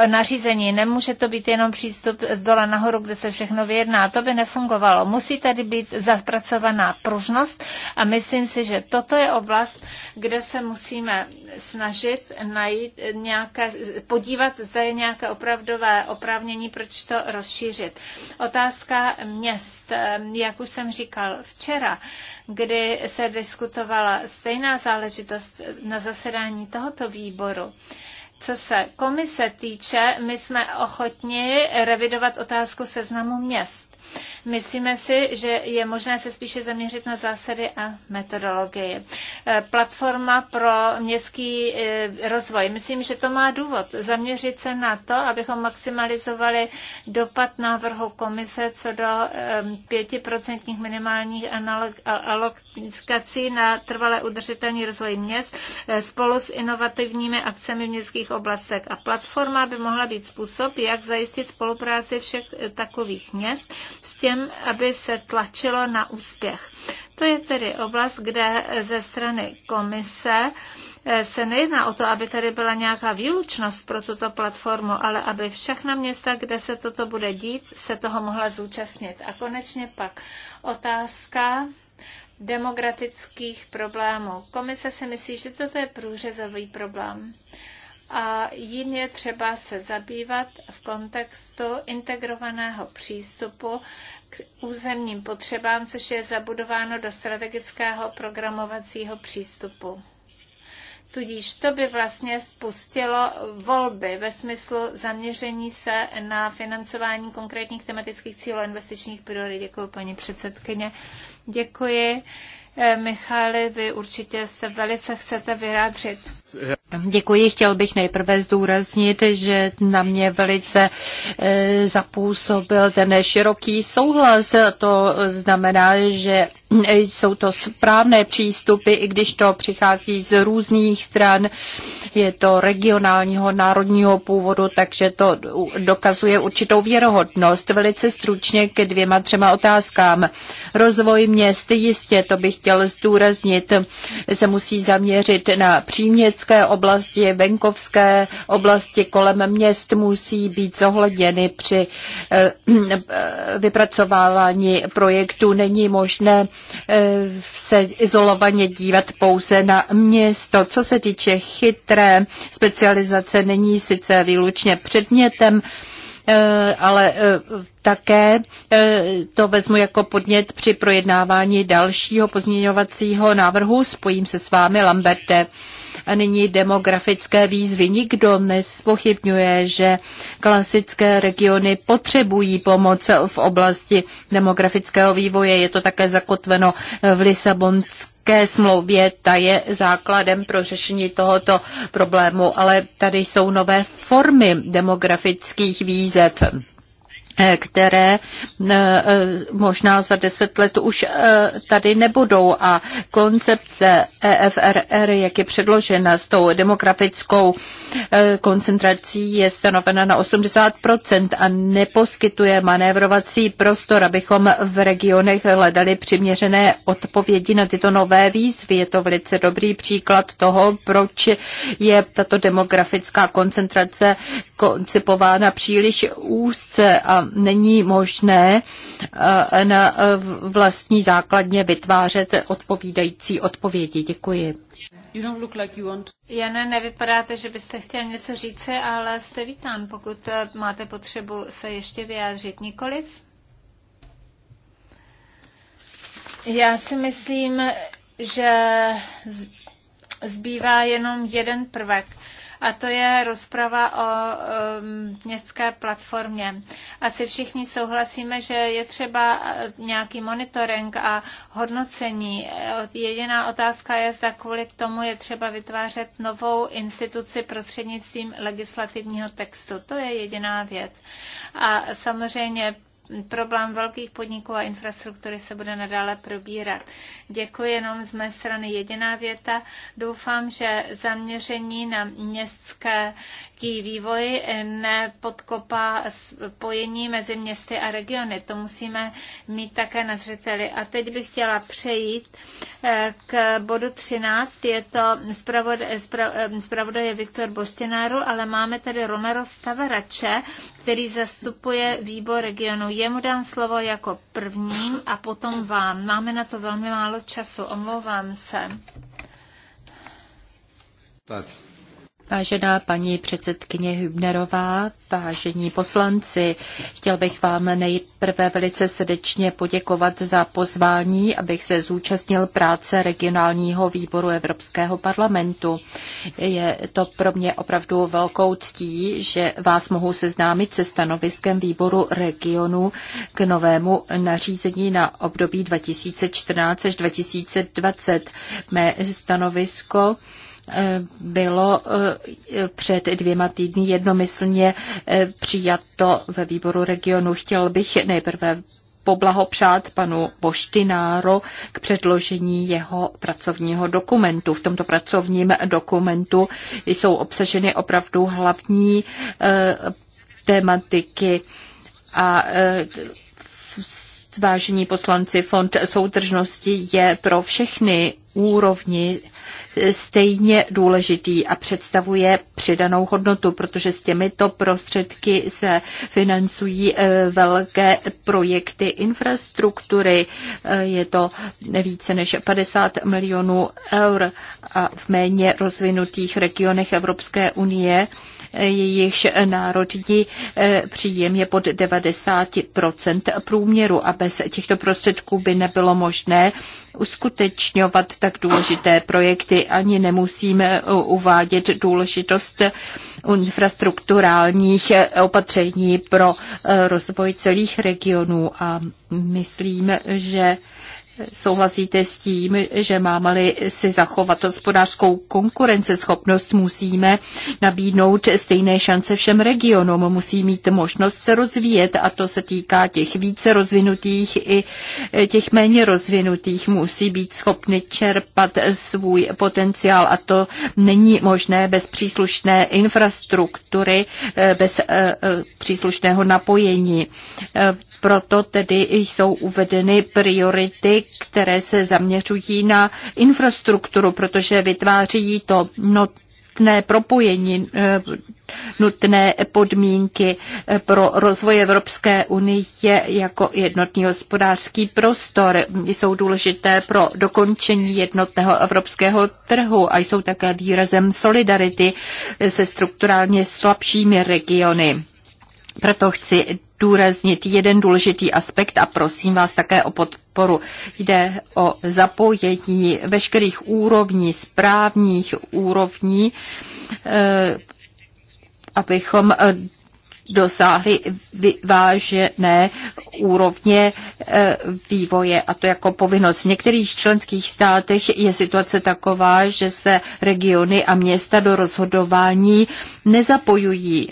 S3: nařízení. Nemůže to být jenom přístup z dola nahoru, kde se všechno vyjedná. To by nefungovalo. Musí tady být zapracovaná pružnost a myslím si, že toto je oblast, kde se musíme snažit najít nějaké, podívat, zda je nějaké opravdové oprávnění, proč to rozšířit. Otázka měst, jak už jsem říkal včera, kdy se diskutovala stejná záležitost na zasedání tohoto výboru. Co se komise týče, my jsme ochotni revidovat otázku seznamu měst. Myslíme si, že je možné se spíše zaměřit na zásady a metodologii. Eh, platforma pro městský eh, rozvoj. Myslím, že to má důvod zaměřit se na to, abychom maximalizovali dopad návrhu komise co do 5% eh, minimálních alokací na trvale udržitelný rozvoj měst spolu s inovativními akcemi v městských oblastech. A platforma by mohla být způsob, jak zajistit spolupráci všech takových měst s těm všem, aby se tlačilo na úspěch. To je tedy oblast, kde ze strany komise eh, se nejedná o to, aby tady byla nějaká výlučnost pro tuto platformu, ale aby všechna města, kde se toto bude dít, se toho mohla zúčastnit. A konečně pak otázka demokratických problémů. Komise si myslí, že toto je průřezový problém a jim je třeba se zabývat v kontextu integrovaného přístupu k územním potřebám, což je zabudováno do strategického programovacího přístupu. Tudíž to by vlastně spustilo volby ve smyslu zaměření se na financování konkrétních tematických cílů a investičních priorit. Děkuji, paní předsedkyně. Děkuji. Eh, Michale, vy určitě se velice chcete vyjádřit.
S1: Děkuji. Chtěl bych nejprve zdůraznit, že na mě velice e, zapůsobil ten široký souhlas. To znamená, že e, jsou to správné přístupy, i když to přichází z různých stran. Je to regionálního, národního původu, takže to dokazuje určitou věrohodnost. Velice stručně ke dvěma, třema otázkám. Rozvoj měst, jistě, to bych chtěl zdůraznit, se musí zaměřit na příměst městské oblasti, venkovské oblasti kolem měst musí být zohledněny při eh, vypracovávání projektů. Není možné eh, se izolovaně dívat pouze na město. Co se týče chytré specializace, není sice výlučně předmětem, eh, ale také to vezmu jako podnět při projednávání dalšího pozměňovacího návrhu. Spojím se s vámi, Lamberte. A nyní demografické výzvy. Nikdo nespochybňuje, že klasické regiony potřebují pomoc v oblasti demografického vývoje. Je to také zakotveno v Lisabonské Lisabonské smlouvě, ta je základem pro řešení tohoto problému, ale tady jsou nové formy demografických výzev které eh, možná za deset let už eh, tady nebudou a koncepce EFRR, jak je předložena s tou demografickou eh, koncentrací, je stanovena na 80% a neposkytuje manévrovací prostor, abychom v regionech hledali přiměřené odpovědi na tyto nové výzvy. Je to velice dobrý příklad toho, proč je tato demografická koncentrace koncipována příliš úzce a není možné eh, na eh, vlastní základně vytvářet odpovídající odpovědi. Děkuji.
S3: You don't look like you want... Jane, nevypadáte, že byste chtěl něco říct, ale jste vítán, pokud eh, máte potřebu se ještě vyjádřit nikoliv. Já si myslím, že zbývá jenom jeden prvek a to je rozprava o um, městské platformě. Asi všichni souhlasíme, že je třeba eh, nějaký monitoring a hodnocení. Eh, jediná otázka je, zda kvůli tomu je třeba vytvářet novou instituci prostřednictvím legislativního textu. To je jediná věc. A samozřejmě problém velkých podniků a infrastruktury se bude nadále probírat. Děkuji jenom z mé strany jediná věta. Doufám, že zaměření na městské vývoj nepodkopá spojení mezi městy a regiony. To musíme mít také na zřeteli. A teď bych chtěla přejít eh, k bodu 13. Je to eh, eh, zpravodaj Viktor Boštěnáru, ale máme tady Romero Stavarače, který zastupuje výbor regionu. Jemu dám slovo jako prvním a potom vám. Máme na to velmi málo času, omlouvám se.
S1: Vážená paní předsedkyně Hübnerová, vážení poslanci, chtěl bych vám nejprve velice srdečně poděkovat za pozvání, abych se zúčastnil práce regionálního výboru Evropského parlamentu. Je to pro mě opravdu velkou ctí, že vás mohu seznámit se stanoviskem výboru regionu k novému nařízení na období 2014 až 2020. Mé stanovisko Eh, bylo eh, před dvěma týdny jednomyslně eh, přijato ve výboru regionu. Chtěl bych nejprve poblahopřát panu Boštináro k předložení jeho pracovního dokumentu. V tomto pracovním dokumentu jsou obsaženy opravdu hlavní tématiky a činnost, vážení poslanci, Fond soudržnosti je pro všechny úrovni stejně důležitý a představuje přidanou hodnotu, protože s těmito prostředky se financují eh, velké projekty infrastruktury. Eh, je to více než 50 milionů eur a v méně rozvinutých regionech Evropské unie jejichž národní eh, příjem je pod 90% průměru a bez těchto prostředků by nebylo možné uskutečňovat tak důležité projekty. Ani nemusíme eh, uvádět důležitost infrastrukturálních eh, opatření pro rozvoj celých regionů a myslím, že Souhlasíte s tím, že máme-li si zachovat hospodářskou konkurenceschopnost, musíme nabídnout stejné šance všem regionům, musí mít možnost se rozvíjet a to se týká těch více rozvinutých i těch méně rozvinutých, musí být schopny čerpat svůj potenciál a to není možné bez příslušné infrastruktury, bez eh, eh, příslušného napojení. Proto tedy jsou uvedeny priority, které se zaměřují na infrastrukturu, protože vytváří to nutné propojení, eh, nutné podmínky eh, pro rozvoj Evropské unie jako jednotný hospodářský prostor. Jsou důležité pro dokončení jednotného evropského trhu a jsou také výrazem solidarity se strukturálně slabšími regiony. Proto chci zdůraznit jeden důležitý aspekt a prosím vás také o podporu. Jde o zapojení veškerých úrovní, správních úrovní, eh, abychom dosáhli vyvážené úrovně eh, vývoje a to jako povinnost. V některých členských státech je situace taková, že se regiony a města do rozhodování nezapojují,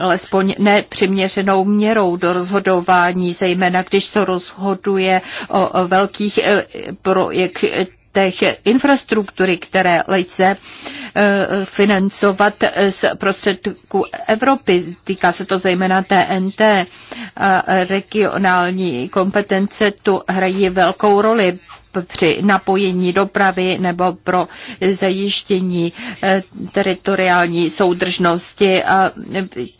S1: alespoň nepřiměřenou měrou do rozhodování, zejména když se rozhoduje o velkých eh, projektech té infrastruktury, které lze e, financovat z prostředků Evropy. Týká se to zejména TNT. Regionální kompetence tu hrají velkou roli při napojení dopravy nebo pro zajištění eh, teritoriální soudržnosti. A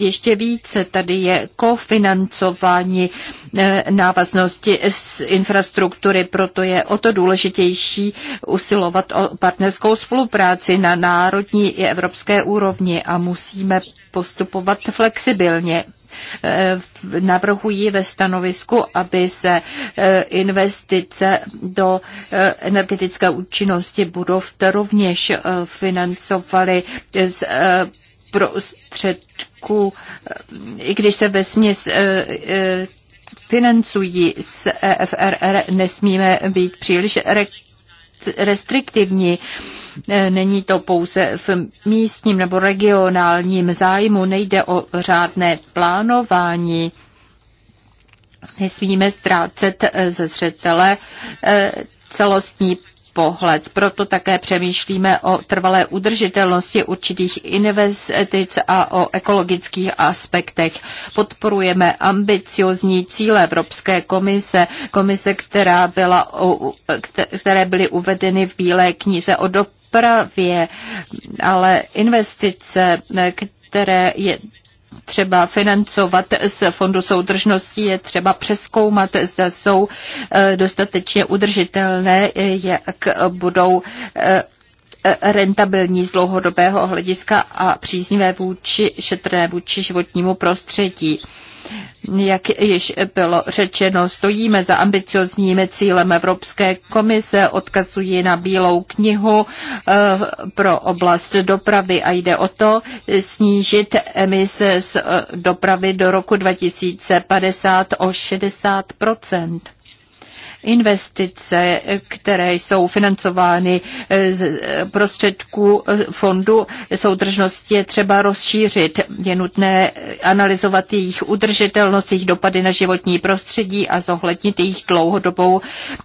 S1: ještě více tady je kofinancování eh, návaznosti z infrastruktury, proto je o to důležitější usilovat o partnerskou spolupráci na národní i evropské úrovni a musíme postupovat flexibilně. Eh, navrhují ve stanovisku, aby se eh, investice do eh, energetické účinnosti budov rovněž financovaly z prostředků, i když se ve směs financují z EFRR, nesmíme být příliš restriktivní. E, není to pouze v místním nebo regionálním zájmu, nejde o řádné plánování. Nesmíme ztrácet e, ze zřetele e, celostní pohled. Proto také přemýšlíme o trvalé udržitelnosti určitých investic a o ekologických aspektech. Podporujeme ambiciozní cíle Evropské komise, komise, která byla, které byly uvedeny v Bílé knize o dopravě, ale investice, které je třeba financovat z Fondu soudržnosti, je třeba přeskoumat, zda jsou eh, dostatečně udržitelné, eh, jak budou eh, rentabilní z dlouhodobého hlediska a příznivé vůči, šetrné vůči životnímu prostředí. Jak již bylo řečeno, stojíme za ambiciozním cílem Evropské komise, odkazuji na Bílou knihu eh, pro oblast dopravy a jde o to snížit emise z eh, dopravy do roku 2050 o 60 Investice, které jsou financovány eh, z eh, prostředků eh, fondu soudržnosti, je třeba rozšířit. Je nutné analyzovat jejich udržitelnost, jejich dopady na životní prostředí a zohlednit jejich dlouhodobou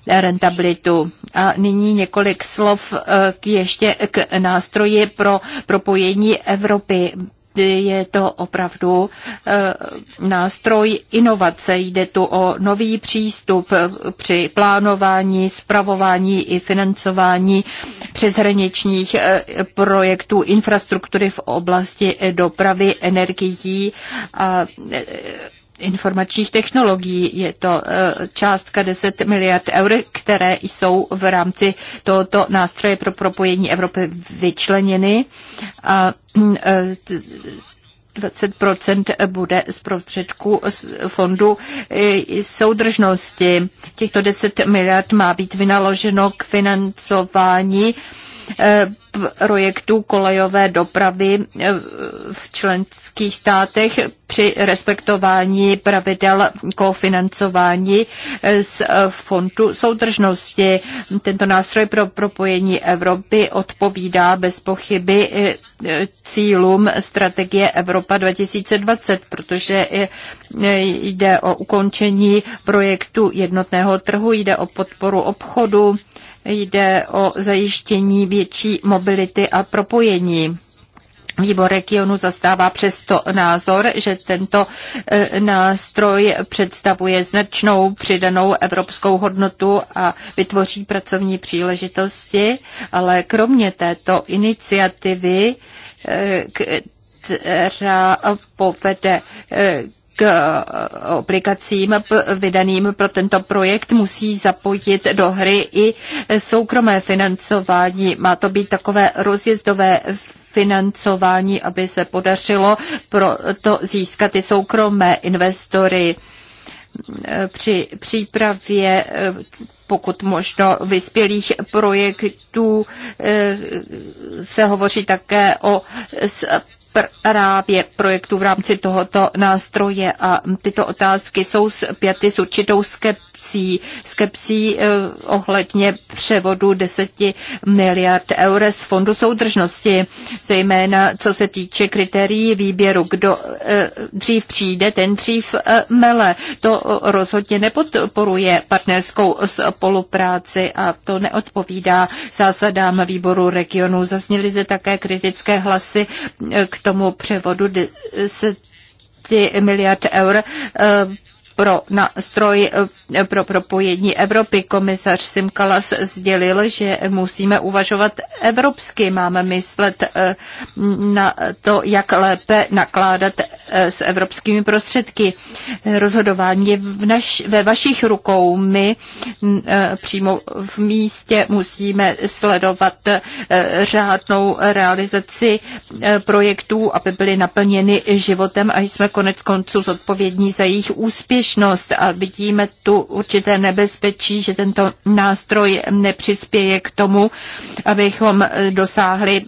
S1: rentabilitu. A nyní několik slov k ještě k nástroji pro propojení Evropy je to opravdu eh, nástroj inovace. Jde tu o nový přístup při plánování, spravování i financování přeshraničních eh, projektů infrastruktury v oblasti dopravy, energií a eh, informačních technologií. Je to eh, částka 10 miliard eur, které jsou v rámci tohoto nástroje pro propojení Evropy vyčleněny. A 20 mm, eh, bude z prostředků z fondu eh, soudržnosti. Těchto 10 miliard má být vynaloženo k financování projektů kolejové dopravy v členských státech při respektování pravidel kofinancování z Fondu soudržnosti. Tento nástroj pro propojení Evropy odpovídá bez pochyby cílům strategie Evropa 2020, protože jde o ukončení projektu jednotného trhu, jde o podporu obchodu, jde o zajištění větší mobility mobility a propojení. Výbor regionu zastává přesto názor, že tento eh, nástroj představuje značnou přidanou evropskou hodnotu a vytvoří pracovní příležitosti, ale kromě této iniciativy, eh, která povede eh, k eh, aplikacím vydaným pro tento projekt musí zapojit do hry i soukromé financování. Má to být takové rozjezdové financování, aby se podařilo pro to získat i soukromé investory eh, při přípravě eh, pokud možno vyspělých projektů se hovoří také o právě projektu v rámci tohoto nástroje a tyto otázky jsou zpěty s určitou skepsí, skepsí eh, ohledně převodu 10 miliard eur z Fondu soudržnosti, zejména co se týče kritérií výběru, kdo eh, dřív přijde, ten dřív eh, mele. To rozhodně nepodporuje partnerskou spolupráci a to neodpovídá zásadám výboru regionu. Zazněly se také kritické hlasy k tomu převodu 10 miliard eur eh, pro nástroj eh, pro propojení Evropy. Komisař Simkalas sdělil, že musíme uvažovat evropsky. Máme myslet eh, na to, jak lépe nakládat eh, s evropskými prostředky. Rozhodování je v naš, ve vašich rukou. My mm, přímo v místě musíme sledovat řádnou realizaci projektů, aby byly naplněny životem a jsme konec konců zodpovědní za jejich úspěch odlišnost a vidíme tu určité nebezpečí, že tento nástroj nepřispěje k tomu, abychom dosáhli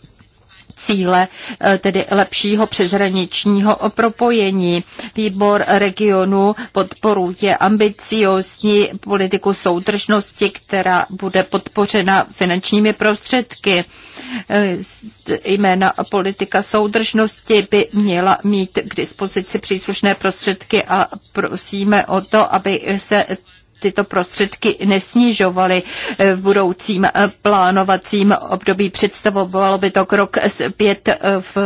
S1: cíle, eh, tedy lepšího přeshraničního propojení. Výbor regionu podporuje ambiciozní politiku soudržnosti, která bude podpořena finančními prostředky. Eh, jména politika soudržnosti by měla mít k dispozici příslušné prostředky a prosíme o to, aby se tyto prostředky nesnižovaly eh, v budoucím eh, plánovacím období. Představovalo by to krok zpět eh, v,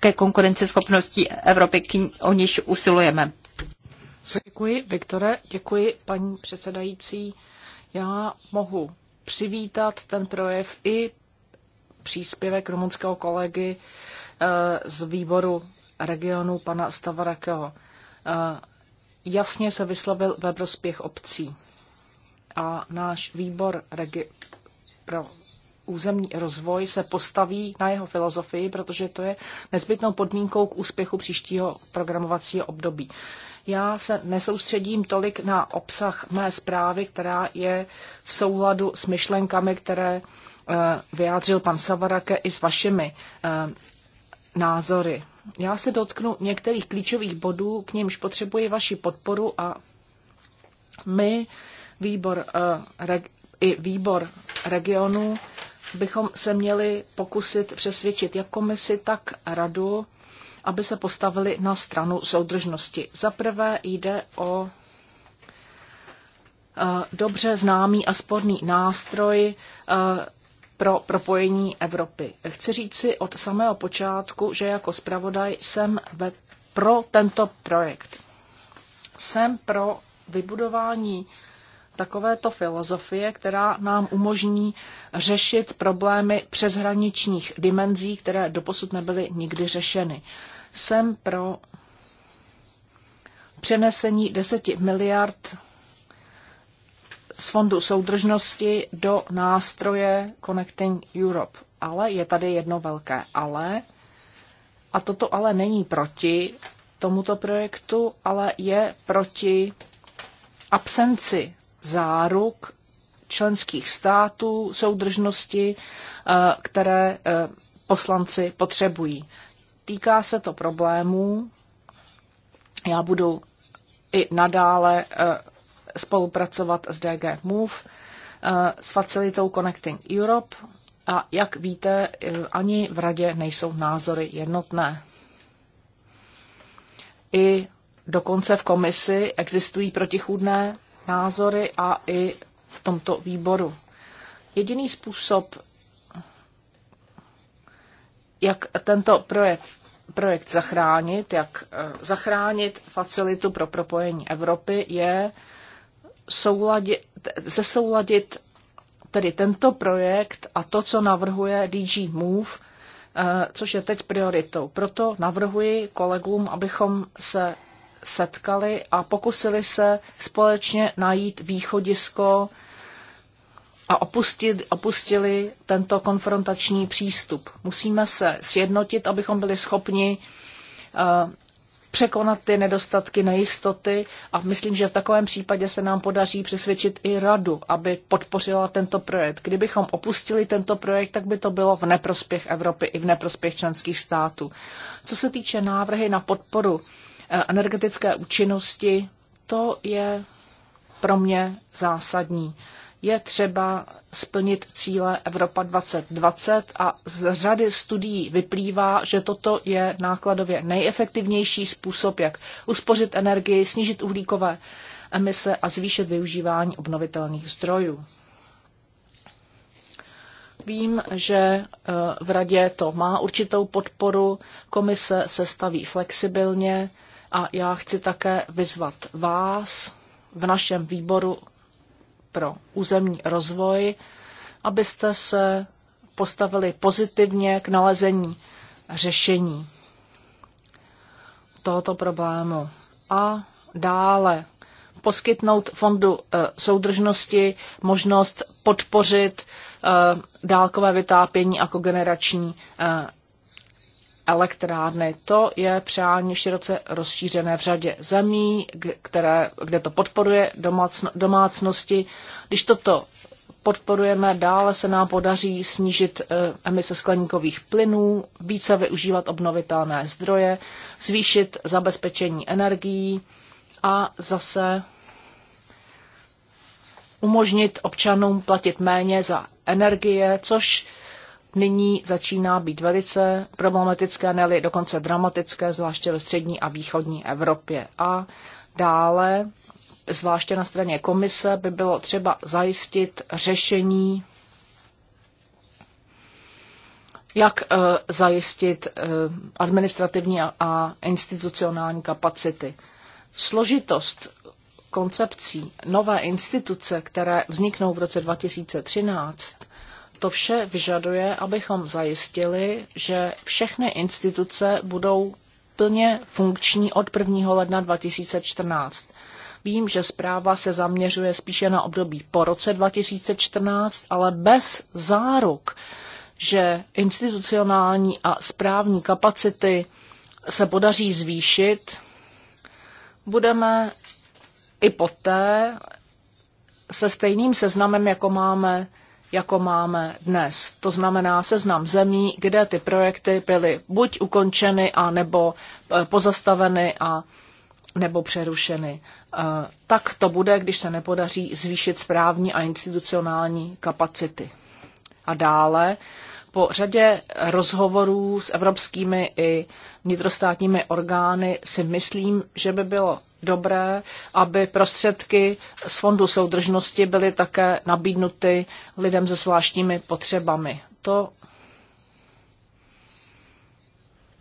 S1: ke konkurenceschopnosti Evropy, k, o níž
S2: usilujeme. Děkuji, Viktore. Děkuji, paní předsedající. Já mohu přivítat ten projev i příspěvek rumunského kolegy z výboru regionu pana Stavarakeho jasně se vyslovil ve prospěch obcí. A náš výbor regi- pro územní rozvoj se postaví na jeho filozofii, protože to je nezbytnou podmínkou k úspěchu příštího programovacího období. Já se nesoustředím tolik na obsah mé zprávy, která je v souladu s myšlenkami, které eh, vyjádřil pan Savarake i s vašimi eh, názory. Já se dotknu některých klíčových bodů, k nímž potřebuji vaši podporu a my, výbor, eh, reg, i výbor regionu, bychom se měli pokusit přesvědčit jak komisi, tak radu, aby se postavili na stranu soudržnosti. Za prvé jde o eh, dobře známý a sporný nástroj eh, pro propojení Evropy. Chci říct si od samého počátku, že jako zpravodaj jsem ve, pro tento projekt. Jsem pro vybudování takovéto filozofie, která nám umožní řešit problémy přeshraničních dimenzí, které doposud nebyly nikdy řešeny. Jsem pro přenesení 10 miliard z fondu soudržnosti do nástroje Connecting Europe. Ale je tady jedno velké ale. A toto ale není proti tomuto projektu, ale je proti absenci záruk členských států soudržnosti, eh, které eh, poslanci potřebují. Týká se to problémů. Já budu i nadále eh, spolupracovat s DG Move, eh, s facilitou Connecting Europe a jak víte, eh, ani v radě nejsou názory jednotné. I dokonce v komisi existují protichůdné názory a i v tomto výboru. Jediný způsob, jak tento projekt, projekt zachránit, jak eh, zachránit facilitu pro propojení Evropy, je souladit, zesouladit tedy tento projekt a to, co navrhuje DG Move, eh, což je teď prioritou. Proto navrhuji kolegům, abychom se setkali a pokusili se společně najít východisko a opustit, opustili tento konfrontační přístup. Musíme se sjednotit, abychom byli schopni eh, překonat ty nedostatky, nejistoty a myslím, že v takovém případě se nám podaří přesvědčit i radu, aby podpořila tento projekt. Kdybychom opustili tento projekt, tak by to bylo v neprospěch Evropy i v neprospěch členských států. Co se týče návrhy na podporu eh, energetické účinnosti, to je pro mě zásadní je třeba splnit cíle Evropa 2020 a z řady studií vyplývá, že toto je nákladově nejefektivnější způsob, jak uspořit energii, snížit uhlíkové emise a zvýšit využívání obnovitelných zdrojů. Vím, že e, v radě to má určitou podporu, komise se staví flexibilně a já chci také vyzvat vás v našem výboru pro územní rozvoj, abyste se postavili pozitivně k nalezení řešení tohoto problému. A dále poskytnout fondu eh, soudržnosti možnost podpořit eh, dálkové vytápění a kogenerační eh, elektrárny. To je přání široce rozšířené v řadě zemí, které, kde to podporuje domácno, domácnosti. Když toto podporujeme, dále se nám podaří snížit eh, emise skleníkových plynů, více využívat obnovitelné zdroje, zvýšit zabezpečení energií a zase umožnit občanům platit méně za energie, což nyní začíná být velice problematické, ne dokonce dramatické, zvláště ve střední a východní Evropě. A dále, zvláště na straně komise, by bylo třeba zajistit řešení, jak e, zajistit e, administrativní a institucionální kapacity. Složitost koncepcí nové instituce, které vzniknou v roce 2013, to vše vyžaduje, abychom zajistili, že všechny instituce budou plně funkční od 1. ledna 2014. Vím, že zpráva se zaměřuje spíše na období po roce 2014, ale bez záruk, že institucionální a správní kapacity se podaří zvýšit, budeme i poté se stejným seznamem, jako máme jako máme dnes. To znamená seznam zemí, kde ty projekty byly buď ukončeny, a nebo e, pozastaveny a nebo přerušeny. E, tak to bude, když se nepodaří zvýšit správní a institucionální kapacity. A dále po řadě rozhovorů s evropskými i vnitrostátními orgány si myslím, že by bylo dobré, aby prostředky z Fondu soudržnosti byly také nabídnuty lidem se zvláštními potřebami. To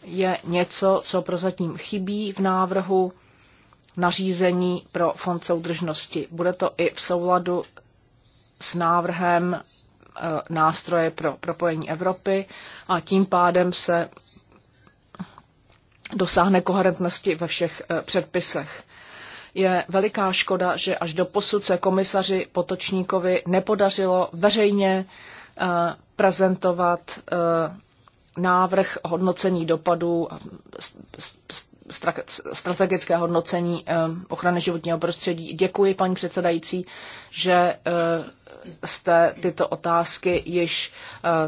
S2: je něco, co prozatím chybí v návrhu nařízení pro Fond soudržnosti. Bude to i v souladu s návrhem e, nástroje pro propojení Evropy a tím pádem se dosáhne koherentnosti ve všech e, předpisech. Je veliká škoda, že až do posud se komisaři Potočníkovi nepodařilo veřejně eh, prezentovat eh, návrh hodnocení dopadů strategické hodnocení eh, ochrany životního prostředí. Děkuji, paní předsedající, že jste tyto otázky již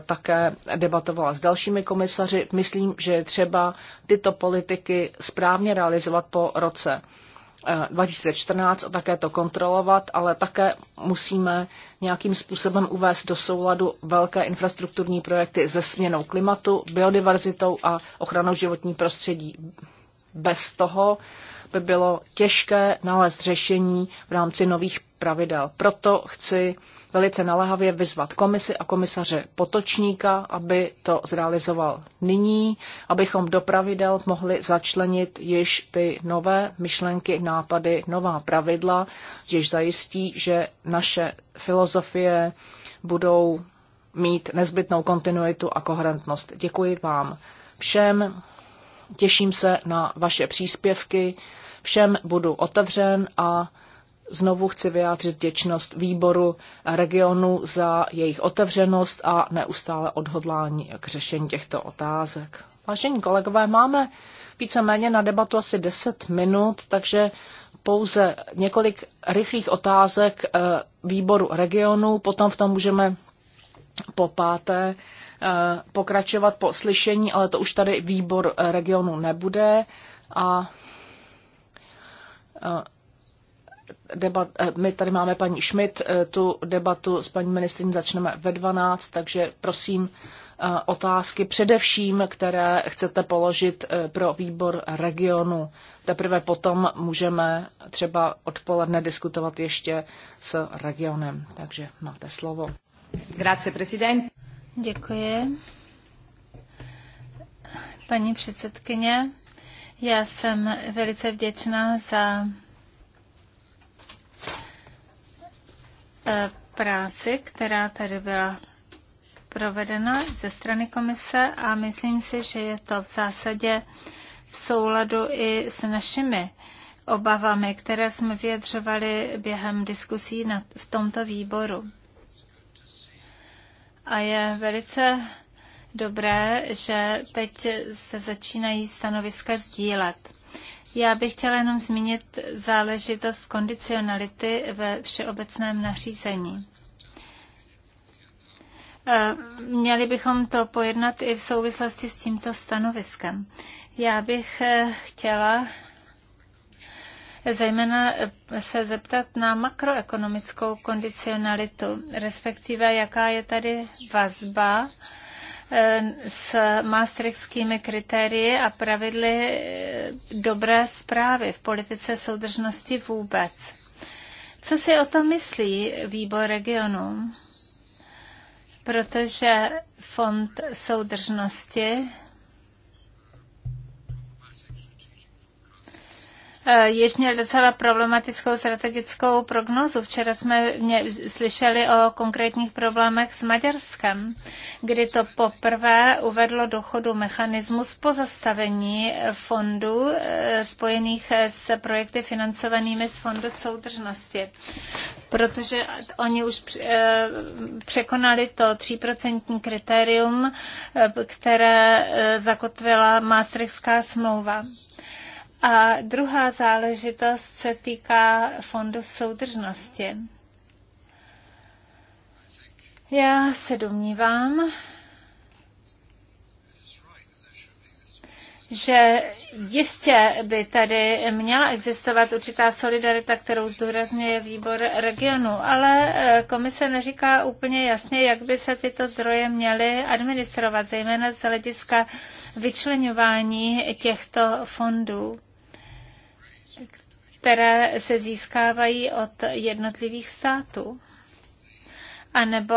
S2: také debatovala s dalšími komisaři. Myslím, že je třeba tyto politiky správně realizovat po roce Eh, 2014 a také to kontrolovat, ale také musíme nějakým způsobem uvést do souladu velké infrastrukturní projekty se směnou klimatu, biodiverzitou a ochranou životní prostředí. Bez toho by bylo těžké nalézt řešení v rámci nových pravidel. Proto chci velice naléhavě vyzvat komisi a komisaře Potočníka, aby to zrealizoval nyní, abychom do pravidel mohli začlenit již ty nové myšlenky, nápady, nová pravidla, jež zajistí, že naše filozofie budou mít nezbytnou kontinuitu a koherentnost. Děkuji vám všem, těším se na vaše příspěvky Všem budu otevřen a znovu chci vyjádřit vděčnost výboru regionu za jejich otevřenost a neustále odhodlání k řešení těchto otázek. Vážení kolegové, máme víceméně na debatu asi 10 minut, takže pouze několik rychlých otázek eh, výboru regionu, potom v tom můžeme po páté eh, pokračovat po slyšení, ale to už tady výbor regionu nebude a Eh, debat, eh, my tady máme paní Schmidt, eh, tu debatu s paní ministrin začneme ve 12, takže prosím otázky především, které chcete položit pro výbor regionu. Teprve potom můžeme třeba odpoledne diskutovat ještě s regionem. Takže
S3: máte slovo. Grazie, prezident. Děkuji. Paní předsedkyně, já jsem velice vděčná za eh, práci, která tady byla provedena ze strany komise a myslím si, že je to v zásadě v souladu i s našimi obavami, které jsme vyjadřovali během diskusí v tomto výboru. A je velice dobré, že teď se začínají stanoviska sdílet. Já bych chtěla jenom zmínit záležitost kondicionality ve všeobecném nařízení. Eh, měli bychom to pojednat i v souvislosti s tímto stanoviskem. Já bych eh, chtěla zejména eh, se zeptat na makroekonomickou kondicionalitu, respektive jaká je tady vazba s maastrichtskými kritérii a pravidly eh, dobré zprávy v politice soudržnosti vůbec. Co si o tom myslí výbor regionu? Protože fond soudržnosti Eh, Jež měl docela problematickou strategickou prognozu. Včera jsme mě slyšeli o konkrétních problémech s Maďarskem, kdy to poprvé uvedlo do chodu mechanismus pozastavení fondů eh, spojených s projekty financovanými z Fondu soudržnosti. Protože oni už eh, překonali to 3% kritérium, které zakotvila Maastrichtská smlouva. A druhá záležitost se týká fondu soudržnosti. Já se domnívám, že jistě by tady měla existovat určitá solidarita, kterou zdůrazňuje výbor regionu, ale e, komise neříká úplně jasně, jak by se tyto zdroje měly administrovat, zejména z hlediska vyčlenování těchto fondů které se získávají od jednotlivých států. A nebo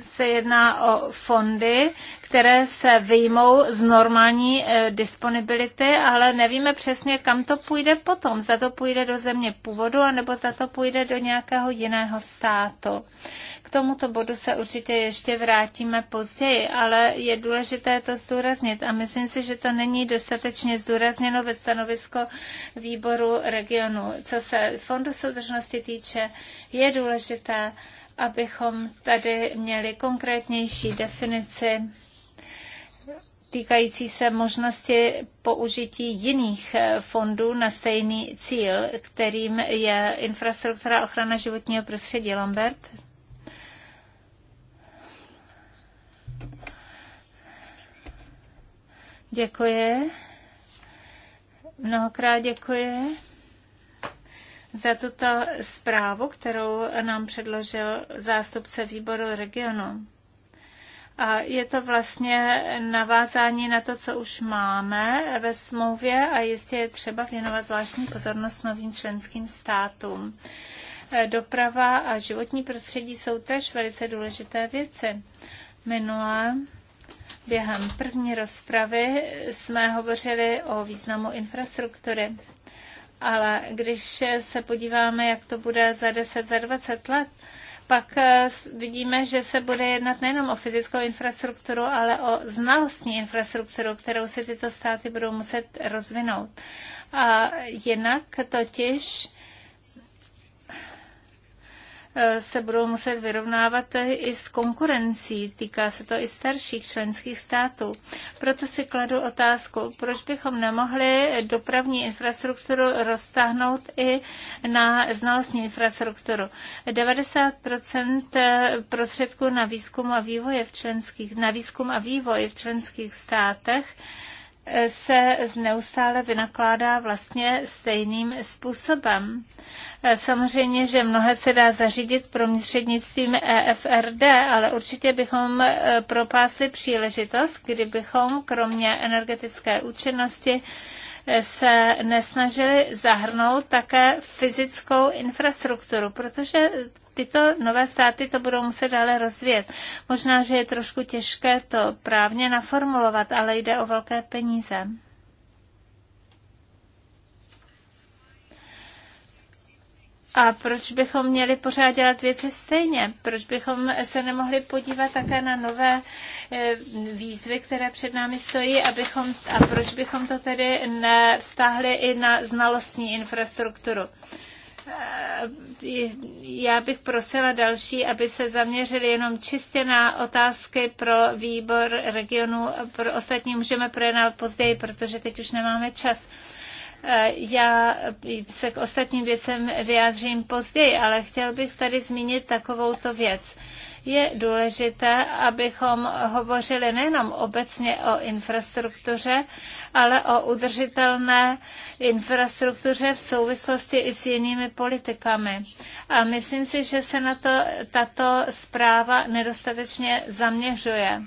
S3: se jedná o fondy, které se vyjmou z normální eh, disponibility, ale nevíme přesně, kam to půjde potom. Zda to půjde do země původu, anebo zda to půjde do nějakého jiného státu. K tomuto bodu se určitě ještě vrátíme později, ale je důležité to zdůraznit a myslím si, že to není dostatečně zdůrazněno ve stanovisko výboru regionu. Co se fondu soudržnosti týče, je důležité, abychom tady měli konkrétnější definici týkající se možnosti použití jiných fondů na stejný cíl, kterým je infrastruktura ochrana životního prostředí. Lambert? Děkuji. Mnohokrát děkuji za tuto zprávu, kterou nám předložil zástupce výboru regionu. A je to vlastně navázání na to, co už máme ve smlouvě a jistě je třeba věnovat zvláštní pozornost novým členským státům. Doprava a životní prostředí jsou tež velice důležité věci. Minulé během první rozpravy jsme hovořili o významu infrastruktury ale když se podíváme, jak to bude za 10, za 20 let, pak eh, vidíme, že se bude jednat nejenom o fyzickou infrastrukturu, ale o znalostní infrastrukturu, kterou si tyto státy budou muset rozvinout. A jinak totiž Eh, se budou muset vyrovnávat eh, i s konkurencí. Týká se to i starších členských států. Proto si kladu otázku, proč bychom nemohli dopravní infrastrukturu roztáhnout i na znalostní infrastrukturu. 90 eh, prostředků na výzkum a vývoj v členských, na výzkum a vývoj v členských státech se neustále vynakládá vlastně stejným způsobem. Samozřejmě, že mnohé se dá zařídit prostřednictvím EFRD, ale určitě bychom e, propásli příležitost, kdybychom kromě energetické účinnosti e, se nesnažili zahrnout také fyzickou infrastrukturu, protože tyto nové státy to budou muset dále rozvíjet. Možná, že je trošku těžké to právně naformulovat, ale jde o velké peníze. A proč bychom měli pořád dělat věci stejně? Proč bychom se nemohli podívat také na nové eh, výzvy, které před námi stojí, abychom, a proč bychom to tedy nevztáhli i na znalostní infrastrukturu? Eh, já bych prosila další, aby se zaměřili jenom čistě na otázky pro výbor regionu. Pro ostatní můžeme projednat později, protože teď už nemáme čas. Eh, já se k ostatním věcem vyjádřím později, ale chtěl bych tady zmínit takovouto věc je důležité, abychom hovořili nejenom obecně o infrastruktuře, ale o udržitelné infrastruktuře v souvislosti i s jinými politikami. A myslím si, že se na to tato zpráva nedostatečně zaměřuje.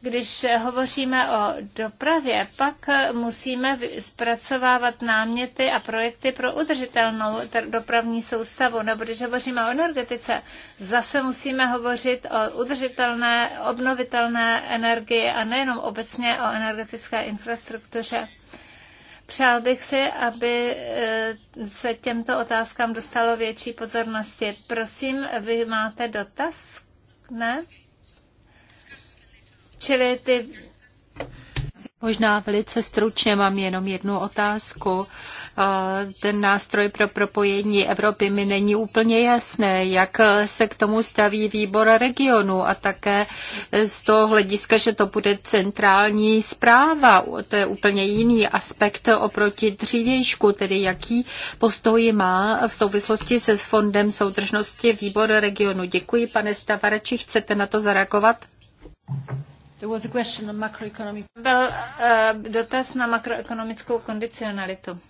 S3: Když hovoříme o dopravě, pak musíme zpracovávat náměty a projekty pro udržitelnou dopravní soustavu. Nebo když hovoříme o energetice, zase musíme hovořit o udržitelné, obnovitelné energii a nejenom obecně o energetické infrastruktuře. Přál bych si, aby eh, se těmto otázkám dostalo větší pozornosti. Prosím, vy máte dotaz? Ne? Čili ty
S1: Možná velice stručně mám jenom jednu otázku. Ten nástroj pro propojení Evropy mi není úplně jasné, jak se k tomu staví výbor regionu a také z toho hlediska, že to bude centrální zpráva. To je úplně jiný aspekt oproti dřívějšku, tedy jaký postoj má v souvislosti se s Fondem soudržnosti výbor regionu. Děkuji, pane Stavareči, chcete na to zareagovat?
S3: There was a question on macroeconomic... Byl uh, dotaz na makroekonomickou kondicionalitu.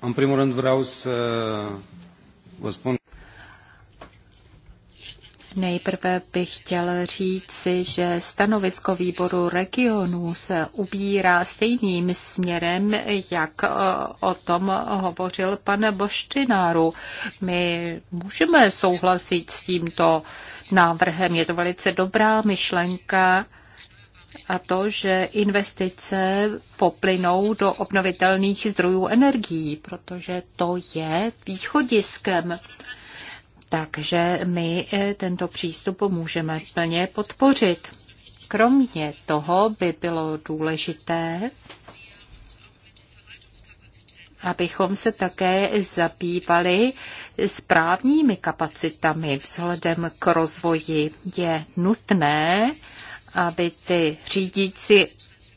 S2: În primul rând vreau să vă spun
S1: Nejprve bych chtěl říci, že stanovisko výboru regionů se ubírá stejným směrem, jak e, o tom hovořil pan Boštináru. My můžeme souhlasit s tímto návrhem. Je to velice dobrá myšlenka a to, že investice poplynou do obnovitelných zdrojů energií, protože to je východiskem takže my eh, tento přístup můžeme plně podpořit. Kromě toho by bylo důležité, abychom se také zabývali správními kapacitami vzhledem k rozvoji. Je nutné, aby ty řídící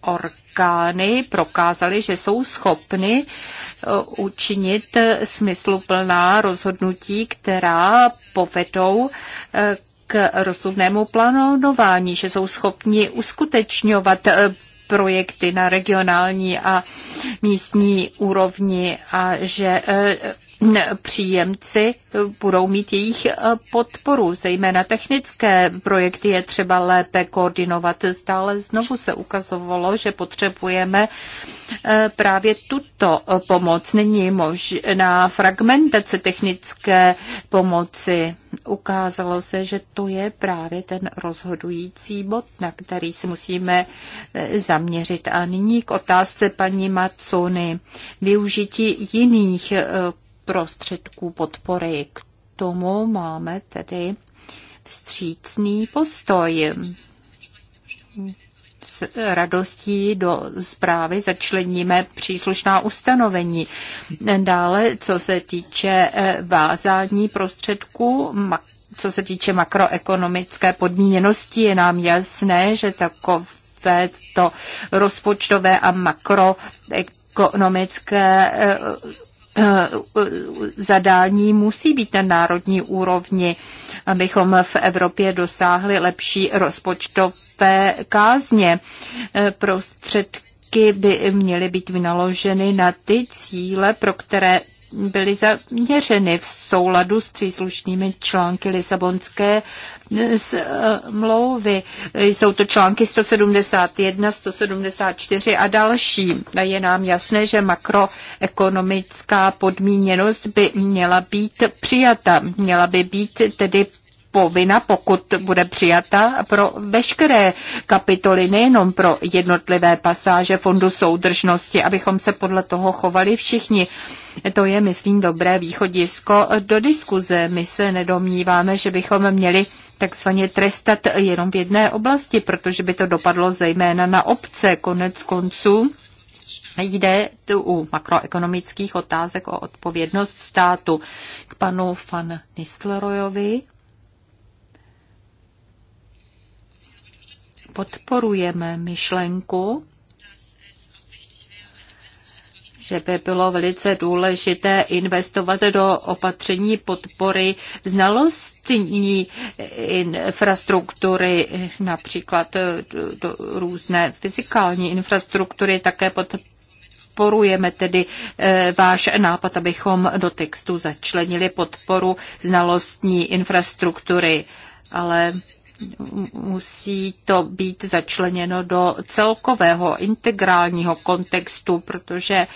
S1: orgány orgány prokázaly, že jsou schopny eh, učinit smysluplná rozhodnutí, která povedou eh, k rozumnému plánování, že jsou schopni uskutečňovat eh, projekty na regionální a místní úrovni a že příjemci budou mít jejich e, podporu, zejména technické projekty je třeba lépe koordinovat. Stále znovu se ukazovalo, že potřebujeme e, právě tuto e, pomoc. Není možná fragmentace technické pomoci. Ukázalo se, že to je právě ten rozhodující bod, na který se musíme zaměřit. A nyní k otázce paní Macony. Využití jiných prostředků podpory. K tomu máme tedy vstřícný postoj. S radostí do zprávy začleníme příslušná ustanovení. Dále, co se týče eh, vázání prostředků, co se týče makroekonomické podmíněnosti, je nám jasné, že takové to rozpočtové a makroekonomické eh, Eh, zadání musí být na národní úrovni, abychom v Evropě dosáhli lepší rozpočtové kázně. Eh, prostředky by měly být vynaloženy na ty cíle, pro které byly zaměřeny v souladu s příslušnými články Lisabonské eh, smlouvy. Eh, Jsou to články 171, 174 a další. A je nám jasné, že makroekonomická podmíněnost by měla být přijata, měla by být tedy povinna, pokud bude přijata pro veškeré kapitoly, nejenom pro jednotlivé pasáže Fondu soudržnosti, abychom se podle toho chovali všichni. To je, myslím, dobré východisko do diskuze. My se nedomníváme, že bychom měli takzvaně trestat jenom v jedné oblasti, protože by to dopadlo zejména na obce. Konec konců Jde tu u makroekonomických otázek o odpovědnost státu. K panu Fan Nislerojovi. podporujeme myšlenku, že by bylo velice důležité investovat do opatření podpory znalostní infrastruktury, například do různé fyzikální infrastruktury, také podporujeme tedy eh, váš nápad, abychom do textu začlenili podporu znalostní infrastruktury, ale musí to být začleněno do celkového integrálního kontextu, protože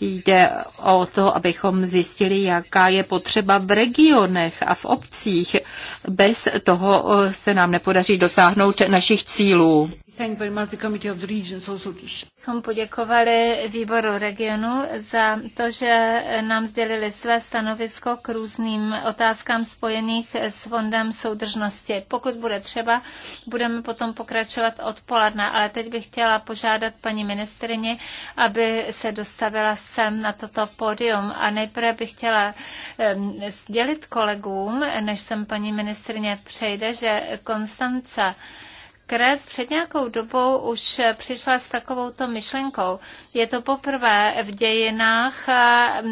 S1: jde o to, abychom zjistili, jaká je potřeba v regionech a v obcích. Bez toho se nám nepodaří dosáhnout našich cílů.
S3: Bychom poděkovali výboru regionu za to, že nám sdělili své stanovisko k různým otázkám spojených s Fondem soudržnosti. Pokud bude třeba, budeme potom pokračovat odpoledne, ale teď bych chtěla požádat paní ministrině, aby se dostavila sem na toto pódium. A nejprve bych chtěla sdělit kolegům, než sem paní ministrině přejde, že Konstanca Kres před nějakou dobou už přišla s takovouto myšlenkou. Je to poprvé v dějinách eh,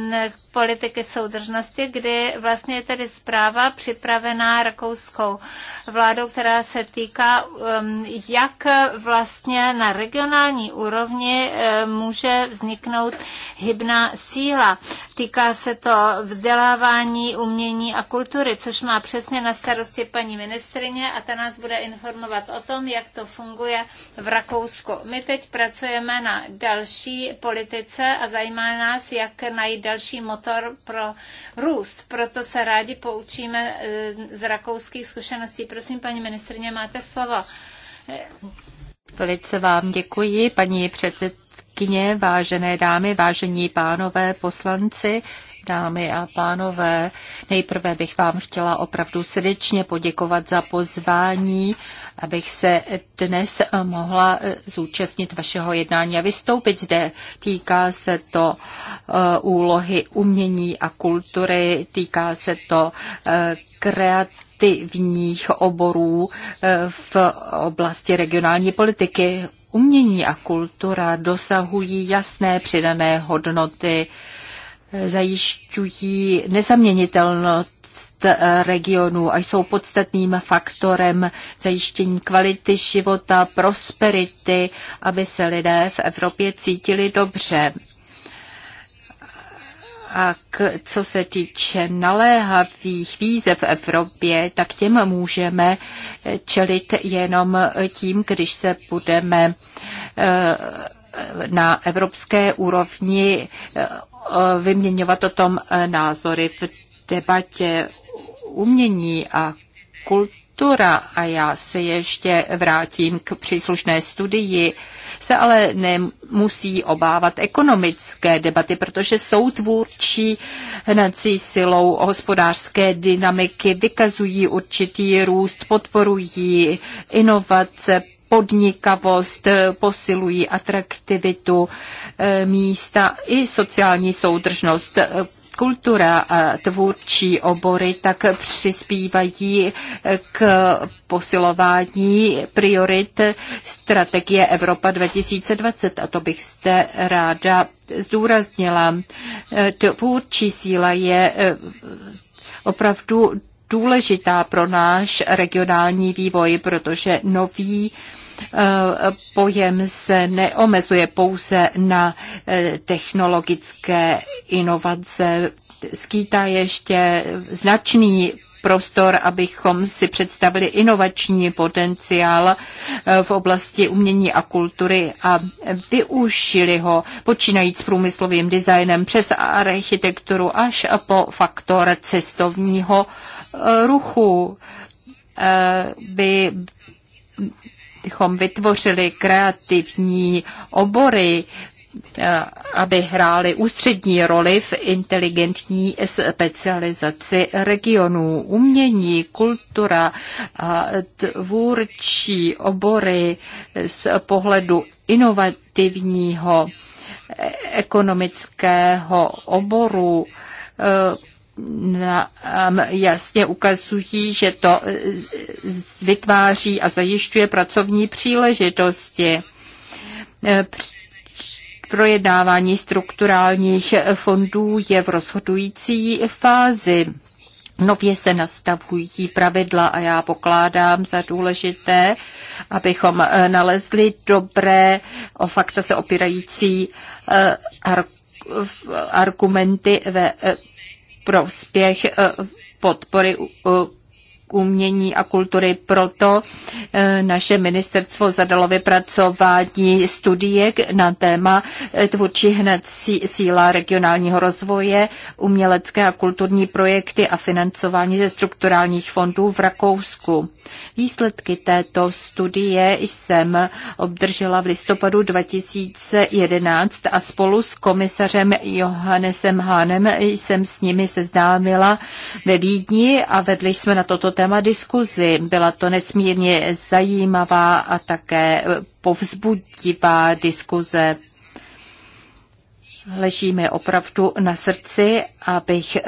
S3: politiky soudržnosti, kdy vlastně je tedy zpráva připravená rakouskou vládou, která se týká, um, jak vlastně na regionální úrovni eh, může vzniknout hybná síla. Týká se to vzdělávání, umění a kultury, což má přesně na starosti paní ministrině a ta nás bude informovat o tom, jak to funguje v Rakousku. My teď pracujeme na další politice a zajímá nás, jak najít další motivace motor pro růst. Proto se rádi poučíme eh, z rakouských zkušeností. Prosím, paní ministrně, máte slovo.
S1: Velice vám děkuji, paní předsedkyně, vážené dámy, vážení pánové, poslanci dámy a pánové. Nejprve bych vám chtěla opravdu srdečně poděkovat za pozvání, abych se dnes eh, mohla eh, zúčastnit vašeho jednání a vystoupit zde. Týká se to eh, úlohy umění a kultury, týká se to kreativních oborů v oblasti regionální politiky. Umění a kultura dosahují jasné přidané hodnoty zajišťují nezaměnitelnost eh, regionu a jsou podstatným faktorem zajištění kvality života, prosperity, aby se lidé v Evropě cítili dobře. A k, co se týče naléhavých výzev v Evropě, tak těm můžeme eh, čelit jenom eh, tím, když se budeme uh, na evropské úrovni eh, vyměňovat o tom eh, názory v debatě umění a kultura, a já se ještě vrátím k příslušné studii, se ale nemusí obávat ekonomické debaty, protože jsou tvůrčí hnací silou hospodářské dynamiky, vykazují určitý růst, podporují inovace, podnikavost, eh, posilují atraktivitu eh, místa i sociální soudržnost eh, kultura a tvůrčí obory tak přispívají k posilování priorit strategie Evropa 2020 a to bych zde ráda zdůraznila. Tvůrčí síla je opravdu důležitá pro náš regionální vývoj, protože nový Eh, pojem se neomezuje pouze na eh, technologické inovace. Skýtá ještě značný prostor, abychom si představili inovační potenciál eh, v oblasti umění a kultury a využili ho, počínajíc průmyslovým designem přes architekturu až po faktor cestovního ruchu by abychom vytvořili kreativní obory, eh, aby hrály ústřední roli v inteligentní specializaci regionů. Umění, kultura, tvůrčí obory z pohledu inovativního ekonomického oboru eh, um, jasně ukazují, že to uh, vytváří a zajišťuje pracovní příležitosti. Eh, projednávání strukturálních fondů je v rozhodující fázi. Nově se nastavují pravidla a já pokládám za důležité, abychom eh, nalezli dobré o fakta se opírající eh, argumenty ve prospěch eh, podpory eh, umění a kultury. Proto eh, naše ministerstvo zadalo vypracování studie na téma eh, tvůrčí hned síla regionálního rozvoje, umělecké a kulturní projekty a financování ze strukturálních fondů v Rakousku. Výsledky této studie jsem obdržela v listopadu 2011 a spolu s komisařem Johannesem Hánem jsem s nimi seznámila ve Vídni a vedli jsme na toto téma téma diskuzi. Byla to nesmírně zajímavá a také povzbudivá diskuze. Leží mi opravdu na srdci, abych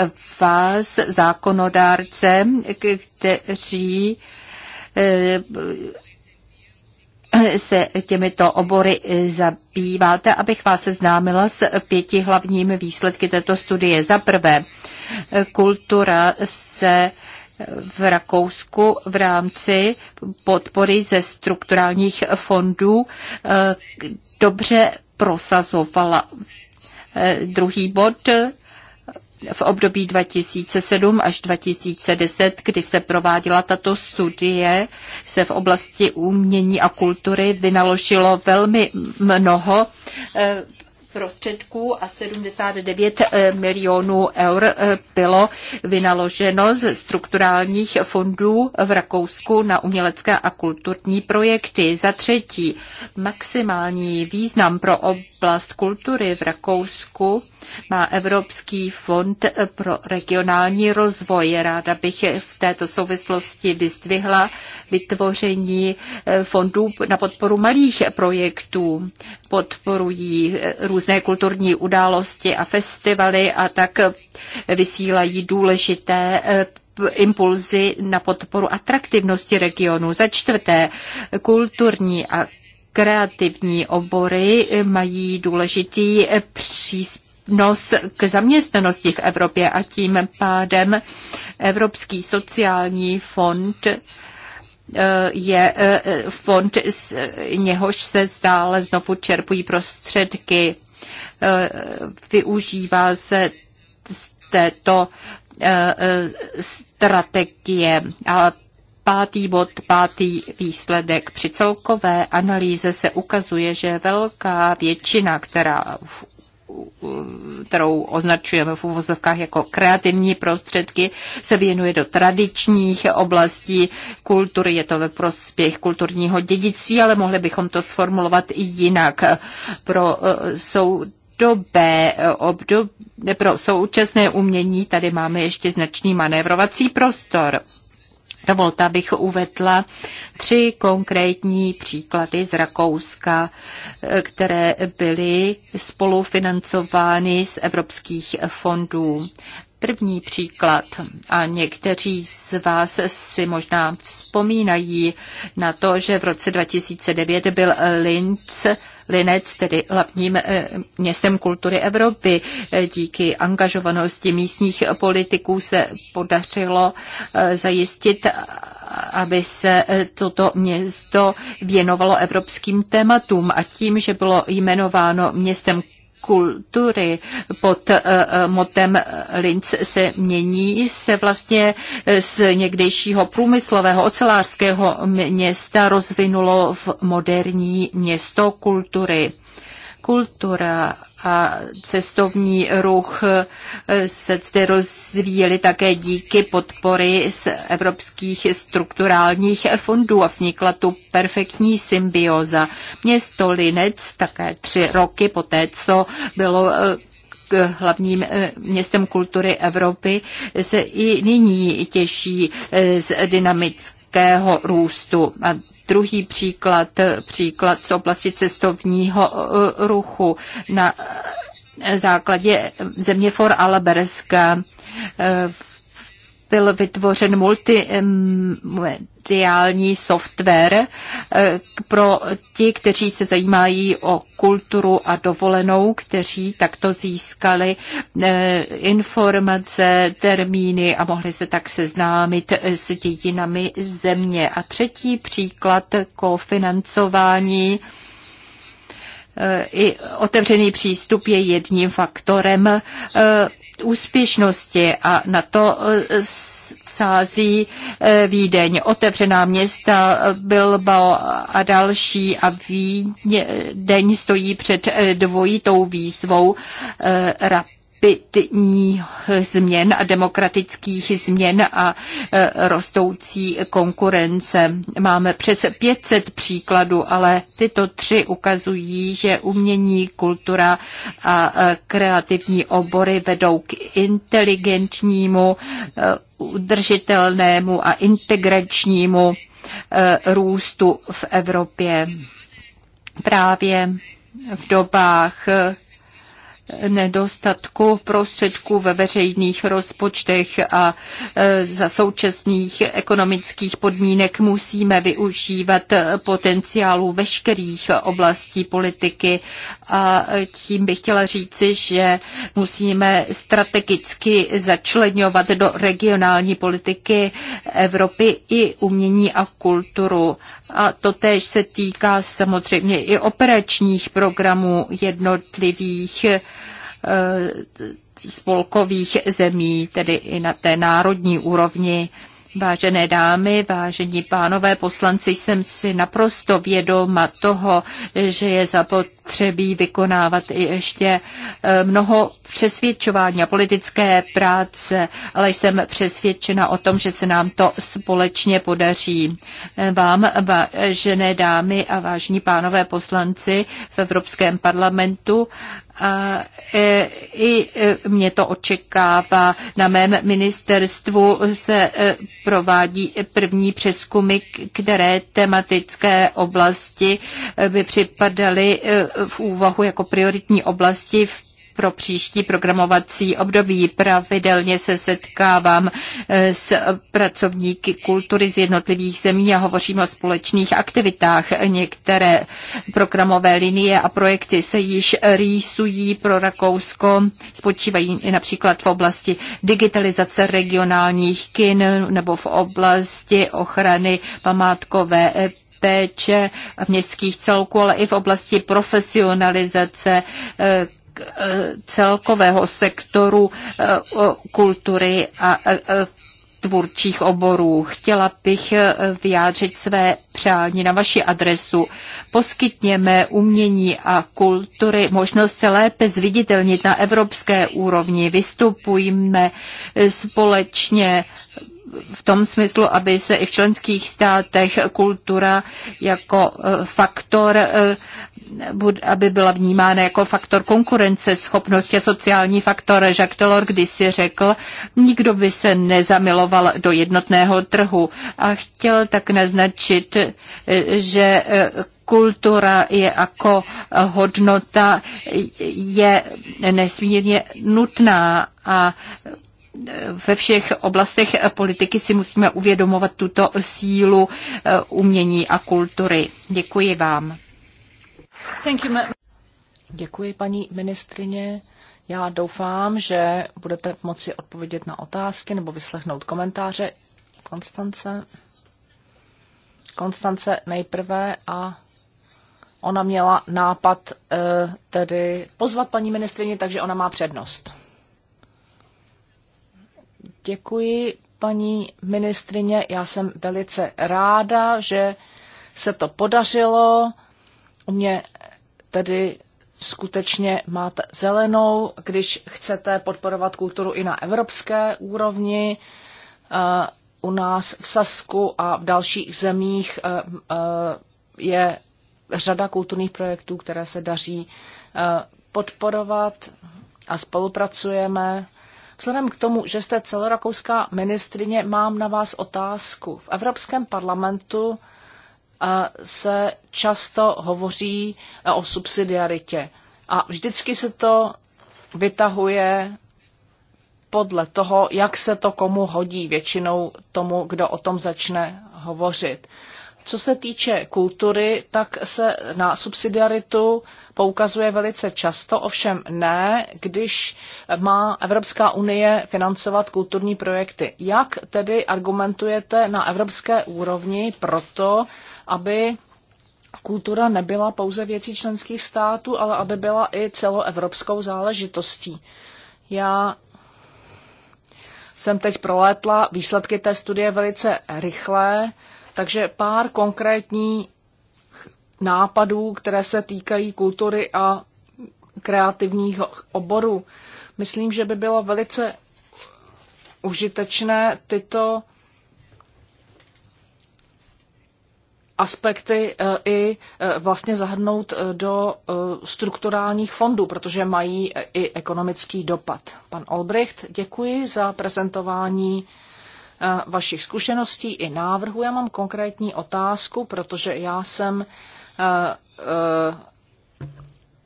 S1: vás, zákonodárce, kteří eh, se těmito obory zabýváte, abych vás seznámila s pěti hlavními výsledky této studie. Za prvé, kultura se v Rakousku v rámci podpory ze strukturálních fondů eh, dobře prosazovala. Eh, druhý bod eh, v období 2007 až 2010, kdy se prováděla tato studie, se v oblasti umění a kultury vynaložilo velmi mnoho prostředků a 79 eh, milionů eur eh, bylo vynaloženo z strukturálních fondů v Rakousku na umělecké a kulturní projekty. Za třetí, maximální význam pro oblast kultury v Rakousku má Evropský fond pro regionální rozvoj. Ráda bych v této souvislosti vyzdvihla vytvoření eh, fondů na podporu malých projektů. Podporují eh, různé kulturní události a festivaly a tak vysílají důležité eh, impulzy na podporu atraktivnosti regionu. Za čtvrté, kulturní a kreativní obory mají důležitý příspěvek nos k zaměstnanosti v Evropě a tím pádem Evropský sociální fond eh, je eh, fond, z něhož se stále znovu čerpují prostředky. Eh, využívá se z této strategie. A pátý bod, pátý výsledek. Při celkové analýze se ukazuje, že velká většina, která v kterou označujeme v uvozovkách jako kreativní prostředky, se věnuje do tradičních oblastí kultury. Je to ve prospěch kulturního dědictví, ale mohli bychom to sformulovat i jinak. Pro eh, jsou dobé eh, období, pro současné umění tady máme ještě značný manévrovací prostor. Dovolte, abych uvedla tři konkrétní příklady z Rakouska, eh, které byly spolufinancovány z evropských fondů. První příklad, a někteří z vás si možná vzpomínají na to, že v roce 2009 byl Linz Linec, tedy hlavním eh, městem kultury Evropy. Eh, díky angažovanosti místních politiků se podařilo eh, zajistit, aby se toto město věnovalo evropským tématům a tím, že bylo jmenováno městem kultury pod eh, eh, motem Linz se mění, se vlastně eh, z někdejšího průmyslového ocelářského města rozvinulo v moderní město kultury kultura a cestovní ruch se zde rozvíjely také díky podpory z evropských strukturálních fondů a vznikla tu perfektní symbioza. Město Linec také tři roky poté, co bylo eh, hlavním eh, městem kultury Evropy, se i nyní těší eh, z dynamického růstu. A Druhý příklad, příklad z oblasti cestovního e, ruchu na základě země For Alaberska e, v byl vytvořen multimediální software eh, pro ti, kteří se zajímají o kulturu a dovolenou, kteří takto získali eh, informace, termíny a mohli se tak seznámit eh, s dějinami země. A třetí příklad kofinancování i otevřený přístup je jedním faktorem úspěšnosti a na to e, sází e, Vídeň, otevřená města Bilbao a další a Vídeň stojí před e, dvojitou výzvou rap nezbytní změn a demokratických změn a e, rostoucí konkurence. Máme přes 500 příkladů, ale tyto tři ukazují, že umění, kultura a e, kreativní obory vedou k inteligentnímu, e, udržitelnému a integračnímu růstu v Evropě. Právě v dobách nedostatku prostředků ve veřejných rozpočtech a e, za současných ekonomických podmínek musíme využívat potenciálu veškerých oblastí politiky a tím bych chtěla říci, že musíme strategicky začlenovat do regionální politiky Evropy i umění a kulturu. A to též se týká samozřejmě i operačních programů jednotlivých Eh, spolkových zemí, tedy i na té národní úrovni. Vážené dámy, vážení pánové poslanci, jsem si naprosto vědoma toho, že je zapotřebí vykonávat i ještě eh, mnoho přesvědčování a politické práce, ale jsem přesvědčena o tom, že se nám to společně podaří. Eh, vám, vážené dámy a vážní pánové poslanci v Evropském parlamentu, a e, i e, mě to očekává. Na mém ministerstvu se e, provádí první přeskumy, které tematické oblasti by připadaly v úvahu jako prioritní oblasti v pro příští programovací období. Pravidelně se setkávám eh, s pracovníky kultury z jednotlivých zemí a hovořím o společných aktivitách. Některé programové linie a projekty se již rýsují pro Rakousko, spočívají například v oblasti digitalizace regionálních kin nebo v oblasti ochrany památkové eh, péče městských celků, ale i v oblasti profesionalizace eh, E, celkového sektoru e, kultury a e, tvůrčích oborů. Chtěla bych vyjádřit své přání na vaši adresu. Poskytněme umění a kultury možnost se lépe zviditelnit na evropské úrovni. Vystupujme společně, v tom smyslu, aby se i v členských státech kultura jako e, faktor e, aby byla vnímána jako faktor konkurence, schopnosti a sociální faktor. Jacques Delors kdysi řekl, nikdo by se nezamiloval do jednotného trhu a chtěl tak naznačit, e, že kultura je jako hodnota je nesmírně nutná a ve všech oblastech politiky si musíme uvědomovat tuto sílu eh, umění a kultury. Děkuji vám.
S2: Děkuji, paní ministrině. Já doufám, že budete moci odpovědět na otázky nebo vyslechnout komentáře. Konstance. Konstance nejprve a ona měla nápad eh, tedy pozvat paní ministrině, takže ona má přednost. Děkuji, paní ministrině. Já jsem velice ráda, že se to podařilo. U Mě tedy skutečně máte zelenou, když chcete podporovat kulturu i na evropské úrovni. Eh, u nás v Sasku a v dalších zemích eh, eh, je řada kulturních projektů, které se daří podporovat a spolupracujeme Vzhledem k tomu, že jste celorakouská ministrině, mám na vás otázku. V Evropském parlamentu eh, se často hovoří eh, o subsidiaritě a vždycky se to vytahuje podle toho, jak se to komu hodí, většinou tomu, kdo o tom začne hovořit. Co se týče kultury, tak se na subsidiaritu poukazuje velice často, ovšem ne, když má Evropská unie financovat kulturní projekty. Jak tedy argumentujete na evropské úrovni proto, aby kultura nebyla pouze věcí členských států, ale aby byla i celoevropskou záležitostí? Já jsem teď prolétla výsledky té studie velice rychlé takže pár konkrétních nápadů, které se týkají kultury a kreativních oborů. Myslím, že by bylo velice užitečné tyto aspekty eh, i eh, vlastně zahrnout eh, do strukturálních fondů, protože mají i ekonomický dopad. Pan Olbricht, děkuji za prezentování Eh, vašich zkušeností i návrhů. Já mám konkrétní otázku, protože já jsem eh, eh,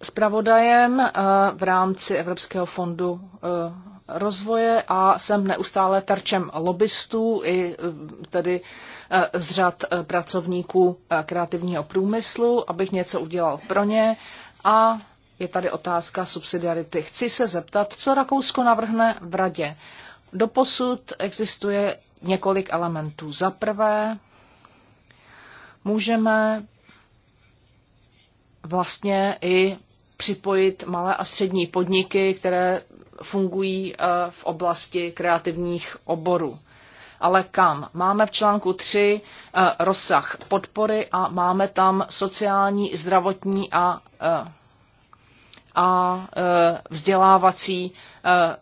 S2: zpravodajem v rámci Evropského fondu rozvoje a jsem neustále terčem lobbystů i tedy z řad pracovníků kreativního průmyslu, abych něco udělal pro ně. A je tady otázka subsidiarity. Chci se zeptat, co Rakousko navrhne v radě. Doposud existuje několik elementů. Za prvé, můžeme vlastně i připojit malé a střední podniky, které fungují eh, v oblasti kreativních oborů. Ale kam? Máme v článku 3 eh, rozsah podpory a máme tam sociální, zdravotní a eh, a e, vzdělávací e,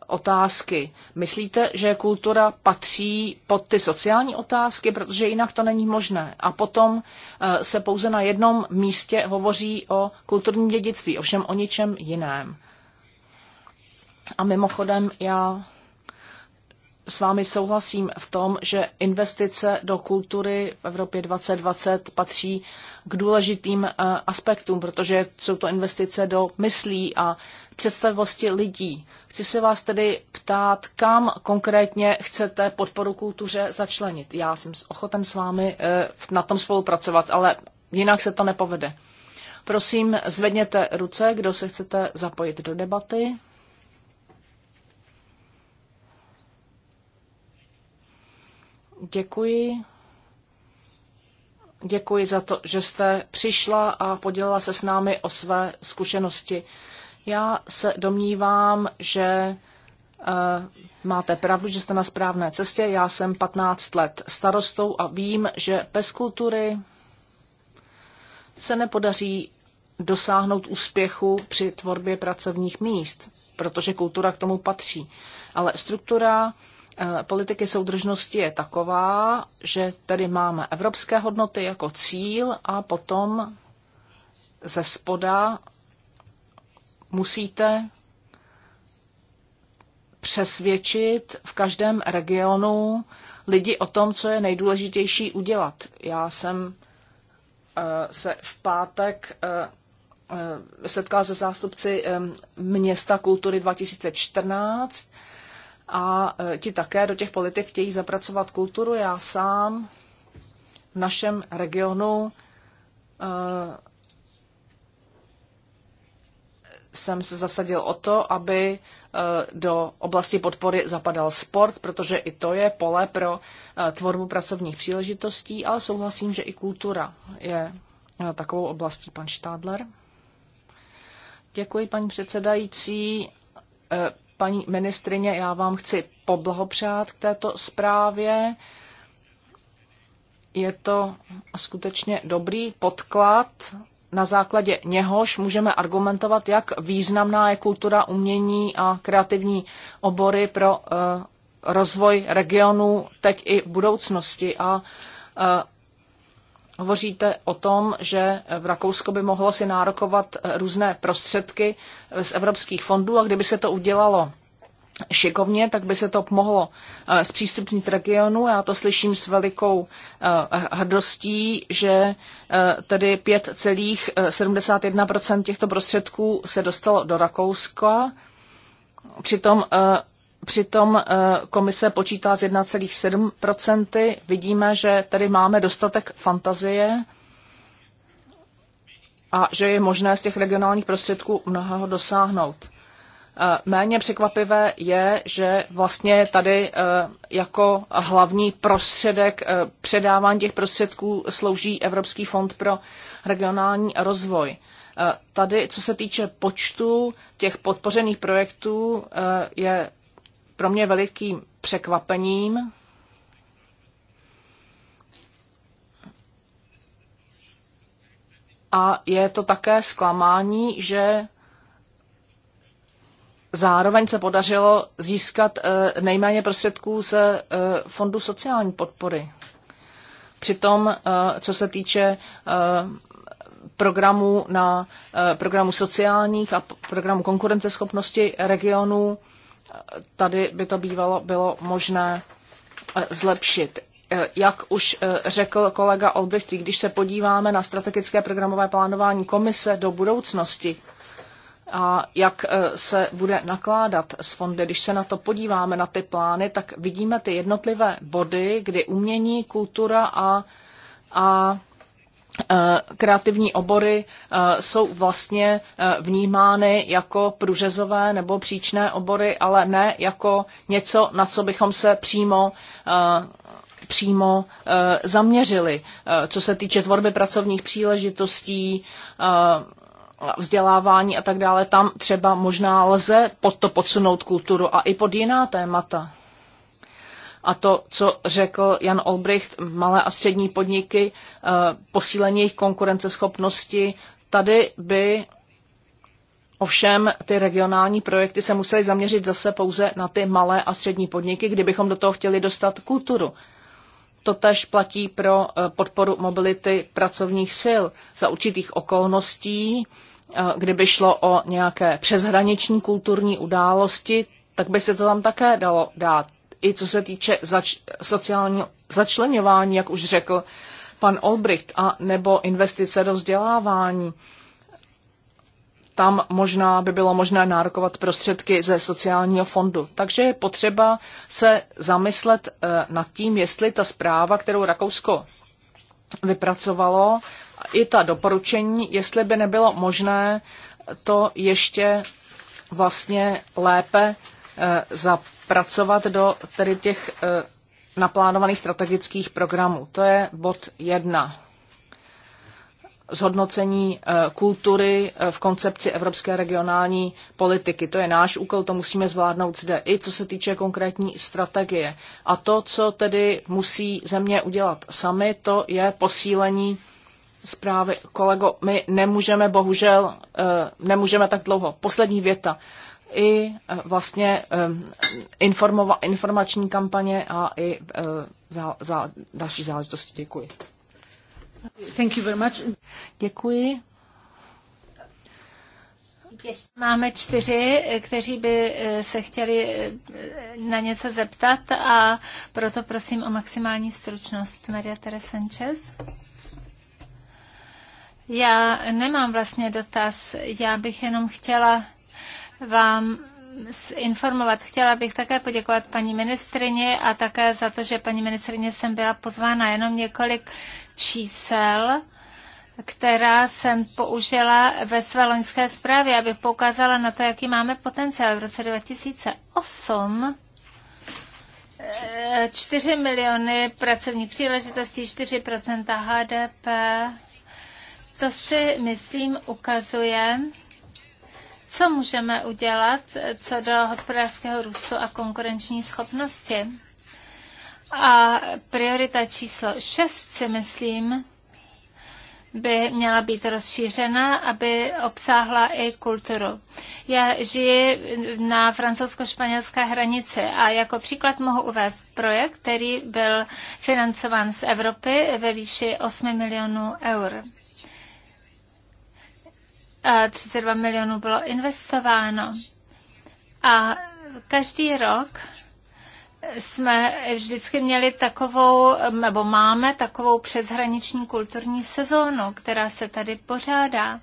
S2: otázky. Myslíte, že kultura patří pod ty sociální otázky, protože jinak to není možné. A potom e, se pouze na jednom místě hovoří o kulturním dědictví, ovšem o ničem jiném. A mimochodem já s vámi souhlasím v tom, že investice do kultury v Evropě 2020 patří k důležitým eh, aspektům, protože jsou to investice do myslí a představivosti lidí. Chci se vás tedy ptát, kam konkrétně chcete podporu kultuře začlenit. Já jsem ochoten s vámi eh, na tom spolupracovat, ale jinak se to nepovede. Prosím, zvedněte ruce, kdo se chcete zapojit do debaty. Děkuji. Děkuji za to, že jste přišla a podělila se s námi o své zkušenosti. Já se domnívám, že eh, máte pravdu, že jste na správné cestě. Já jsem 15 let starostou a vím, že bez kultury se nepodaří dosáhnout úspěchu při tvorbě pracovních míst, protože kultura k tomu patří. Ale struktura Eh, politiky soudržnosti je taková, že tedy máme evropské hodnoty jako cíl a potom ze spoda musíte přesvědčit v každém regionu lidi o tom, co je nejdůležitější udělat. Já jsem eh, se v pátek eh, setkala se zástupci Města kultury 2014 a e, ti také do těch politik chtějí zapracovat kulturu. Já sám v našem regionu e, jsem se zasadil o to, aby e, do oblasti podpory zapadal sport, protože i to je pole pro tvorbu pracovních příležitostí, ale souhlasím, že i kultura je takovou oblastí. Pan Štádler. Děkuji, paní předsedající. Paní ministrině, já vám chci poblahopřát k této zprávě. Je to skutečně dobrý podklad. Na základě něhož můžeme argumentovat, jak významná je kultura, umění a kreativní obory pro eh, rozvoj regionu teď i v budoucnosti. A eh, Hovoříte o tom, že v Rakousko by mohlo si nárokovat eh, různé prostředky eh, z evropských fondů a kdyby se to udělalo šikovně, tak by se to mohlo eh, zpřístupnit regionu. Já to slyším s velikou hrdostí, že tedy 5,71% těchto prostředků se dostalo do Rakouska. Přitom Přitom eh, komise počítá z 1,7%. Vidíme, že tady máme dostatek fantazie a že je možné z těch regionálních prostředků mnohého dosáhnout. Eh, méně překvapivé je, že vlastně tady eh, jako hlavní prostředek předávání těch prostředků slouží Evropský fond pro regionální rozvoj. Tady, co se týče počtu těch podpořených projektů, je pro mě velikým překvapením, a je to také zklamání, že zároveň se podařilo získat eh, nejméně prostředků z eh, Fondu sociální podpory. Přitom, eh, co se týče programu, na, programu sociálních a programu konkurenceschopnosti regionů, tady by to bývalo bylo možné eh, zlepšit. Eh, jak už eh, řekl kolega Olbricht, když se podíváme na strategické programové plánování komise do budoucnosti a jak se bude nakládat s fondy, když se na to podíváme, na ty plány, tak vidíme ty jednotlivé body, kdy umění, kultura a, a Eh, kreativní obory eh, jsou vlastně eh, vnímány jako průřezové nebo příčné obory, ale ne jako něco, na co bychom se přímo přímo zaměřili, co se týče tvorby pracovních příležitostí, vzdělávání a tak dále. Tam třeba možná lze pod to podsunout kulturu a i pod jiná témata a to, co řekl Jan Olbricht, malé a střední podniky, eh, posílení jejich konkurenceschopnosti, tady by Ovšem ty regionální projekty se musely zaměřit zase pouze na ty malé a střední podniky, kdybychom do toho chtěli dostat kulturu. To tež platí pro eh, podporu mobility pracovních sil. Za určitých okolností, eh, kdyby šlo o nějaké přeshraniční kulturní události, tak by se to tam také dalo dát i co se týče zač, sociálního začlenování, jak už řekl pan Olbricht, a nebo investice do vzdělávání. Tam možná by bylo možné nárokovat prostředky ze sociálního fondu. Takže je potřeba se zamyslet eh, nad tím, jestli ta zpráva, kterou Rakousko vypracovalo, i ta doporučení, jestli by nebylo možné to ještě vlastně lépe eh, pracovat do tedy těch eh, naplánovaných strategických programů. To je bod jedna. Zhodnocení eh, kultury eh, v koncepci evropské regionální politiky. To je náš úkol, to musíme zvládnout zde, i co se týče konkrétní strategie. A to, co tedy musí země udělat sami, to je posílení zprávy. Kolego, my nemůžeme bohužel, nemůžeme tak dlouho. Poslední věta i e, vlastně e, informova, informační kampaně a i e, za, za další záležitosti. Děkuji.
S3: Thank you very much. Děkuji. Ještě máme čtyři, kteří by se chtěli na něco zeptat a proto prosím o maximální stručnost. Maria Teresa Sanchez. Já nemám vlastně dotaz, já bych jenom chtěla vám informovat. Chtěla bych také poděkovat paní ministrině a také za to, že paní ministrině jsem byla pozvána jenom několik čísel která jsem použila ve své loňské zprávě, abych poukázala na to, jaký máme potenciál. V roce 2008 4 eh, miliony pracovních příležitostí, 4% HDP. To si, myslím, ukazuje, co můžeme udělat co do hospodářského růstu a konkurenční schopnosti? A priorita číslo 6 si myslím, by měla být rozšířena, aby obsáhla i kulturu. Já žiji na francouzsko-španělské hranici a jako příklad mohu uvést projekt, který byl financován z Evropy ve výši 8 milionů eur. 32 milionů bylo investováno. A každý rok jsme vždycky měli takovou, nebo máme takovou přeshraniční kulturní sezónu, která se tady pořádá.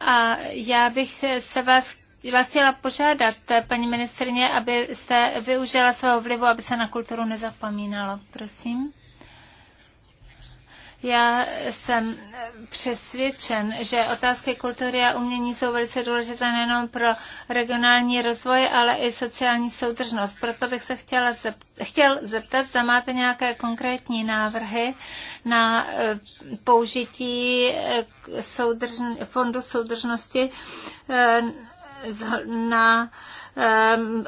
S3: A já bych se vás vás chtěla požádat, paní ministrině, abyste využila svého vlivu, aby se na kulturu nezapomínalo. Prosím. Já jsem přesvědčen, že otázky kultury a umění jsou velice důležité nejenom pro regionální rozvoj, ale i sociální soudržnost. Proto bych se chtěla zeptat, chtěl zeptat, zda máte nějaké konkrétní návrhy na eh, použití eh, soudržn, fondu soudržnosti eh, na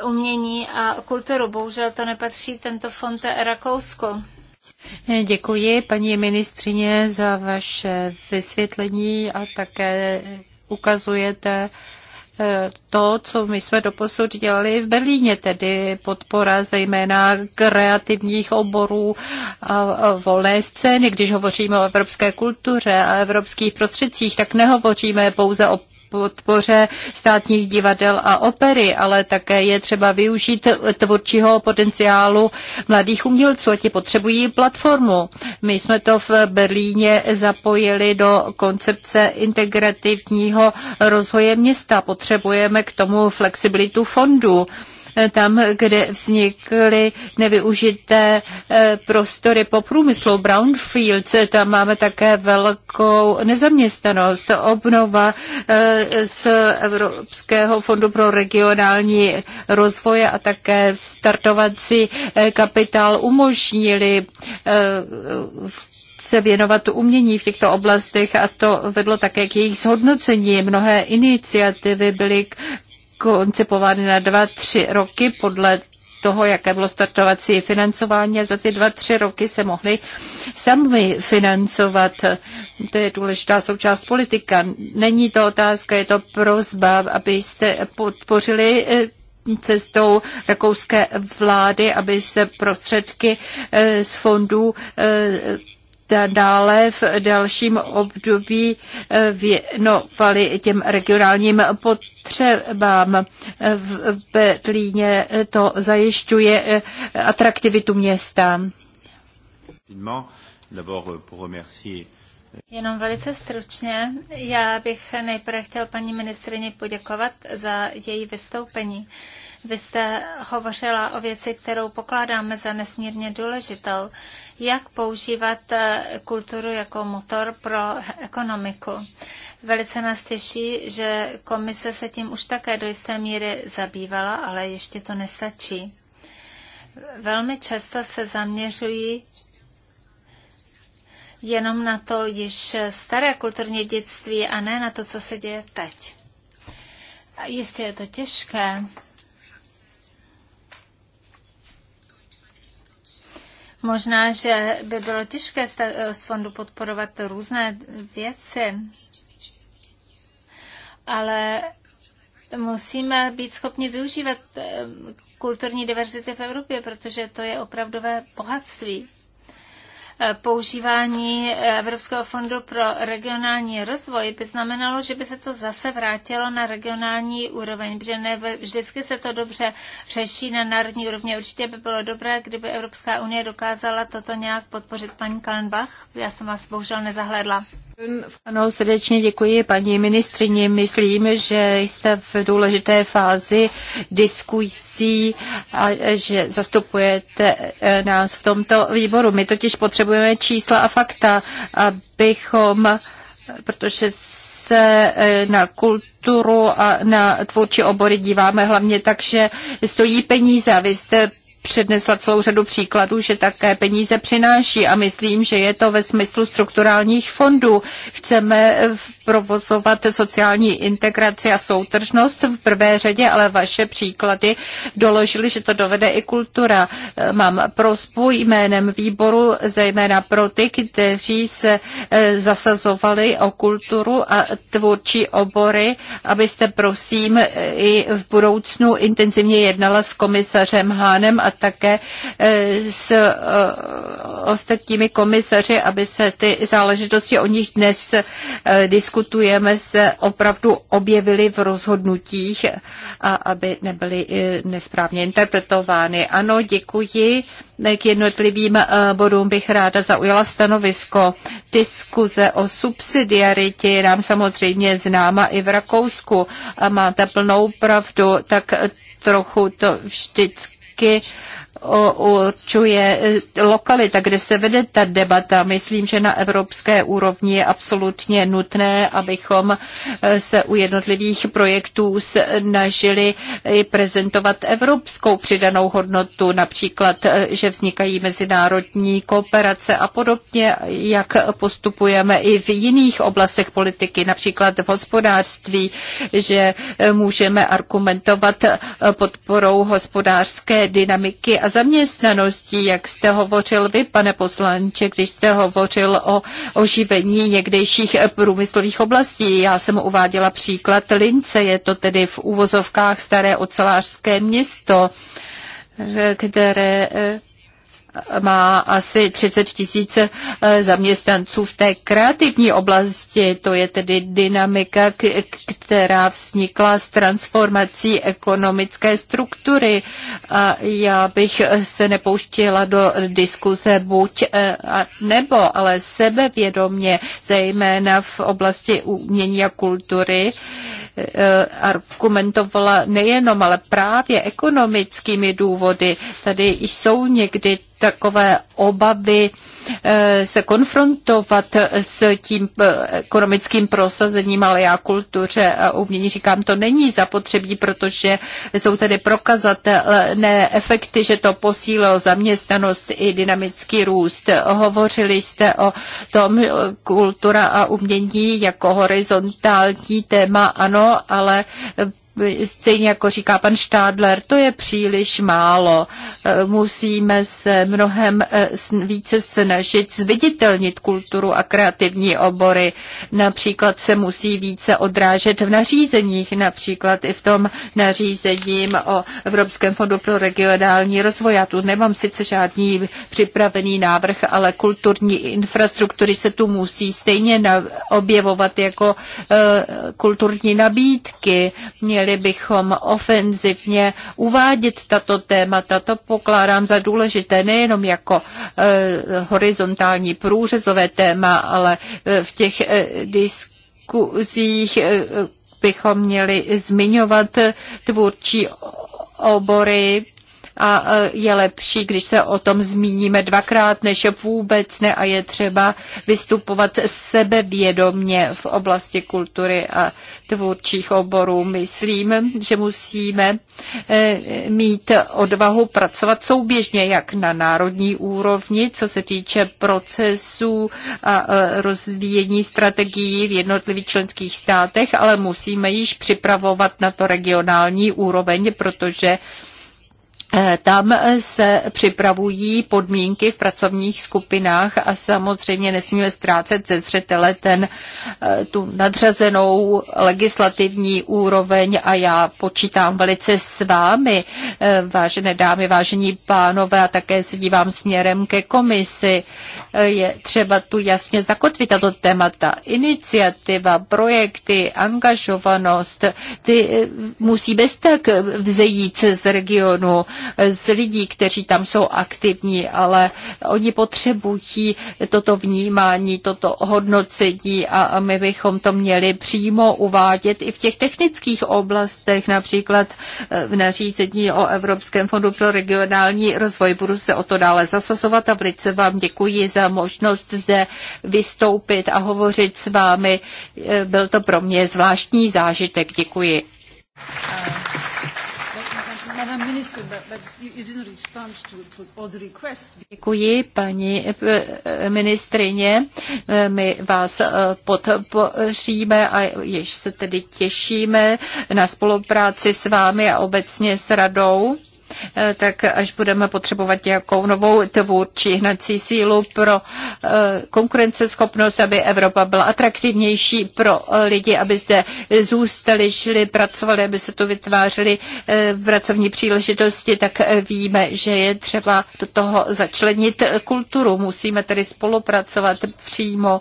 S3: umění a kulturu. Bohužel to nepatří tento fond Rakousku.
S1: Děkuji paní ministrině za vaše vysvětlení a také ukazujete eh, to, co my jsme doposud dělali v Berlíně, tedy podpora zejména kreativních oborů a volné scény. Když hovoříme o evropské kultuře a evropských prostředcích, tak nehovoříme pouze o podpoře státních divadel a opery, ale také je třeba využít tvůrčího potenciálu mladých umělců a ti potřebují platformu. My jsme to v Berlíně zapojili do koncepce integrativního rozvoje města. Potřebujeme k tomu flexibilitu fondů. Eh, tam, kde vznikly nevyužité eh, prostory po průmyslu Brownfields. Eh, tam máme také velkou nezaměstnanost. Obnova z Evropského fondu pro regionální rozvoj a také startovací kapitál umožnili se věnovat umění v těchto oblastech a to vedlo také k jejich zhodnocení. Mnohé iniciativy byly koncipovány na dva, tři roky podle toho, jaké bylo startovací financování a za ty dva, tři roky se mohli sami financovat. To je důležitá součást politika. Není to otázka, je to prozba, abyste podpořili eh, cestou rakouské vlády, aby se prostředky eh, z fondů eh, dále v dalším období eh, věnovali těm regionálním potřebám. V Berlíně to zajišťuje eh, atraktivitu města.
S3: Jenom velice stručně, já bych nejprve chtěl paní ministrině poděkovat za její vystoupení. Vy jste hovořila o věci, kterou pokládáme za nesmírně důležitou. Jak používat eh, kulturu jako motor pro ekonomiku? Velice nás těší, že komise se tím už také do jisté míry zabývala, ale ještě to nestačí. Velmi často se zaměřují jenom na to již staré kulturní dědictví a ne na to, co se děje teď. Jistě je to těžké, Možná, že by bylo těžké z fondu podporovat různé věci, ale musíme být schopni využívat eh, kulturní diverzity v Evropě, protože to je opravdové bohatství. Eh, používání Evropského fondu pro regionální rozvoj by znamenalo, že by se to zase vrátilo na regionální úroveň, protože ne vždycky se to dobře řeší na národní úrovni. Určitě by bylo dobré, kdyby Evropská unie dokázala toto nějak podpořit. Paní Kalnbach, já jsem vás bohužel nezahledla.
S1: Ano, srdečně děkuji paní ministrině. Myslím, že jste v důležité fázi diskusí a že zastupujete eh, nás v tomto výboru. My totiž potřebujeme čísla a fakta, abychom, protože se eh, na kulturu a na tvůrčí obory díváme hlavně tak, že stojí peníze. Vy jste přednesla celou řadu příkladů, že také peníze přináší a myslím, že je to ve smyslu strukturálních fondů. Chceme provozovat sociální integraci a soutržnost v prvé řadě, ale vaše příklady doložily, že to dovede i kultura. E, mám prosbu jménem výboru, zejména pro ty, kteří se e, zasazovali o kulturu a tvůrčí obory, abyste prosím i v budoucnu intenzivně jednala s komisařem Hánem a také eh, s eh, ostatními komisaři, aby se ty záležitosti, o nich dnes eh, diskutujeme, se opravdu objevily v rozhodnutích a aby nebyly nesprávně interpretovány. Ano, děkuji. K jednotlivým bodům bych ráda zaujala stanovisko. Diskuze o subsidiaritě je nám samozřejmě známa i v Rakousku. A máte plnou pravdu, tak trochu to vždycky politiky určuje eh, lokalita, kde se vede ta debata. Myslím, že na evropské úrovni je absolutně nutné, abychom eh, se u jednotlivých projektů snažili prezentovat evropskou přidanou hodnotu, například, eh, že vznikají mezinárodní kooperace a podobně, jak postupujeme i v jiných oblastech politiky, například v hospodářství, že můžeme argumentovat podporou hospodářské dynamiky a zaměstnanosti, jak jste hovořil vy, pane poslanče, když jste hovořil o oživení někdejších průmyslových oblastí. Já jsem uváděla příklad Lince, je to tedy v úvozovkách staré ocelářské město, které eh, má asi 30 tisíc eh, zaměstnanců v té kreativní oblasti. To je tedy dynamika, která vznikla s transformací ekonomické struktury. A já bych se nepouštěla do diskuze buď eh, nebo, ale sebevědomě, zejména v oblasti umění a kultury, Eh, argumentovala nejenom, ale právě ekonomickými důvody. Tady jsou někdy takové obavy, Eh, se konfrontovat s tím eh, ekonomickým prosazením, ale já kultuře a umění říkám, to není zapotřebí, protože jsou tady prokazatelné efekty, že to posílilo zaměstnanost i dynamický růst. Hovořili jste o tom eh, kultura a umění jako horizontální téma, ano, ale stejně jako říká pan Štádler, to je příliš málo. E, musíme se mnohem e, více snažit zviditelnit kulturu a kreativní obory. Například se musí více odrážet v nařízeních, například i v tom nařízením o Evropském fondu pro regionální rozvoj. Já tu nemám sice žádný připravený návrh, ale kulturní infrastruktury se tu musí stejně objevovat jako e, kulturní nabídky. Měli Měli bychom ofenzivně uvádět tato témata. To pokládám za důležité nejenom jako eh, horizontální průřezové téma, ale eh, v těch eh, diskuzích bychom měli zmiňovat tvůrčí obory a e, je lepší, když se o tom zmíníme dvakrát, než vůbec ne a je třeba vystupovat sebevědomně v oblasti kultury a tvůrčích oborů. Myslím, že musíme e, mít odvahu pracovat souběžně jak na národní úrovni, co se týče procesů a e, rozvíjení strategií v jednotlivých členských státech, ale musíme již připravovat na to regionální úroveň, protože Eh, tam se připravují podmínky v pracovních skupinách a samozřejmě nesmíme ztrácet ze zřetele ten, eh, tu nadřazenou legislativní úroveň a já počítám velice s vámi, eh, vážené dámy, vážení pánové, a také se dívám směrem ke komisi. Je třeba tu jasně zakotvit tato témata. Iniciativa, projekty, angažovanost, ty musí bez tak vzejít z regionu z lidí, kteří tam jsou aktivní, ale oni potřebují toto vnímání, toto hodnocení a my bychom to měli přímo uvádět i v těch technických oblastech, například eh, v nařízení o Evropském fondu pro regionální rozvoj. Budu se o to dále zasazovat a velice vám děkuji za možnost zde vystoupit a hovořit s vámi. Eh, byl to pro mě zvláštní zážitek. Děkuji. Eh, Děkuji, paní eh, eh, ministrině. Eh, my vás podpoříme a již se tedy těšíme na spolupráci s vámi a obecně s radou. Eh, tak až budeme potřebovat nějakou novou tvůrčí hnací sílu pro eh, konkurenceschopnost, aby Evropa byla atraktivnější pro eh, lidi, aby zde zůstali, žili, pracovali, aby se tu vytvářely pracovní příležitosti, tak víme, že je třeba do toho začlenit kulturu. Musíme tedy spolupracovat přímo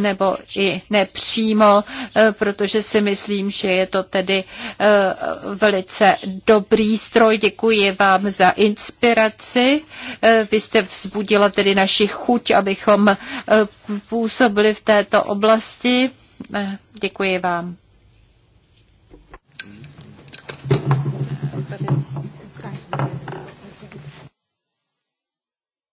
S1: nebo i nepřímo, eh, protože si myslím, že je to tedy eh, velice dobrý stroj. Děkuji vám za inspiraci. Eh, vy jste vzbudila tedy naši chuť, abychom působili v této oblasti. Děkuji vám.